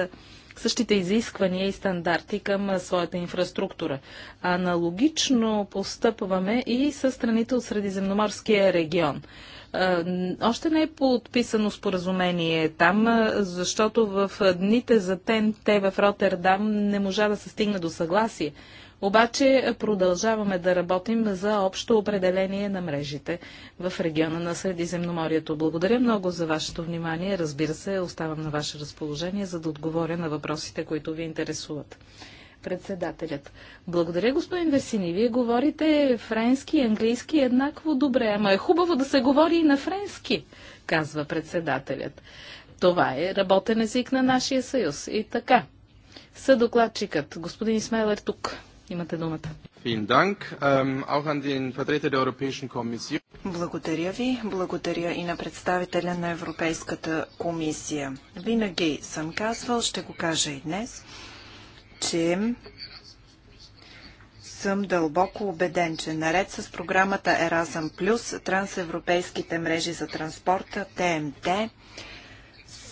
същите изисквания и стандарти към своята инфраструктура. Аналогично постъпваме и с страните от Средиземноморския регион. Още не е подписано споразумение там, защото в дните за ТНТ в Роттердам не можа да се стигне до съгласие. Обаче е, продължаваме да работим за общо определение на мрежите в региона на Средиземноморието. Благодаря много за вашето внимание. Разбира се, оставам на ваше разположение, за да отговоря на въпросите, които ви интересуват председателят. Благодаря, господин Весини. Вие говорите френски и английски еднакво добре, ама е хубаво да се говори и на френски, казва председателят. Това е работен език на нашия съюз. И така. Съдокладчикът, господин Исмайлер, тук. Имате думата. Ähm, Благодаря ви. Благодаря и на представителя на Европейската комисия. Винаги съм казвал, ще го кажа и днес, че съм дълбоко убеден, че наред с програмата Erasm+, трансевропейските мрежи за транспорта, ТМТ,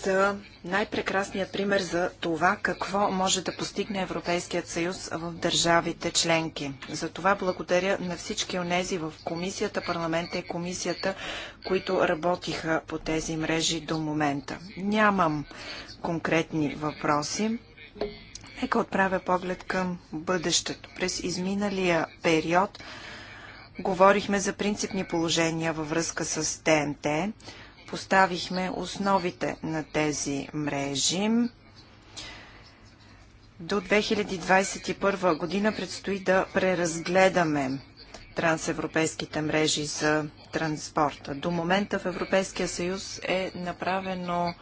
са най-прекрасният пример за това какво може да постигне Европейският съюз в държавите членки. За това благодаря на всички онези в комисията, парламента и комисията, които работиха по тези мрежи до момента. Нямам конкретни въпроси. Нека отправя поглед към бъдещето. През изминалия период говорихме за принципни положения във връзка с ТНТ поставихме основите на тези мрежи. До 2021 година предстои да преразгледаме трансевропейските мрежи за транспорта. До момента в Европейския съюз е направено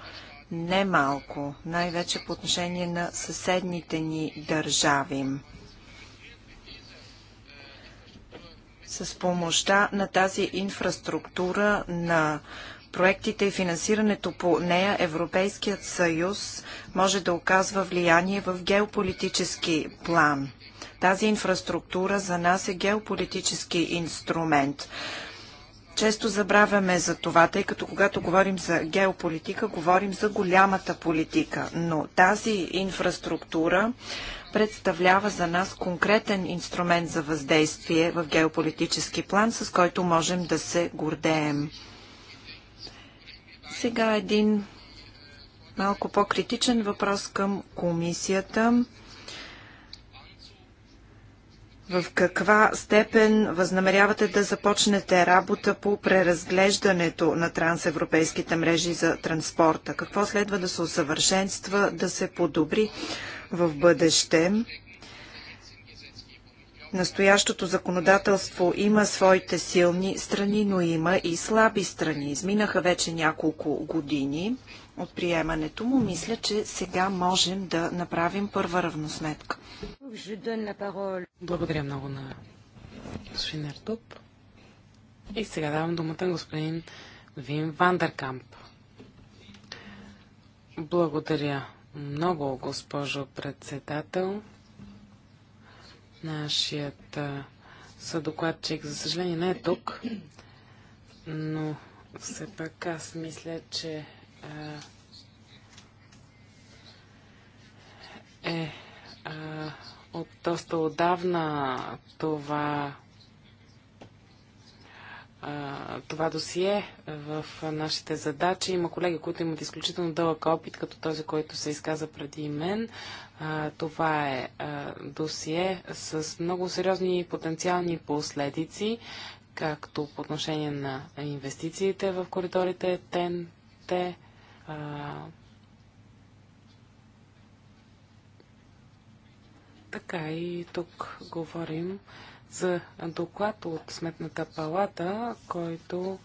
немалко, най-вече по отношение на съседните ни държави. С помощта на тази инфраструктура на проектите и финансирането по нея Европейският съюз може да оказва влияние в геополитически план. Тази инфраструктура за нас е геополитически инструмент. Често забравяме за това, тъй като когато говорим за геополитика, говорим за голямата политика. Но тази инфраструктура представлява за нас конкретен инструмент за въздействие в геополитически план, с който можем да се гордеем. Сега един малко по-критичен въпрос към комисията. В каква степен възнамерявате да започнете работа по преразглеждането на трансевропейските мрежи за транспорта? Какво следва да се усъвършенства, да се подобри в бъдеще? Настоящото законодателство има своите силни страни, но има и слаби страни. Изминаха вече няколко години от приемането му. Мисля, че сега можем да направим първа равносметка. Благодаря много на господин Ертуп. И сега давам думата на господин Вин Вандеркамп. Благодаря много, госпожо председател. Нашият съдокладчик, за съжаление, не е тук, но все пак аз мисля, че е, е от доста отдавна това това досие в нашите задачи. Има колеги, които имат изключително дълъг опит, като този, който се изказа преди мен. Това е досие с много сериозни потенциални последици, както по отношение на инвестициите в коридорите ТНТ, така и тук говорим за доклад от Сметната палата, който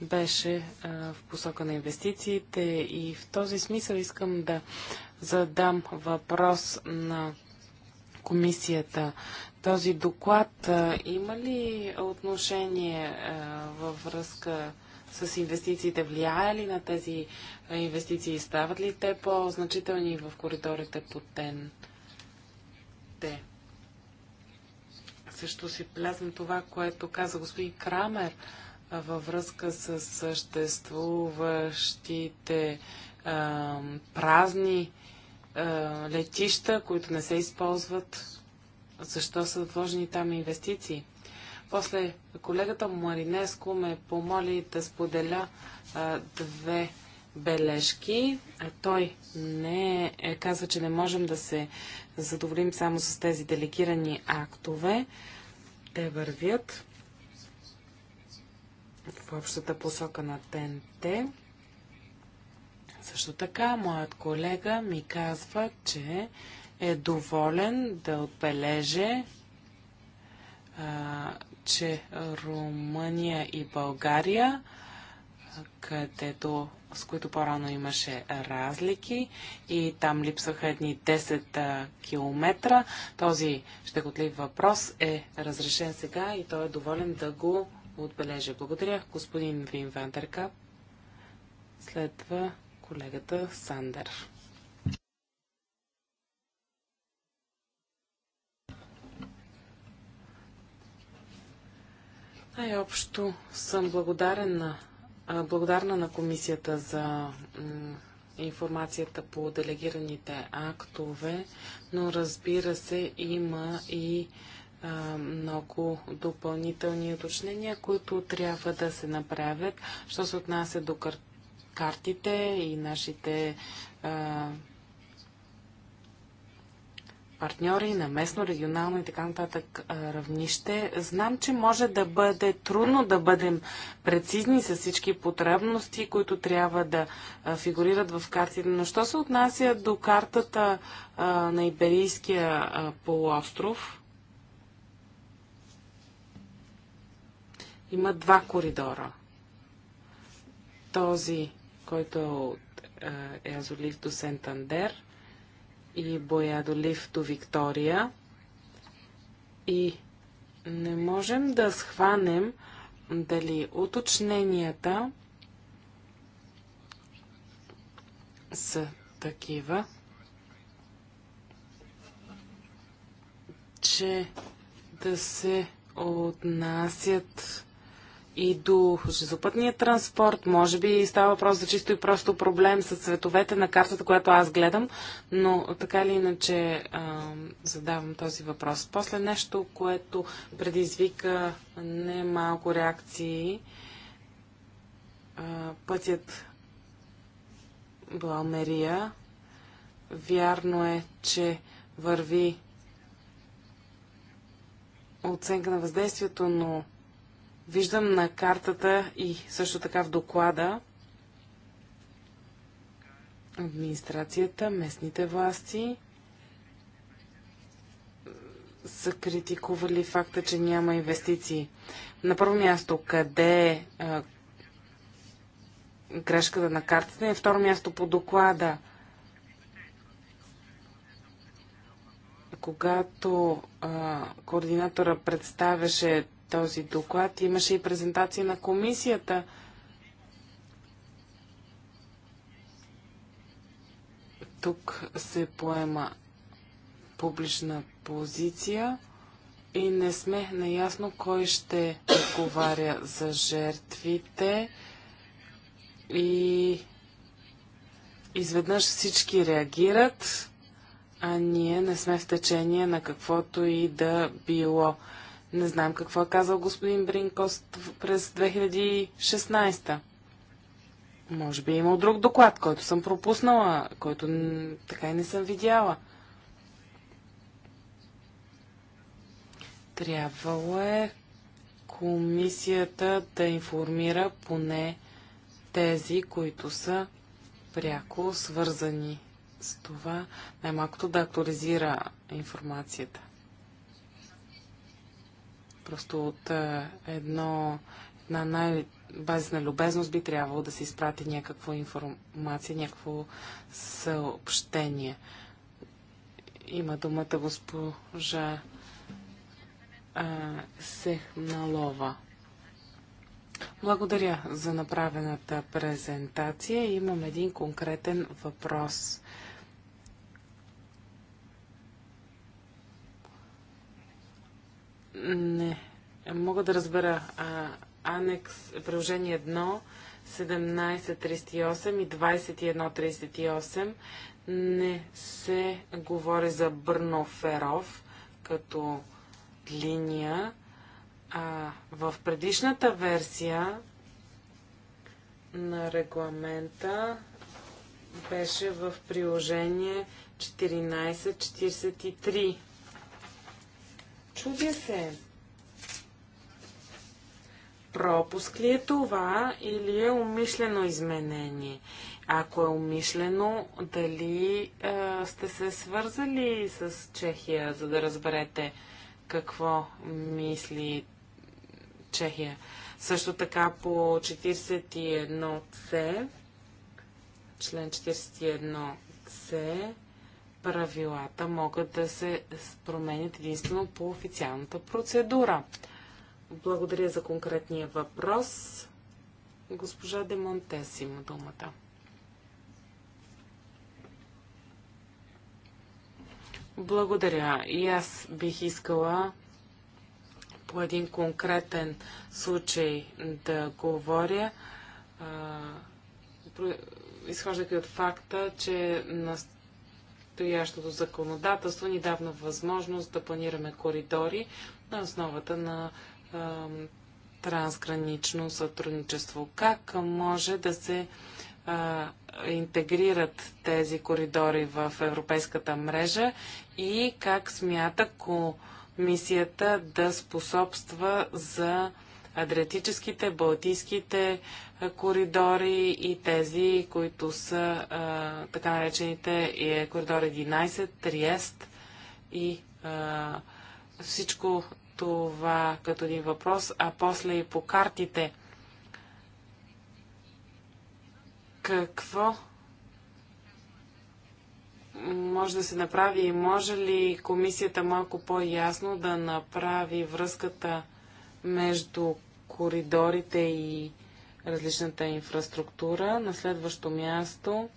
беше в посока на инвестициите и в този смисъл искам да задам въпрос на комисията. Този доклад има ли отношение във връзка с инвестициите? Влияе ли на тези инвестиции? Стават ли те по-значителни в коридорите по ТЕН? Те също си плязна това, което каза господин Крамер във връзка с съществуващите а, празни а, летища, които не се използват. Защо са вложени там инвестиции? После колегата Маринеско ме помоли да споделя а, две бележки. Той не е, казва, че не можем да се задоволим само с тези делегирани актове. Те вървят в общата посока на ТНТ. Също така, моят колега ми казва, че е доволен да отбележе, а, че Румъния и България, където с които по-рано имаше разлики и там липсваха едни 10 километра. Този щекотлив въпрос е разрешен сега и той е доволен да го отбележа. Благодаря, господин Вин Вандеркап. Следва колегата Сандър. Най-общо съм благодарен на Благодарна на комисията за информацията по делегираните актове, но разбира се има и много допълнителни уточнения, които трябва да се направят. Що се отнася до картите и нашите а, партньори на местно, регионално и така нататък равнище. Знам, че може да бъде трудно да бъдем прецизни с всички потребности, които трябва да фигурират в картите. Но що се отнася до картата на Иберийския полуостров? Има два коридора. Този, който е от Язолив до Сентандер – и Боядолив до Виктория. И не можем да схванем дали уточненията са такива, че да се отнасят и до железопътния транспорт. Може би става въпрос за чисто и просто проблем с цветовете на картата, която аз гледам, но така или иначе а, задавам този въпрос. После нещо, което предизвика немалко реакции, а, пътят Блалмерия. Вярно е, че върви оценка на въздействието, но Виждам на картата и също така в доклада администрацията, местните власти са критикували факта, че няма инвестиции. На първо място, къде е грешката на картата и на второ място по доклада. Когато а, координатора представяше този доклад. Имаше и презентация на комисията. Тук се поема публична позиция и не сме наясно кой ще отговаря за жертвите и изведнъж всички реагират, а ние не сме в течение на каквото и да било. Не знам какво е казал господин Бринкост през 2016. Може би е имал друг доклад, който съм пропуснала, който така и не съм видяла. Трябвало е комисията да информира поне тези, които са пряко свързани с това, най-малкото да актуализира информацията. Просто от е, едно, една най базна любезност би трябвало да се изпрати някаква информация, някакво съобщение. Има думата госпожа а, е, Сехналова. Благодаря за направената презентация. Имам един конкретен въпрос. Не. Мога да разбера. А, анекс, приложение 1, 17.38 и 21.38 не се говори за Бърноферов като линия. А, в предишната версия на регламента беше в приложение 1443 Чудя се. Пропуск ли е това или е умишлено изменение? Ако е умишлено, дали е, сте се свързали с Чехия, за да разберете какво мисли Чехия? Също така по 41C, член 41C, правилата могат да се променят единствено по официалната процедура. Благодаря за конкретния въпрос. Госпожа Демонтес има думата. Благодаря. И аз бих искала по един конкретен случай да говоря, изхождайки от факта, че на предстоящото законодателство ни давна възможност да планираме коридори на основата на а, трансгранично сътрудничество. Как може да се а, интегрират тези коридори в европейската мрежа и как смята комисията да способства за адриатическите, балтийските коридори и тези, които са а, така наречените е коридор 11, Триест и а, всичко това като един въпрос, а после и по картите. Какво може да се направи и може ли комисията малко по-ясно да направи връзката между коридорите и различната инфраструктура. На следващо място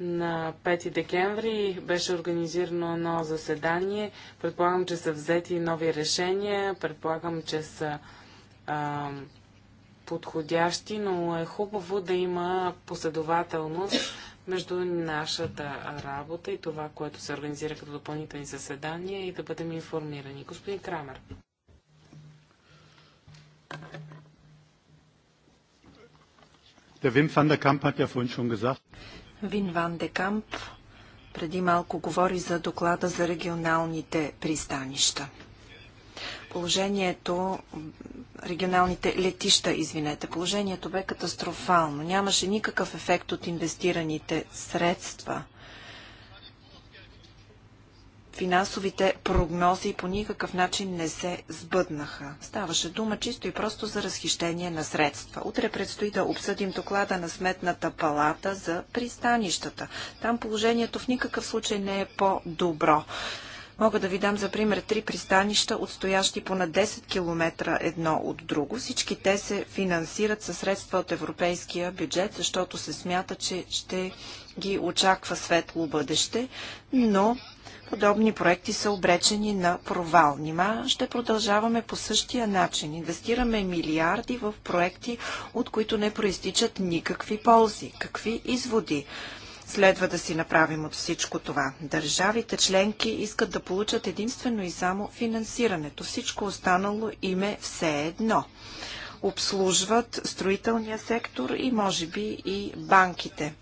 на 5 декември беше организирано едно заседание. Предполагам, че са взети нови решения, предполагам, че са а, подходящи, но е хубаво да има последователност между нашата работа и това, което се организира като допълнителни заседания и да бъдем информирани. Господин Крамер. Вин Ван де Камп преди малко говори за доклада за регионалните пристанища. Положението, регионалните летища, извинете, положението бе катастрофално. Нямаше никакъв ефект от инвестираните средства. Финансовите прогнози по никакъв начин не се сбъднаха. Ставаше дума чисто и просто за разхищение на средства. Утре предстои да обсъдим доклада на Сметната палата за пристанищата. Там положението в никакъв случай не е по-добро. Мога да ви дам за пример три пристанища, отстоящи по на 10 км едно от друго. Всички те се финансират със средства от европейския бюджет, защото се смята, че ще ги очаква светло бъдеще, но подобни проекти са обречени на провал. Нима ще продължаваме по същия начин. Инвестираме милиарди в проекти, от които не проистичат никакви ползи. Какви изводи? следва да си направим от всичко това? Държавите членки искат да получат единствено и само финансирането. Всичко останало им е все едно. Обслужват строителния сектор и може би и банките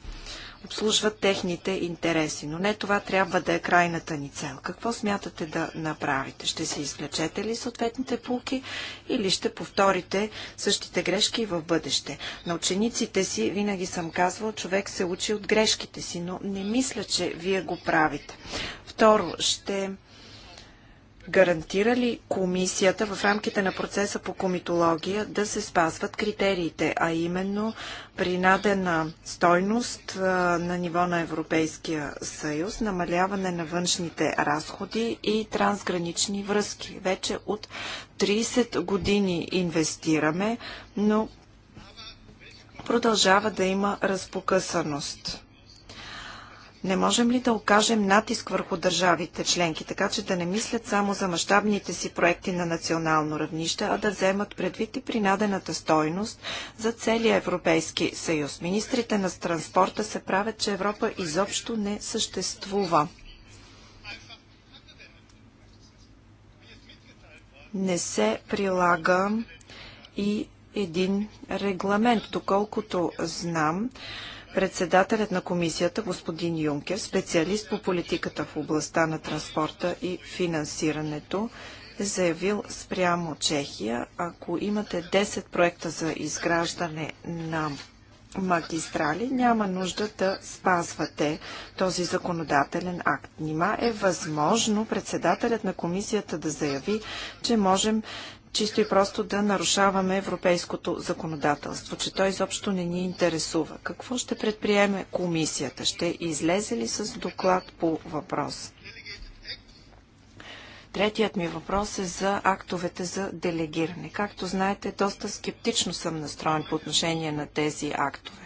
обслужват техните интереси. Но не това трябва да е крайната ни цел. Какво смятате да направите? Ще се извлечете ли съответните пулки или ще повторите същите грешки в бъдеще? На учениците си винаги съм казвал, човек се учи от грешките си, но не мисля, че вие го правите. Второ, ще гарантира ли комисията в рамките на процеса по комитология да се спазват критериите, а именно принадена стойност на ниво на Европейския съюз, намаляване на външните разходи и трансгранични връзки. Вече от 30 години инвестираме, но продължава да има разпокъсаност. Не можем ли да окажем натиск върху държавите членки, така че да не мислят само за мащабните си проекти на национално равнище, а да вземат предвид и принадената стойност за целия Европейски съюз? Министрите на транспорта се правят, че Европа изобщо не съществува. Не се прилага и един регламент, доколкото знам председателят на комисията господин Юнкер, специалист по политиката в областта на транспорта и финансирането, е заявил спрямо Чехия, ако имате 10 проекта за изграждане на магистрали, няма нужда да спазвате този законодателен акт. Нима е възможно председателят на комисията да заяви, че можем чисто и просто да нарушаваме европейското законодателство, че той изобщо не ни интересува. Какво ще предприеме комисията? Ще излезе ли с доклад по въпрос? Третият ми въпрос е за актовете за делегиране. Както знаете, доста скептично съм настроен по отношение на тези актове.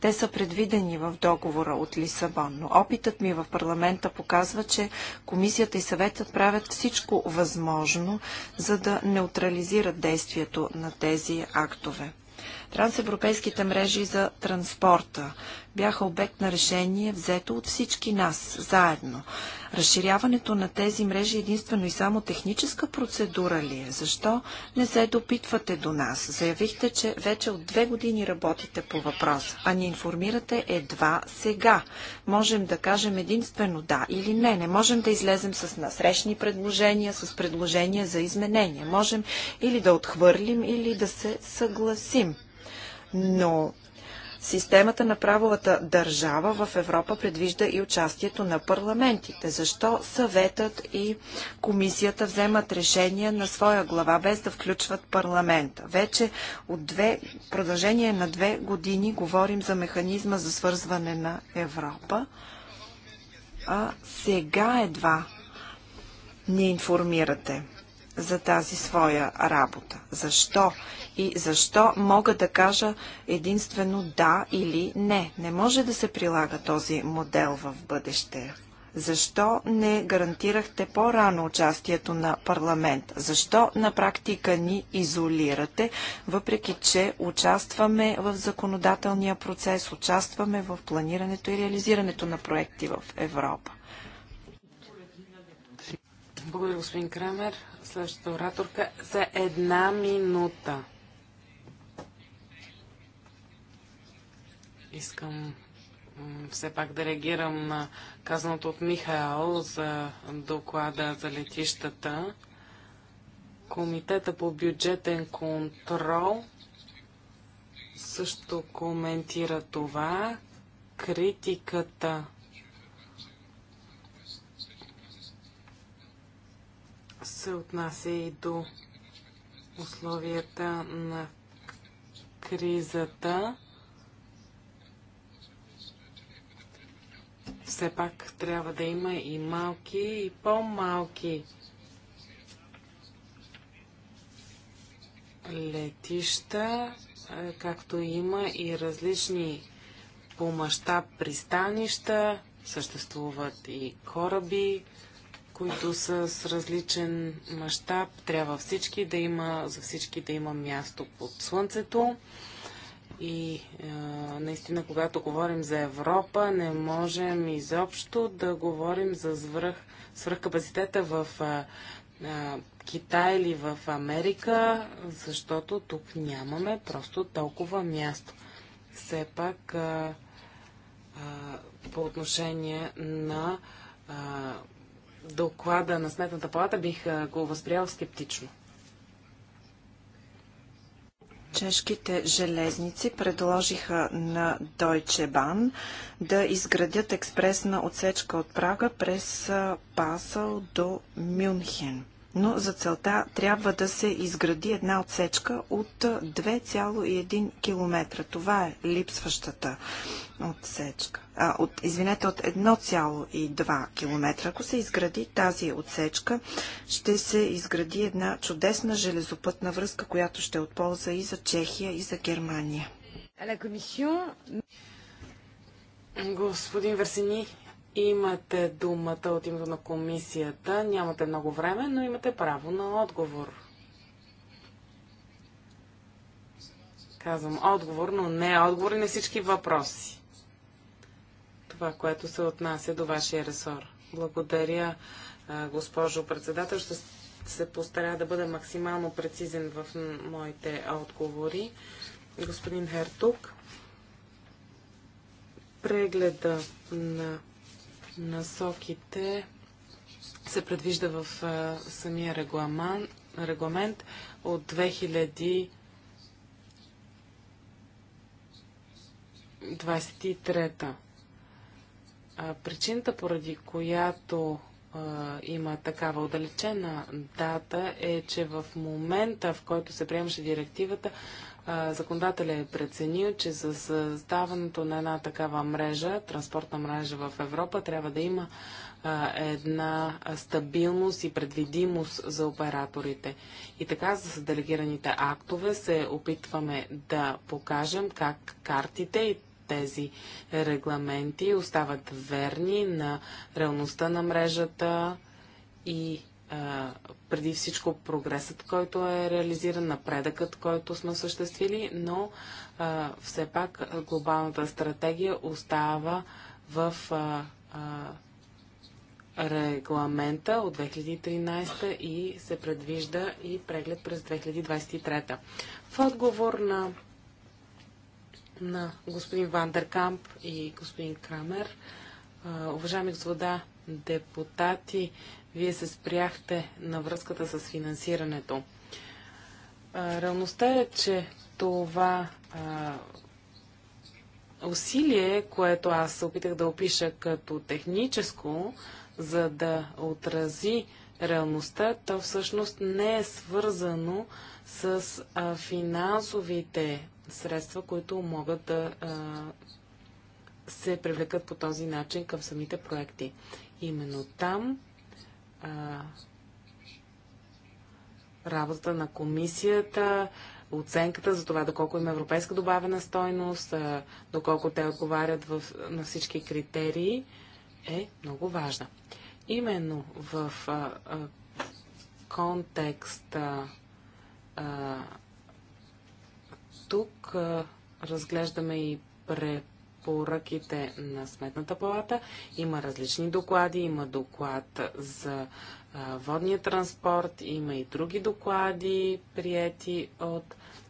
Те са предвидени в договора от Лисабон, но опитът ми в парламента показва, че комисията и съветът правят всичко възможно, за да неутрализират действието на тези актове. Трансевропейските мрежи за транспорта бяха обект на решение, взето от всички нас, заедно. Разширяването на тези мрежи единствено и само техническа процедура ли е? Защо не се допитвате до нас? Заявихте, че вече от две години работите по въпрос, а ни информирате едва сега. Можем да кажем единствено да или не. Не можем да излезем с насрещни предложения, с предложения за изменения. Можем или да отхвърлим, или да се съгласим но Системата на правовата държава в Европа предвижда и участието на парламентите. Защо съветът и комисията вземат решения на своя глава, без да включват парламента? Вече от две, продължение на две години говорим за механизма за свързване на Европа, а сега едва не информирате за тази своя работа. Защо? И защо мога да кажа единствено да или не? Не може да се прилага този модел в бъдеще. Защо не гарантирахте по-рано участието на парламент? Защо на практика ни изолирате, въпреки че участваме в законодателния процес, участваме в планирането и реализирането на проекти в Европа? Благодаря, господин Крамер следващата ораторка за една минута. Искам все пак да реагирам на казаното от Михаил за доклада за летищата. Комитета по бюджетен контрол също коментира това. Критиката се отнася и до условията на кризата. Все пак трябва да има и малки, и по-малки летища, е, както има и различни по мащаб пристанища, съществуват и кораби които са с различен мащаб. Трябва всички да има, за всички да има място под слънцето. И е, наистина, когато говорим за Европа, не можем изобщо да говорим за свръх, свръхкапацитета в е, е, Китай или в Америка, защото тук нямаме просто толкова място. Все пак е, е, по отношение на е, доклада на Сметната палата, бих го възприял скептично. Чешките железници предложиха на Deutsche Bahn да изградят експресна отсечка от Прага през Пасъл до Мюнхен но за целта трябва да се изгради една отсечка от 2,1 км. Това е липсващата отсечка. А, от, извинете, от 1,2 км. Ако се изгради тази отсечка, ще се изгради една чудесна железопътна връзка, която ще е от полза и за Чехия, и за Германия. Господин Версени, Имате думата от името на комисията. Нямате много време, но имате право на отговор. Казвам отговор, но не отговор на всички въпроси. Това, което се отнася до вашия ресор. Благодаря, госпожо председател. Ще се постаря да бъда максимално прецизен в моите отговори. Господин Хертук, прегледа на насоките се предвижда в самия регламент, от 2023. Причината, поради която има такава отдалечена дата, е, че в момента, в който се приемаше директивата, законодателя е преценил, че за създаването на една такава мрежа, транспортна мрежа в Европа, трябва да има една стабилност и предвидимост за операторите. И така, с делегираните актове се опитваме да покажем как картите и тези регламенти остават верни на реалността на мрежата и преди всичко прогресът, който е реализиран, напредъкът, който сме осъществили, но все пак глобалната стратегия остава в регламента от 2013 и се предвижда и преглед през 2023. В отговор на, на господин Вандеркамп и господин Крамер, уважаеми господа депутати, вие се спряхте на връзката с финансирането. Реалността е, че това усилие, което аз се опитах да опиша като техническо, за да отрази реалността, то всъщност не е свързано с финансовите средства, които могат да се привлекат по този начин към самите проекти. Именно там а, работата на комисията, оценката за това доколко има европейска добавена стойност, а, доколко те отговарят в, на всички критерии, е много важна. Именно в а, а, контекста а, тук а, разглеждаме и пред препоръките на Сметната палата. Има различни доклади, има доклад за водния транспорт, има и други доклади, прияти от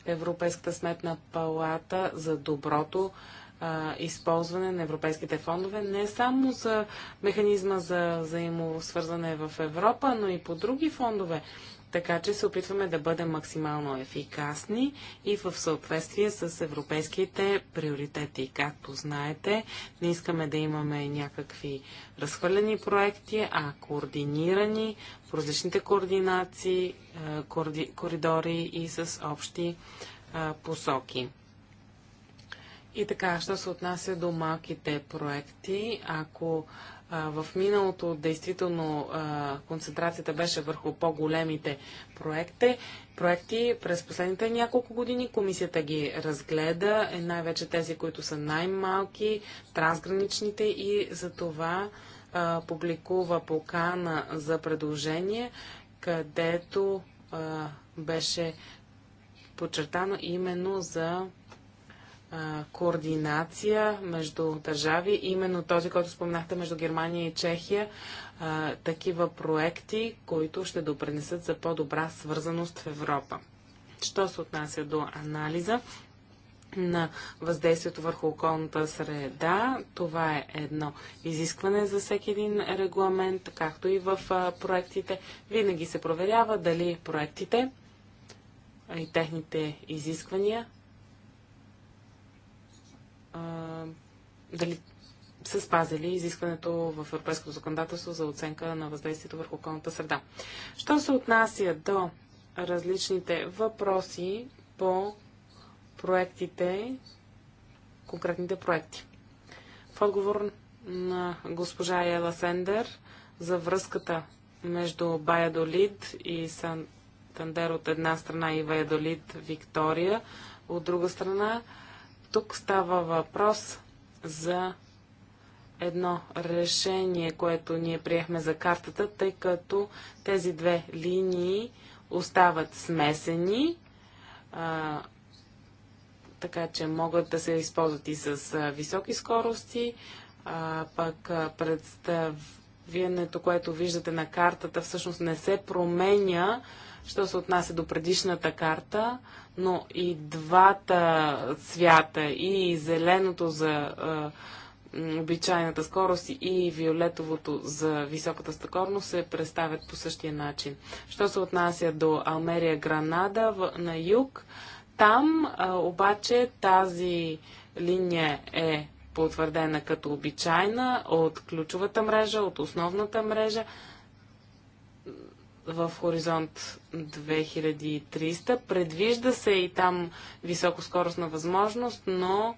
Европейската сметна палата за доброто използване на европейските фондове, не само за механизма за взаимосвързане в Европа, но и по други фондове. Така че се опитваме да бъдем максимално ефикасни и в съответствие с европейските приоритети. Както знаете, не искаме да имаме някакви разхвърлени проекти, а координирани в различните координации, е, коридори и с общи е, посоки. И така, що се отнася до малките проекти, ако а, в миналото действително а, концентрацията беше върху по-големите проекти, проекти през последните няколко години комисията ги разгледа, е най-вече тези, които са най-малки, трансграничните и за това а, публикува покана за предложение, където беше подчертано именно за координация между държави, именно този, който споменахте между Германия и Чехия, а, такива проекти, които ще допренесат за по-добра свързаност в Европа. Що се отнася до анализа на въздействието върху околната среда, това е едно изискване за всеки един регламент, както и в а, проектите. Винаги се проверява дали проектите и техните изисквания а, дали са спазили изискването в европейското законодателство за оценка на въздействието върху околната среда. Що се отнася до различните въпроси по проектите, конкретните проекти. В отговор на госпожа Ела Сендер за връзката между Баядолид и Сантандер от една страна и Баядолид Виктория от друга страна, тук става въпрос за едно решение, което ние приехме за картата, тъй като тези две линии остават смесени, а, така че могат да се използват и с а, високи скорости, а, пък а, представянето, което виждате на картата, всъщност не се променя, що се отнася до предишната карта, но и двата цвята, и зеленото за обичайната скорост и виолетовото за високата скорост се представят по същия начин. Що се отнася до Алмерия Гранада на юг, там обаче тази линия е потвърдена като обичайна от ключовата мрежа, от основната мрежа, в хоризонт 2300. Предвижда се и там високоскоростна възможност, но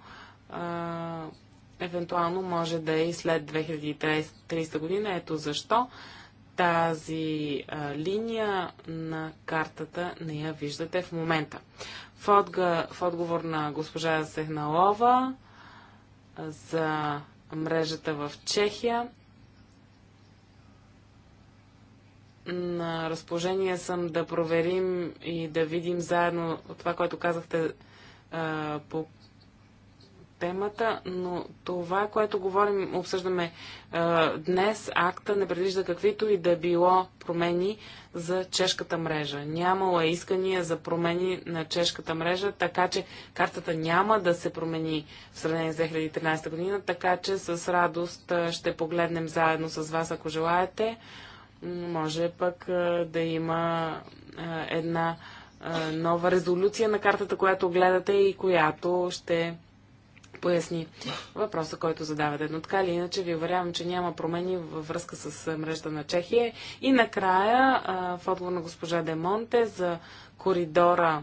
а, евентуално може да е и след 2300 година. Ето защо тази а, линия на картата не я виждате в момента. В, отга, в отговор на госпожа Сехналова за мрежата в Чехия, на разположение съм да проверим и да видим заедно това, което казахте а, по темата, но това, което говорим, обсъждаме а, днес, акта не предвижда каквито и да било промени за чешката мрежа. Нямало е искания за промени на чешката мрежа, така че картата няма да се промени в сравнение с 2013 година, така че с радост ще погледнем заедно с вас, ако желаете може пък да има една нова резолюция на картата, която гледате и която ще поясни въпроса, който задавате. Но така или иначе ви уверявам, че няма промени във връзка с мрежата на Чехия. И накрая, в отговор на госпожа Демонте за коридора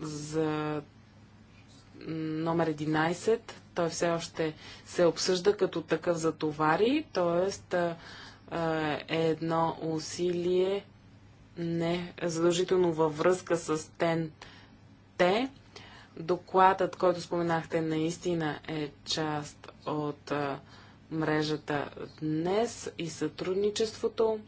за номер 11 той все още се обсъжда като такъв за товари, т.е. е едно усилие не задължително във връзка с тен Докладът, който споменахте, наистина е част от мрежата днес и сътрудничеството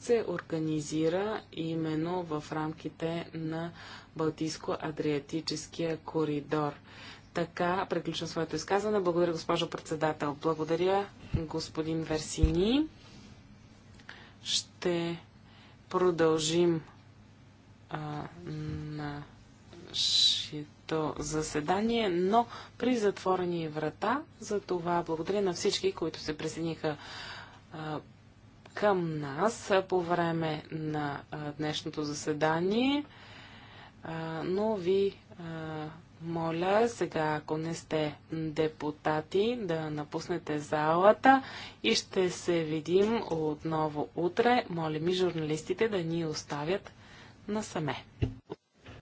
се организира именно в рамките на Балтийско-Адриатическия коридор така приключвам своето изказване. Благодаря, госпожо председател. Благодаря, господин Версини. Ще продължим а, шито заседание, но при затворени врата. За това благодаря на всички, които се присъединиха към нас по време на а, днешното заседание. но ви моля сега, ако не сте депутати, да напуснете залата и ще се видим отново утре. Моля ми журналистите да ни оставят насаме.